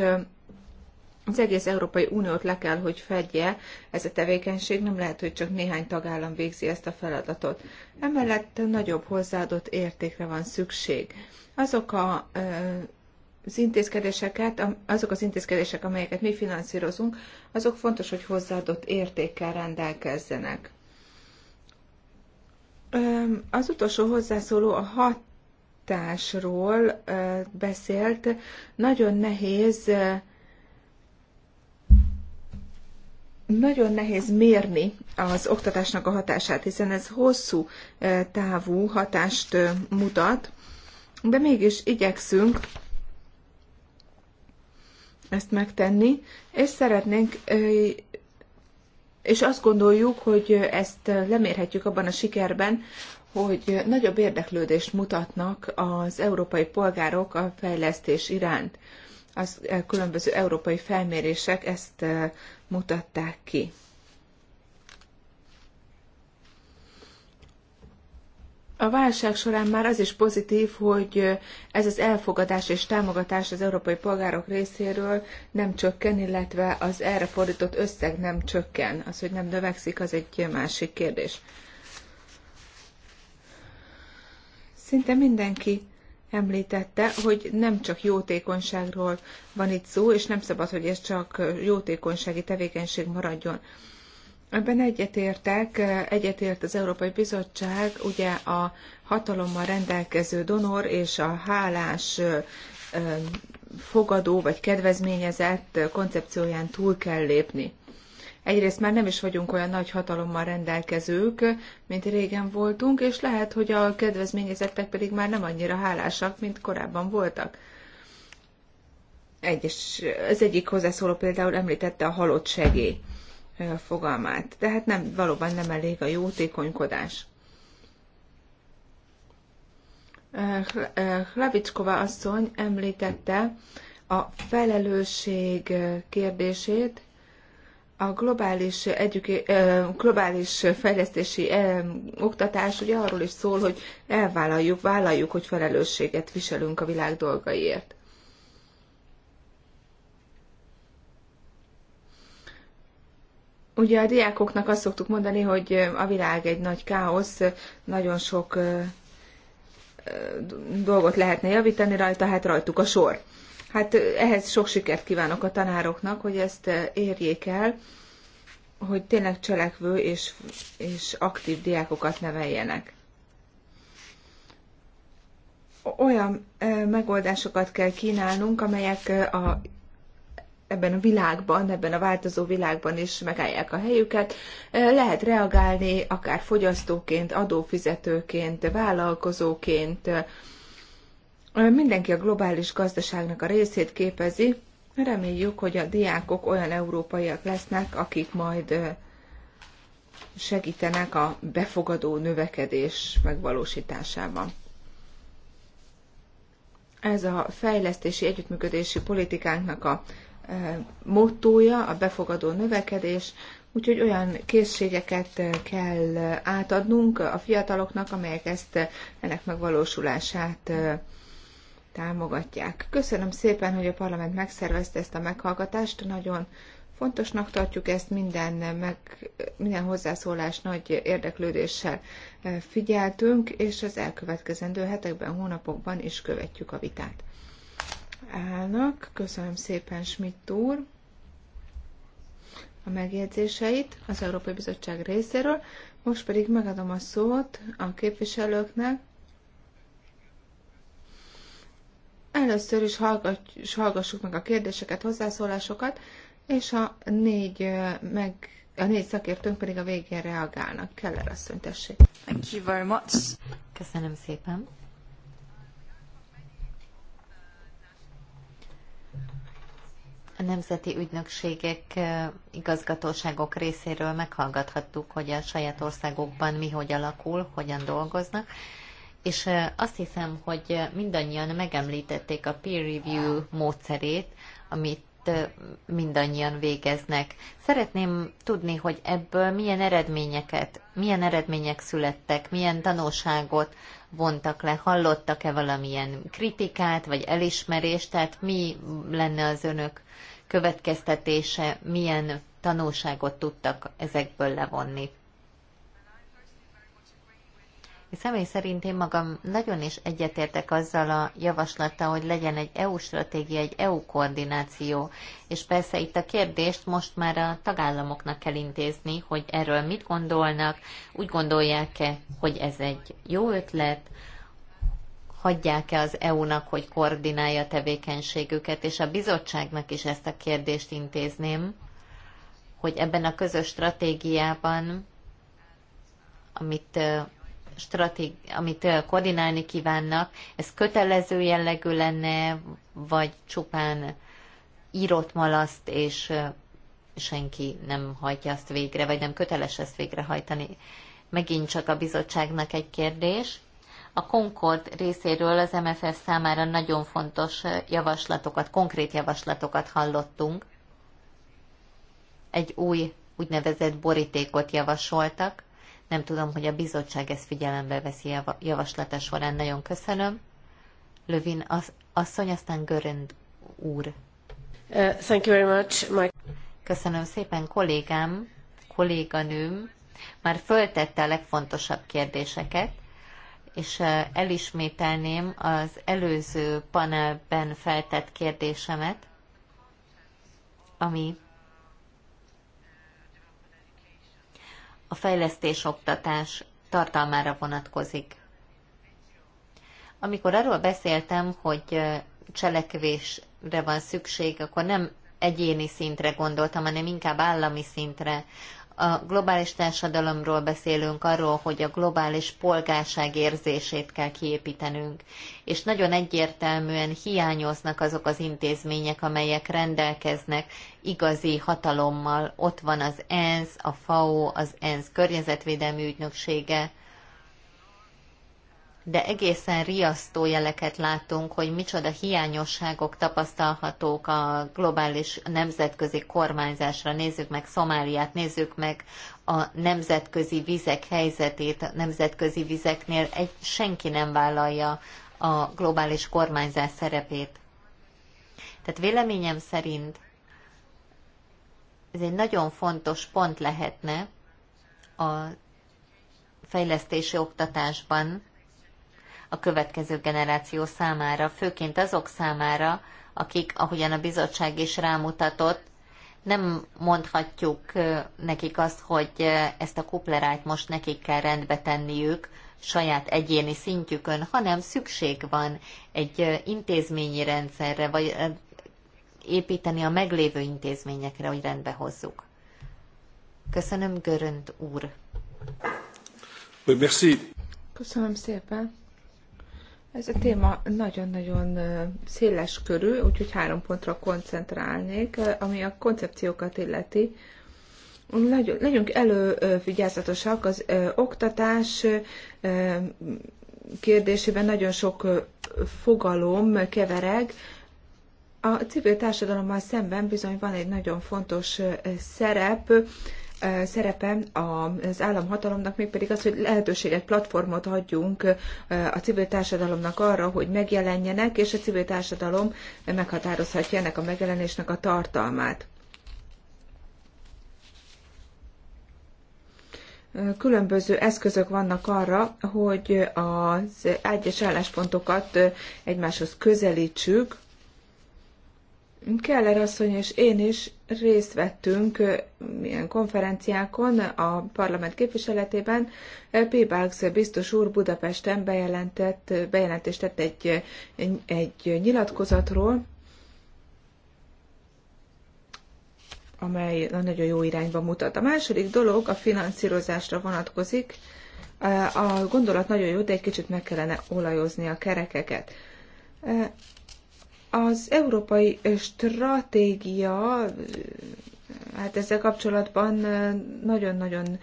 az egész Európai Uniót le kell, hogy fedje ez a tevékenység, nem lehet, hogy csak néhány tagállam végzi ezt a feladatot. Emellett nagyobb hozzáadott értékre van szükség. Azok a az intézkedéseket, azok az intézkedések, amelyeket mi finanszírozunk, azok fontos, hogy hozzáadott értékkel rendelkezzenek. Az utolsó hozzászóló a hatásról beszélt. Nagyon nehéz nagyon nehéz mérni az oktatásnak a hatását, hiszen ez hosszú eh, távú hatást eh, mutat, de mégis igyekszünk ezt megtenni, és szeretnénk, eh, és azt gondoljuk, hogy ezt lemérhetjük abban a sikerben, hogy nagyobb érdeklődést mutatnak az európai polgárok a fejlesztés iránt az eh, különböző európai felmérések ezt eh, mutatták ki. A válság során már az is pozitív, hogy eh, ez az elfogadás és támogatás az európai polgárok részéről nem csökken, illetve az erre fordított összeg nem csökken. Az, hogy nem növekszik, az egy másik kérdés. Szinte mindenki említette, hogy nem csak jótékonyságról van itt szó, és nem szabad, hogy ez csak jótékonysági tevékenység maradjon. Ebben egyetértek, egyetért az Európai Bizottság, ugye a hatalommal rendelkező donor és a hálás fogadó vagy kedvezményezett koncepcióján túl kell lépni egyrészt már nem is vagyunk olyan nagy hatalommal rendelkezők, mint régen voltunk, és lehet, hogy a kedvezményezettek pedig már nem annyira hálásak, mint korábban voltak. Egyes, az egyik hozzászóló például említette a halott segély fogalmát, tehát nem, valóban nem elég a jótékonykodás. Hlavicskova asszony említette a felelősség kérdését, a globális, együké, globális fejlesztési oktatás ugye arról is szól, hogy elvállaljuk, vállaljuk, hogy felelősséget viselünk a világ dolgaiért. Ugye a diákoknak azt szoktuk mondani, hogy a világ egy nagy káosz, nagyon sok dolgot lehetne javítani rajta, hát rajtuk a sor. Hát ehhez sok sikert kívánok a tanároknak, hogy ezt érjék el, hogy tényleg cselekvő és, és aktív diákokat neveljenek. Olyan megoldásokat kell kínálnunk, amelyek a, ebben a világban, ebben a változó világban is megállják a helyüket. Lehet reagálni akár fogyasztóként, adófizetőként, vállalkozóként, Mindenki a globális gazdaságnak a részét képezi. Reméljük, hogy a diákok olyan európaiak lesznek, akik majd segítenek a befogadó növekedés megvalósításában. Ez a fejlesztési együttműködési politikánknak a mottója, a befogadó növekedés, úgyhogy olyan készségeket kell átadnunk a fiataloknak, amelyek ezt ennek megvalósulását támogatják. Köszönöm szépen, hogy a parlament megszervezte ezt a meghallgatást. Nagyon fontosnak tartjuk ezt minden, meg, minden hozzászólás nagy érdeklődéssel e, figyeltünk, és az elkövetkezendő hetekben, hónapokban is követjük a vitát. Állnak, köszönöm szépen Schmidt úr a megjegyzéseit az Európai Bizottság részéről, most pedig megadom a szót a képviselőknek, Először is hallgassuk meg a kérdéseket, hozzászólásokat, és a négy, meg, a négy szakértőnk pedig a végén reagálnak. Keller asszony, tessék. Thank you very much. Köszönöm szépen. A nemzeti ügynökségek, igazgatóságok részéről meghallgathattuk, hogy a saját országokban mi hogy alakul, hogyan dolgoznak, és azt hiszem, hogy mindannyian megemlítették a peer review módszerét, amit mindannyian végeznek. Szeretném tudni, hogy ebből milyen eredményeket, milyen eredmények születtek, milyen tanulságot vontak le, hallottak-e valamilyen kritikát vagy elismerést, tehát mi lenne az önök következtetése, milyen tanulságot tudtak ezekből levonni. Személy szerint én magam nagyon is egyetértek azzal a javaslata, hogy legyen egy EU stratégia, egy EU koordináció. És persze itt a kérdést most már a tagállamoknak kell intézni, hogy erről mit gondolnak, úgy gondolják-e, hogy ez egy jó ötlet, hagyják-e az EU-nak, hogy koordinálja a tevékenységüket, és a bizottságnak is ezt a kérdést intézném, hogy ebben a közös stratégiában, amit stratég, amit koordinálni kívánnak, ez kötelező jellegű lenne, vagy csupán írott malaszt, és senki nem hajtja azt végre, vagy nem köteles ezt végrehajtani. Megint csak a bizottságnak egy kérdés. A Concord részéről az MFF számára nagyon fontos javaslatokat, konkrét javaslatokat hallottunk. Egy új úgynevezett borítékot javasoltak, nem tudom, hogy a bizottság ezt figyelembe veszi javaslata során. Nagyon köszönöm. Lövin az, asszony, aztán Görönd úr. Uh, thank you very much, my... Köszönöm szépen kollégám, kolléganőm. Már föltette a legfontosabb kérdéseket, és uh, elismételném az előző panelben feltett kérdésemet, ami a fejlesztés oktatás tartalmára vonatkozik. Amikor arról beszéltem, hogy cselekvésre van szükség, akkor nem egyéni szintre gondoltam, hanem inkább állami szintre a globális társadalomról beszélünk, arról, hogy a globális polgárság érzését kell kiépítenünk, és nagyon egyértelműen hiányoznak azok az intézmények, amelyek rendelkeznek igazi hatalommal. Ott van az ENSZ, a FAO, az ENSZ környezetvédelmi ügynöksége, de egészen riasztó jeleket látunk, hogy micsoda hiányosságok tapasztalhatók a globális nemzetközi kormányzásra. Nézzük meg Szomáliát, nézzük meg a nemzetközi vizek helyzetét, a nemzetközi vizeknél egy, senki nem vállalja a globális kormányzás szerepét. Tehát véleményem szerint ez egy nagyon fontos pont lehetne a fejlesztési oktatásban, a következő generáció számára, főként azok számára, akik, ahogyan a bizottság is rámutatott, nem mondhatjuk nekik azt, hogy ezt a kuplerát most nekik kell rendbe tenniük saját egyéni szintjükön, hanem szükség van egy intézményi rendszerre, vagy építeni a meglévő intézményekre, hogy rendbe hozzuk. Köszönöm, Görönt úr. Merci. Köszönöm szépen. Ez a téma nagyon-nagyon széles körű, úgyhogy három pontra koncentrálnék, ami a koncepciókat illeti. Nagyon, legyünk elővigyázatosak, az oktatás kérdésében nagyon sok fogalom kevereg. A civil társadalommal szemben bizony van egy nagyon fontos szerep, szerepe az államhatalomnak, mégpedig az, hogy lehetőséget, platformot adjunk a civil társadalomnak arra, hogy megjelenjenek, és a civil társadalom meghatározhatja ennek a megjelenésnek a tartalmát. különböző eszközök vannak arra, hogy az egyes álláspontokat egymáshoz közelítsük, Keller asszony és én is részt vettünk milyen konferenciákon a parlament képviseletében. P. Barks biztos úr Budapesten bejelentett, bejelentést tett egy, egy, egy nyilatkozatról, amely nagyon jó irányba mutat. A második dolog a finanszírozásra vonatkozik. A gondolat nagyon jó, de egy kicsit meg kellene olajozni a kerekeket. Az európai stratégia, hát ezzel kapcsolatban nagyon-nagyon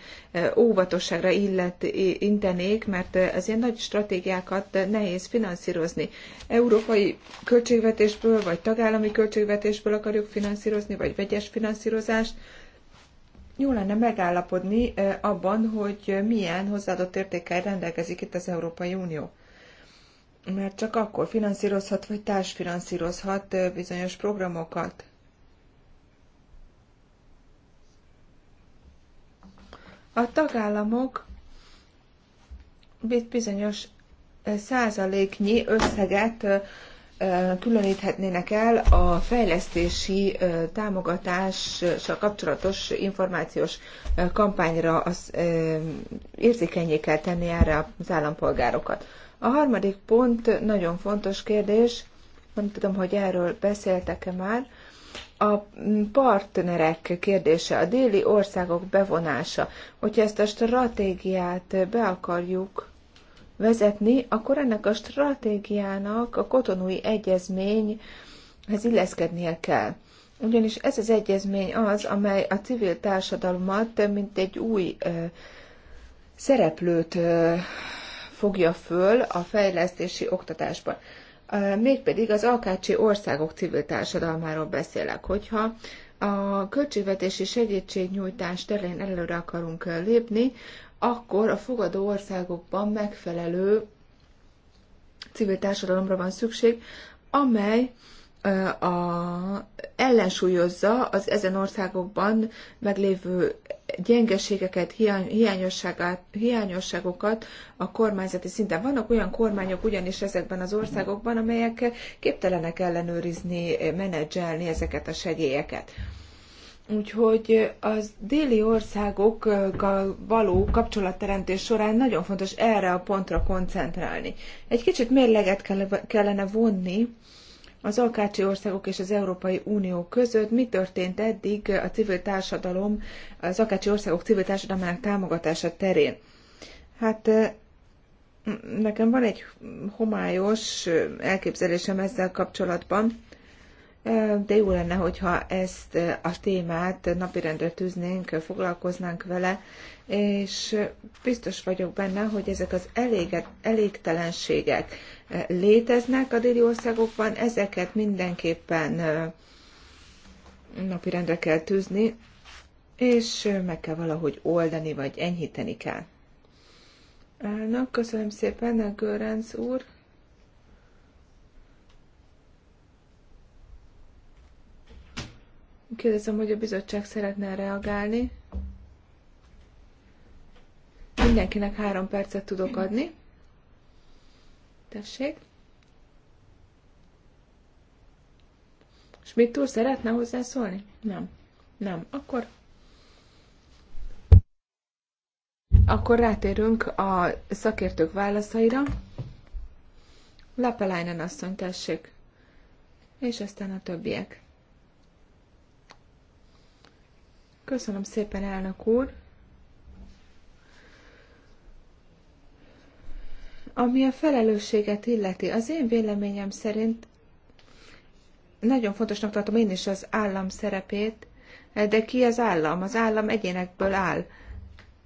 óvatosságra illet, intenék, mert az ilyen nagy stratégiákat nehéz finanszírozni. Európai költségvetésből, vagy tagállami költségvetésből akarjuk finanszírozni, vagy vegyes finanszírozást. Jó lenne megállapodni abban, hogy milyen hozzáadott értékkel rendelkezik itt az Európai Unió mert csak akkor finanszírozhat, vagy társfinanszírozhat bizonyos programokat. A tagállamok bizonyos százaléknyi összeget különíthetnének el a fejlesztési támogatással kapcsolatos információs kampányra, az érzékenyé kell tenni erre az állampolgárokat. A harmadik pont nagyon fontos kérdés, nem tudom, hogy erről beszéltek-e már, a partnerek kérdése, a déli országok bevonása. Hogyha ezt a stratégiát be akarjuk vezetni, akkor ennek a stratégiának a kotonúi egyezményhez illeszkednie kell. Ugyanis ez az egyezmény az, amely a civil társadalmat, mint egy új ö, szereplőt ö, fogja föl a fejlesztési oktatásban. Mégpedig az alkácsi országok civil társadalmáról beszélek. Hogyha a költségvetési segítségnyújtás terén előre akarunk lépni, akkor a fogadó országokban megfelelő civil társadalomra van szükség, amely a, ellensúlyozza az ezen országokban meglévő gyengeségeket, hiány, hiányosságokat a kormányzati szinten. Vannak olyan kormányok ugyanis ezekben az országokban, amelyek képtelenek ellenőrizni, menedzselni ezeket a segélyeket. Úgyhogy az déli országokkal való kapcsolatteremtés során nagyon fontos erre a pontra koncentrálni. Egy kicsit mérleget kellene vonni, az alkácsi országok és az Európai Unió között mi történt eddig a civil társadalom, az alkácsi országok civil társadalmának támogatása terén. Hát nekem van egy homályos elképzelésem ezzel kapcsolatban, de jó lenne, hogyha ezt a témát napirendre tűznénk, foglalkoznánk vele, és biztos vagyok benne, hogy ezek az eléget, elégtelenségek, léteznek a déli országokban, ezeket mindenképpen napirendre kell tűzni, és meg kell valahogy oldani, vagy enyhíteni kell. Na, köszönöm szépen, a Görenc úr. Kérdezem, hogy a bizottság szeretne reagálni. Mindenkinek három percet tudok adni. Tessék. Schmidt úr szeretne hozzászólni? Nem. Nem. Akkor Akkor rátérünk a szakértők válaszaira. Lapelainen asszony, tessék. És aztán a többiek. Köszönöm szépen, elnök úr. Ami a felelősséget illeti, az én véleményem szerint nagyon fontosnak tartom én is az állam szerepét, de ki az állam? Az állam egyénekből áll.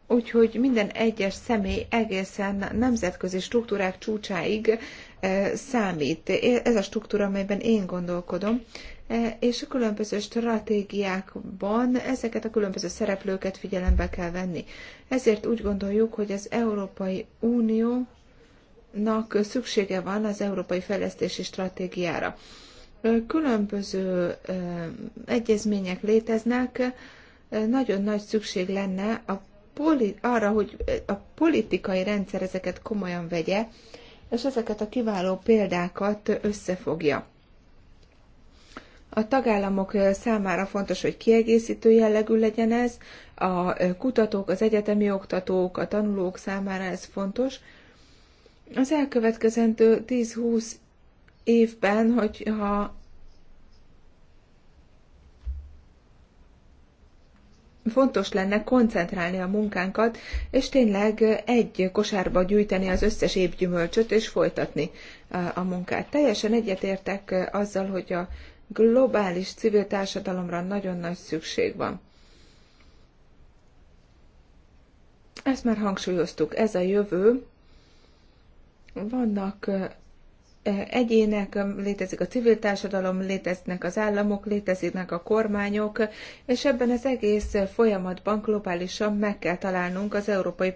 Úgyhogy minden egyes személy egészen nemzetközi struktúrák csúcsáig eh, számít. Ez a struktúra, amelyben én gondolkodom, eh, és a különböző stratégiákban ezeket a különböző szereplőket figyelembe kell venni. Ezért úgy gondoljuk, hogy az Európai Unió nak szüksége van az Európai Fejlesztési Stratégiára. Különböző egyezmények léteznek, nagyon nagy szükség lenne a poli- arra, hogy a politikai rendszer ezeket komolyan vegye, és ezeket a kiváló példákat összefogja. A tagállamok számára fontos, hogy kiegészítő jellegű legyen ez, a kutatók, az egyetemi oktatók, a tanulók számára ez fontos, az elkövetkezendő 10-20 évben, hogyha fontos lenne koncentrálni a munkánkat, és tényleg egy kosárba gyűjteni az összes évgyümölcsöt, és folytatni a munkát. Teljesen egyetértek azzal, hogy a globális civil társadalomra nagyon nagy szükség van. Ezt már hangsúlyoztuk, ez a jövő, vannak egyének, létezik a civil társadalom, léteznek az államok, léteznek a kormányok, és ebben az egész folyamatban globálisan meg kell találnunk az Európai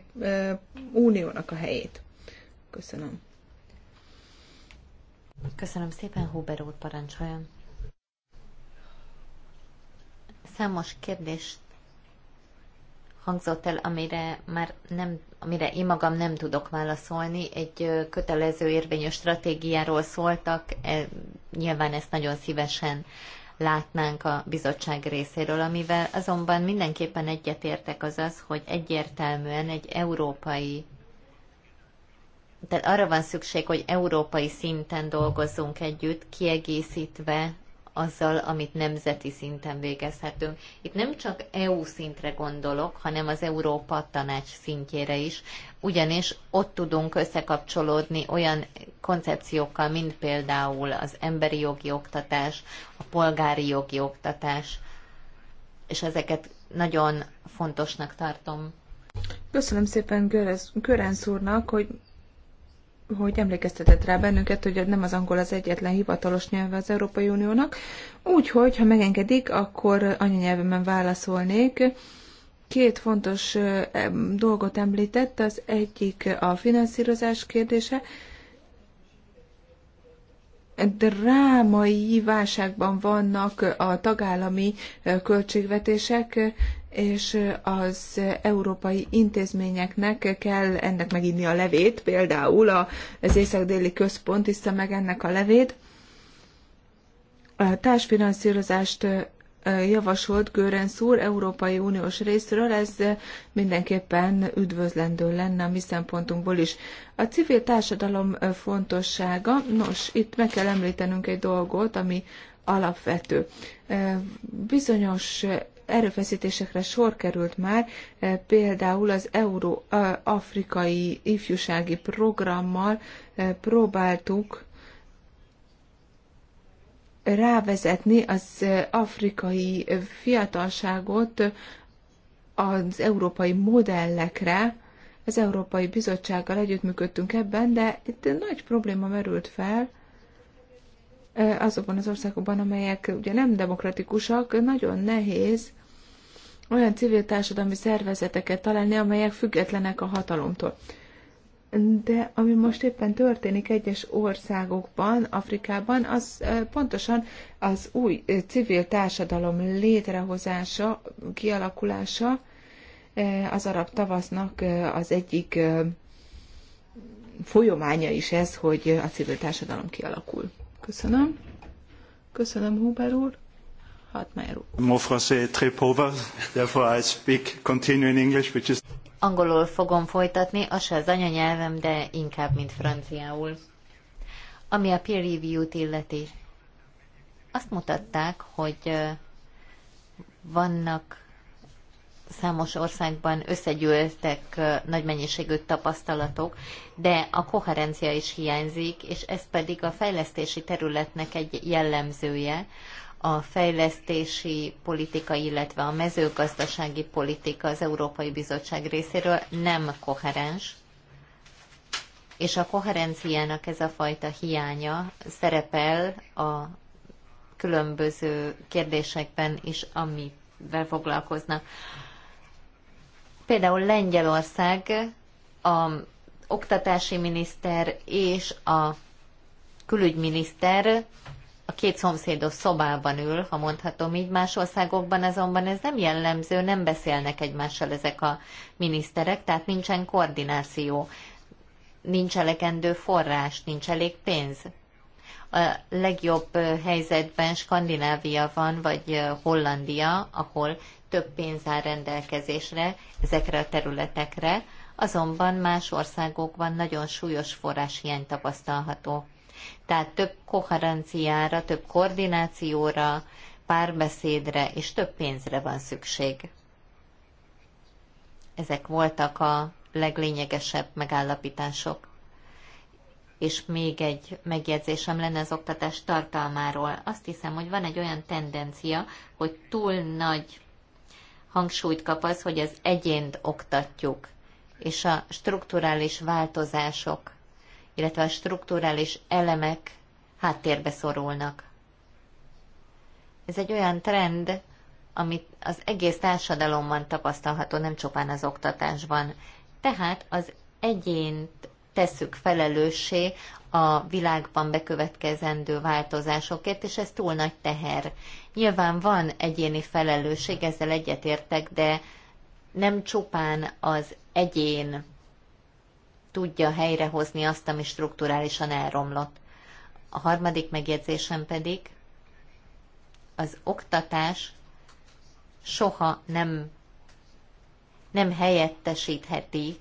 Uniónak a helyét. Köszönöm. Köszönöm szépen, Huber úr, parancsoljon. Számos kérdést hangzott el, amire már nem, amire én magam nem tudok válaszolni. Egy kötelező érvényű stratégiáról szóltak, e, nyilván ezt nagyon szívesen látnánk a bizottság részéről, amivel azonban mindenképpen egyetértek az az, hogy egyértelműen egy európai tehát arra van szükség, hogy európai szinten dolgozzunk együtt, kiegészítve azzal, amit nemzeti szinten végezhetünk. Itt nem csak EU szintre gondolok, hanem az Európa Tanács szintjére is, ugyanis ott tudunk összekapcsolódni olyan koncepciókkal, mint például az emberi jogi oktatás, a polgári jogi oktatás, és ezeket nagyon fontosnak tartom. Köszönöm szépen Görenc úrnak, hogy hogy emlékeztetett rá bennünket, hogy nem az angol az egyetlen hivatalos nyelve az Európai Uniónak. Úgyhogy, ha megengedik, akkor anyanyelvemen válaszolnék. Két fontos dolgot említett, az egyik a finanszírozás kérdése. Drámai válságban vannak a tagállami költségvetések, és az európai intézményeknek kell ennek meginni a levét, például az Észak-Déli Központ iszta meg ennek a levét. A társfinanszírozást javasolt Görens úr Európai Uniós részről, ez mindenképpen üdvözlendő lenne a mi szempontunkból is. A civil társadalom fontossága, nos, itt meg kell említenünk egy dolgot, ami alapvető. Bizonyos erőfeszítésekre sor került már, e, például az Euró-Afrikai Ifjúsági Programmal e, próbáltuk rávezetni az e, afrikai fiatalságot az európai modellekre, az Európai Bizottsággal együttműködtünk ebben, de itt nagy probléma merült fel azokban az országokban, amelyek ugye nem demokratikusak, nagyon nehéz olyan civil társadalmi szervezeteket találni, amelyek függetlenek a hatalomtól. De ami most éppen történik egyes országokban, Afrikában, az pontosan az új civil társadalom létrehozása, kialakulása az arab tavasznak az egyik folyománya is ez, hogy a civil társadalom kialakul. Köszönöm. Köszönöm, Huber úr. Angolul fogom folytatni, az se az anyanyelvem, de inkább, mint franciául. Ami a peer review-t illeti, azt mutatták, hogy vannak számos országban összegyűltek nagy mennyiségű tapasztalatok, de a koherencia is hiányzik, és ez pedig a fejlesztési területnek egy jellemzője, a fejlesztési politika, illetve a mezőgazdasági politika az Európai Bizottság részéről nem koherens, és a koherenciának ez a fajta hiánya szerepel a különböző kérdésekben is, amivel foglalkoznak. Például Lengyelország a oktatási miniszter és a külügyminiszter a két szomszédos szobában ül, ha mondhatom így. Más országokban azonban ez nem jellemző, nem beszélnek egymással ezek a miniszterek, tehát nincsen koordináció, nincs elekendő forrás, nincs elég pénz. A legjobb helyzetben Skandinávia van, vagy Hollandia, ahol több pénz áll rendelkezésre ezekre a területekre, azonban más országokban nagyon súlyos forráshiány tapasztalható. Tehát több koherenciára, több koordinációra, párbeszédre és több pénzre van szükség. Ezek voltak a leglényegesebb megállapítások. És még egy megjegyzésem lenne az oktatás tartalmáról. Azt hiszem, hogy van egy olyan tendencia, hogy túl nagy hangsúlyt kap az, hogy az egyént oktatjuk, és a strukturális változások illetve a strukturális elemek háttérbe szorulnak. Ez egy olyan trend, amit az egész társadalomban tapasztalható, nem csupán az oktatásban. Tehát az egyént tesszük felelőssé a világban bekövetkezendő változásokért, és ez túl nagy teher. Nyilván van egyéni felelősség, ezzel egyetértek, de nem csupán az egyén tudja helyrehozni azt, ami strukturálisan elromlott. A harmadik megjegyzésem pedig, az oktatás soha nem, nem helyettesítheti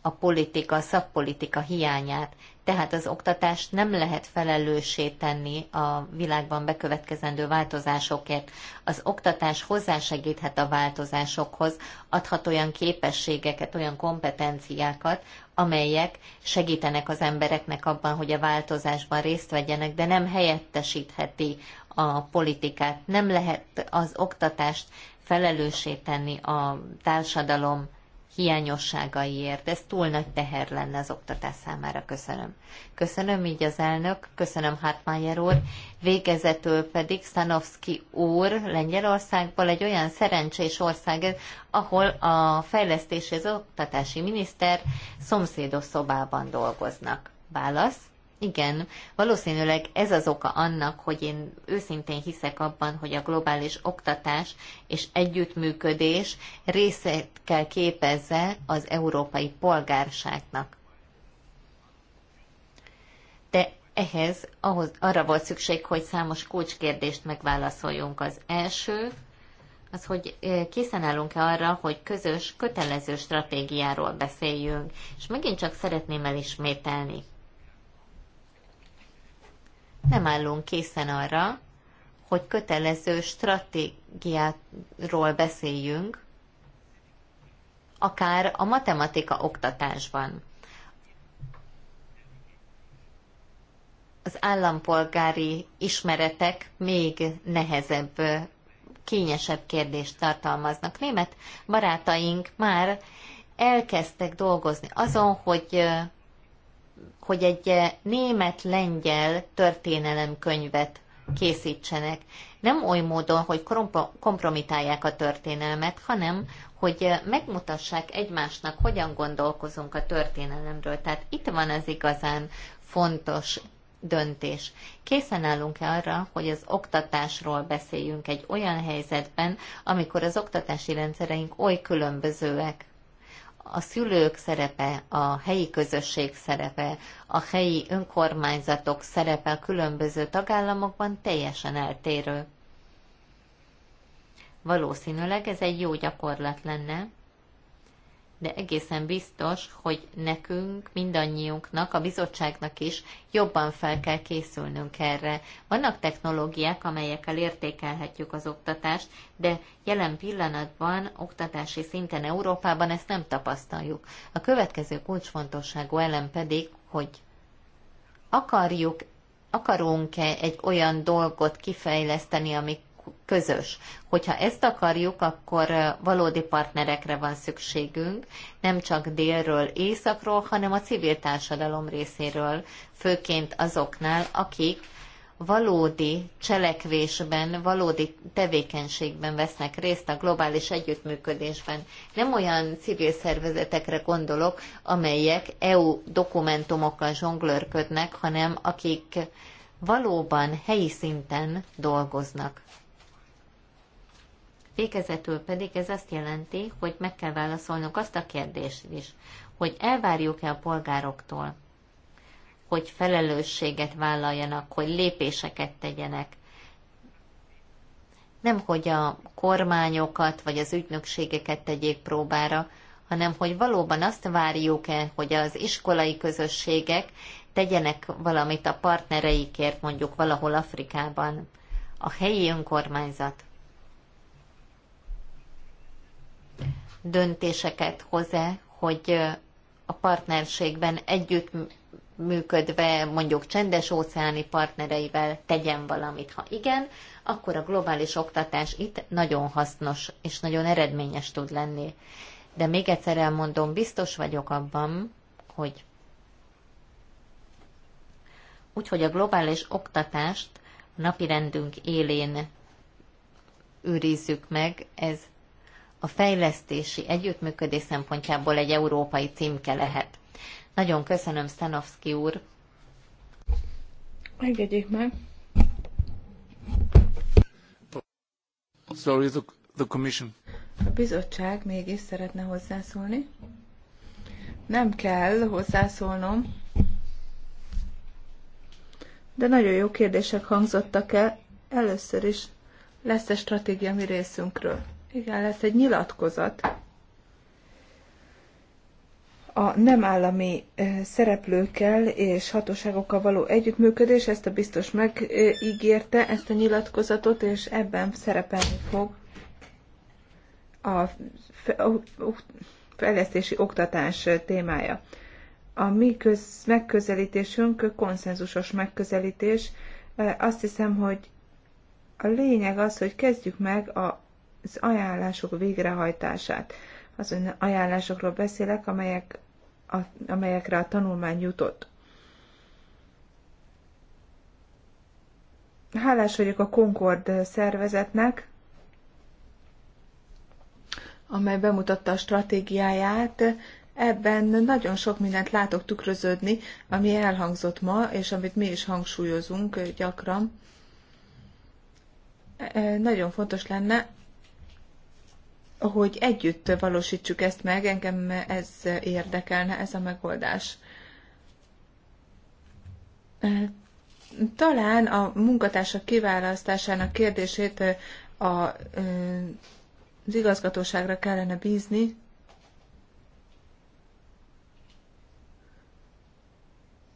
a politika, a szakpolitika hiányát. Tehát az oktatást nem lehet felelőssé tenni a világban bekövetkezendő változásokért. Az oktatás hozzásegíthet a változásokhoz, adhat olyan képességeket, olyan kompetenciákat, amelyek segítenek az embereknek abban, hogy a változásban részt vegyenek, de nem helyettesítheti a politikát. Nem lehet az oktatást felelőssé tenni a társadalom hiányosságaiért. Ez túl nagy teher lenne az oktatás számára. Köszönöm. Köszönöm így az elnök, köszönöm Hartmeier úr. Végezetül pedig Stanowski úr Lengyelországból egy olyan szerencsés ország, ahol a fejlesztés és az oktatási miniszter szomszédos szobában dolgoznak. Válasz? Igen, valószínűleg ez az oka annak, hogy én őszintén hiszek abban, hogy a globális oktatás és együttműködés részét kell képezze az európai polgárságnak. De ehhez ahhoz, arra volt szükség, hogy számos kulcskérdést megválaszoljunk. Az első, az, hogy készen állunk-e arra, hogy közös, kötelező stratégiáról beszéljünk. És megint csak szeretném elismételni nem állunk készen arra, hogy kötelező stratégiáról beszéljünk, akár a matematika oktatásban. Az állampolgári ismeretek még nehezebb, kényesebb kérdést tartalmaznak. Német barátaink már elkezdtek dolgozni azon, hogy hogy egy eh, német-lengyel történelemkönyvet készítsenek. Nem oly módon, hogy kompromitálják a történelmet, hanem hogy eh, megmutassák egymásnak, hogyan gondolkozunk a történelemről. Tehát itt van az igazán fontos döntés. Készen állunk-e arra, hogy az oktatásról beszéljünk egy olyan helyzetben, amikor az oktatási rendszereink oly különbözőek? a szülők szerepe, a helyi közösség szerepe, a helyi önkormányzatok szerepe a különböző tagállamokban teljesen eltérő. Valószínűleg ez egy jó gyakorlat lenne, de egészen biztos, hogy nekünk, mindannyiunknak, a bizottságnak is jobban fel kell készülnünk erre. Vannak technológiák, amelyekkel értékelhetjük az oktatást, de jelen pillanatban oktatási szinten Európában ezt nem tapasztaljuk. A következő kulcsfontosságú elem pedig, hogy akarjuk akarunk-e egy olyan dolgot kifejleszteni, ami közös. Hogyha ezt akarjuk, akkor valódi partnerekre van szükségünk, nem csak délről, északról, hanem a civil társadalom részéről, főként azoknál, akik valódi cselekvésben, valódi tevékenységben vesznek részt a globális együttműködésben. Nem olyan civil szervezetekre gondolok, amelyek EU dokumentumokkal zsonglőrködnek, hanem akik valóban helyi szinten dolgoznak. Végezetül pedig ez azt jelenti, hogy meg kell válaszolnunk azt a kérdést is, hogy elvárjuk-e a polgároktól, hogy felelősséget vállaljanak, hogy lépéseket tegyenek. Nem, hogy a kormányokat vagy az ügynökségeket tegyék próbára, hanem hogy valóban azt várjuk-e, hogy az iskolai közösségek tegyenek valamit a partnereikért mondjuk valahol Afrikában, a helyi önkormányzat. döntéseket hoz-e, hogy a partnerségben együtt működve mondjuk csendes óceáni partnereivel tegyen valamit. Ha igen, akkor a globális oktatás itt nagyon hasznos és nagyon eredményes tud lenni. De még egyszer elmondom, biztos vagyok abban, hogy úgyhogy a globális oktatást napirendünk élén őrizzük meg, ez a fejlesztési együttműködés szempontjából egy európai címke lehet. Nagyon köszönöm, Stanovski úr. Engedjék meg. Sorry, the, the commission. A bizottság mégis szeretne hozzászólni. Nem kell hozzászólnom, de nagyon jó kérdések hangzottak el. Először is lesz-e stratégia mi részünkről? Igen, lesz egy nyilatkozat a nem állami eh, szereplőkkel és hatóságokkal való együttműködés, ezt a biztos megígérte, ezt a nyilatkozatot, és ebben szerepelni fog a fejlesztési oktatás témája. A mi köz, megközelítésünk konszenzusos megközelítés. Eh, azt hiszem, hogy a lényeg az, hogy kezdjük meg a az ajánlások végrehajtását. Azon ajánlásokról beszélek, amelyek a, amelyekre a tanulmány jutott. Hálás vagyok a Concord szervezetnek, amely bemutatta a stratégiáját. Ebben nagyon sok mindent látok tükröződni, ami elhangzott ma, és amit mi is hangsúlyozunk gyakran. Nagyon fontos lenne, hogy együtt valósítsuk ezt meg, engem ez érdekelne, ez a megoldás. Talán a munkatársak kiválasztásának kérdését a, az igazgatóságra kellene bízni,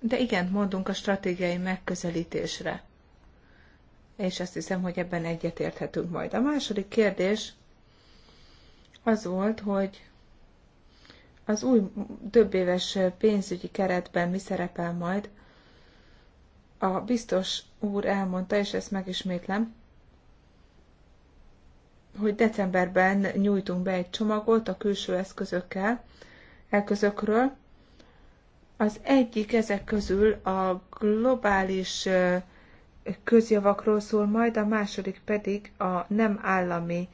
de igen, mondunk a stratégiai megközelítésre. És azt hiszem, hogy ebben egyetérthetünk majd. A második kérdés, az volt, hogy az új több éves pénzügyi keretben mi szerepel majd. A biztos úr elmondta, és ezt megismétlem, hogy decemberben nyújtunk be egy csomagot a külső eszközökkel, elközökről. Az egyik ezek közül a globális közjavakról szól, majd a második pedig a nem állami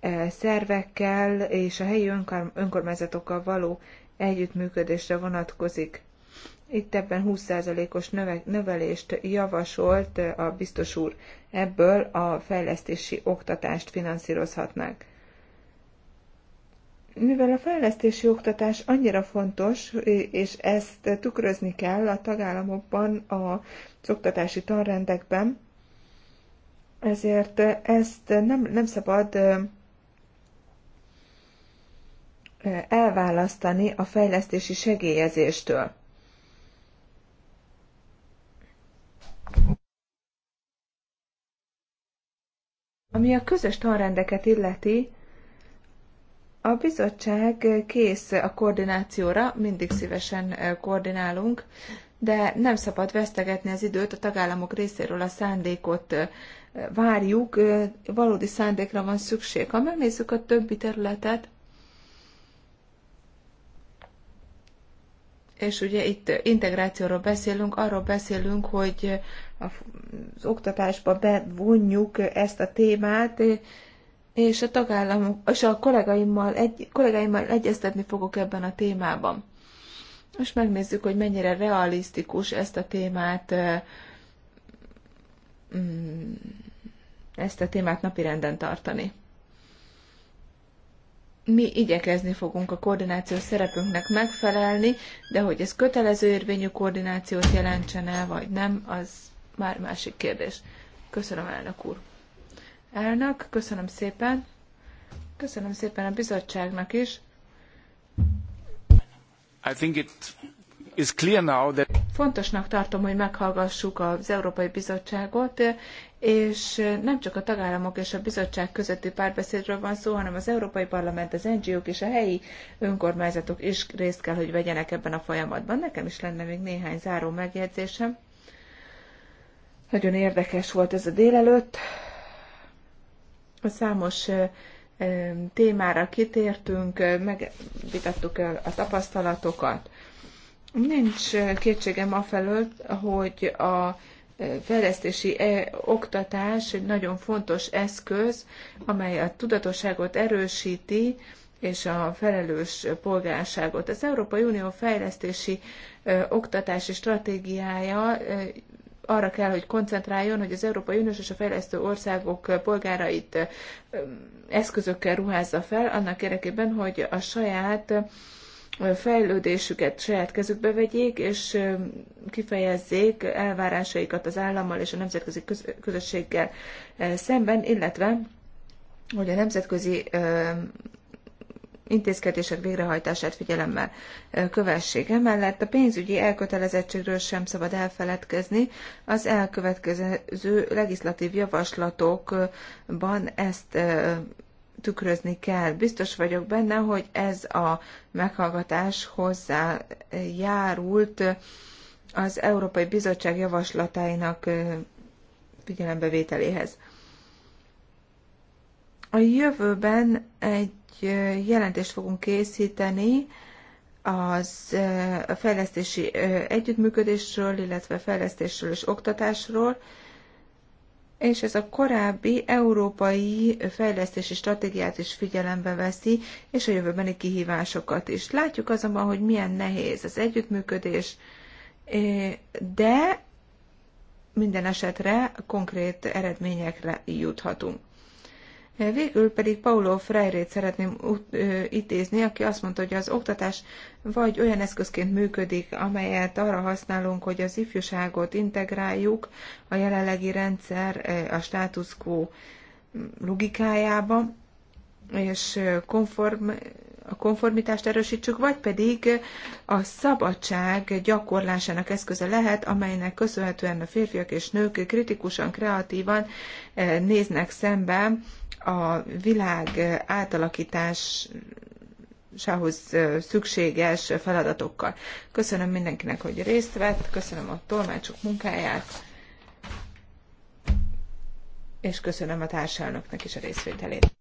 E, szervekkel és a helyi önkormányzatokkal való együttműködésre vonatkozik. Itt ebben 20%-os növelést javasolt e, a biztos úr. Ebből a fejlesztési oktatást finanszírozhatnák. Mivel a fejlesztési oktatás annyira fontos, és ezt tükrözni kell a tagállamokban, a oktatási tanrendekben, ezért ezt nem, nem szabad e, elválasztani a fejlesztési segélyezéstől. Ami a közös tanrendeket illeti, a bizottság kész a koordinációra, mindig szívesen koordinálunk, de nem szabad vesztegetni az időt, a tagállamok részéről a szándékot várjuk, valódi szándékra van szükség. Ha megnézzük a többi területet, és ugye itt integrációról beszélünk, arról beszélünk, hogy az oktatásba bevonjuk ezt a témát, és a tagállamok, és a kollégáimmal, egy, kollégáimmal egyeztetni fogok ebben a témában. Most megnézzük, hogy mennyire realisztikus ezt a témát mm, ezt a témát napirenden tartani mi igyekezni fogunk a koordinációs szerepünknek megfelelni, de hogy ez kötelező érvényű koordinációt jelentsen el, vagy nem, az már másik kérdés. Köszönöm, elnök úr. Elnök, köszönöm szépen. Köszönöm szépen a bizottságnak is. I think it Fontosnak tartom, hogy meghallgassuk az Európai Bizottságot, és nem csak a tagállamok és a bizottság közötti párbeszédről van szó, hanem az Európai Parlament, az NGO-k és a helyi önkormányzatok is részt kell, hogy vegyenek ebben a folyamatban. Nekem is lenne még néhány záró megjegyzésem. Nagyon érdekes volt ez a délelőtt. A számos témára kitértünk, megvitattuk a tapasztalatokat. Nincs kétségem afelől, hogy a fejlesztési oktatás egy nagyon fontos eszköz, amely a tudatosságot erősíti, és a felelős polgárságot. Az Európai Unió fejlesztési oktatási stratégiája arra kell, hogy koncentráljon, hogy az Európai Uniós és a fejlesztő országok polgárait eszközökkel ruházza fel, annak érdekében, hogy a saját fejlődésüket saját kezükbe vegyék, és kifejezzék elvárásaikat az állammal és a nemzetközi közösséggel szemben, illetve hogy a nemzetközi intézkedések végrehajtását figyelemmel kövessék. Emellett a pénzügyi elkötelezettségről sem szabad elfeledkezni. Az elkövetkező legislatív javaslatokban ezt tükrözni kell. Biztos vagyok benne, hogy ez a meghallgatás hozzájárult az Európai Bizottság javaslatainak figyelembevételéhez. A jövőben egy jelentést fogunk készíteni az fejlesztési együttműködésről, illetve fejlesztésről és oktatásról, és ez a korábbi európai fejlesztési stratégiát is figyelembe veszi, és a jövőbeni kihívásokat is. Látjuk azonban, hogy milyen nehéz az együttműködés, eh, de minden esetre konkrét eredményekre juthatunk. Végül pedig Paulo Freire-t szeretném idézni, aki azt mondta, hogy az oktatás vagy olyan eszközként működik, amelyet arra használunk, hogy az ifjúságot integráljuk a jelenlegi rendszer, a status quo logikájába, és konform, a konformitást erősítsük, vagy pedig a szabadság gyakorlásának eszköze lehet, amelynek köszönhetően a férfiak és nők kritikusan, kreatívan néznek szembe a világ átalakításához szükséges feladatokkal. Köszönöm mindenkinek, hogy részt vett, köszönöm a tolmácsok munkáját, és köszönöm a társelnöknek is a részvételét.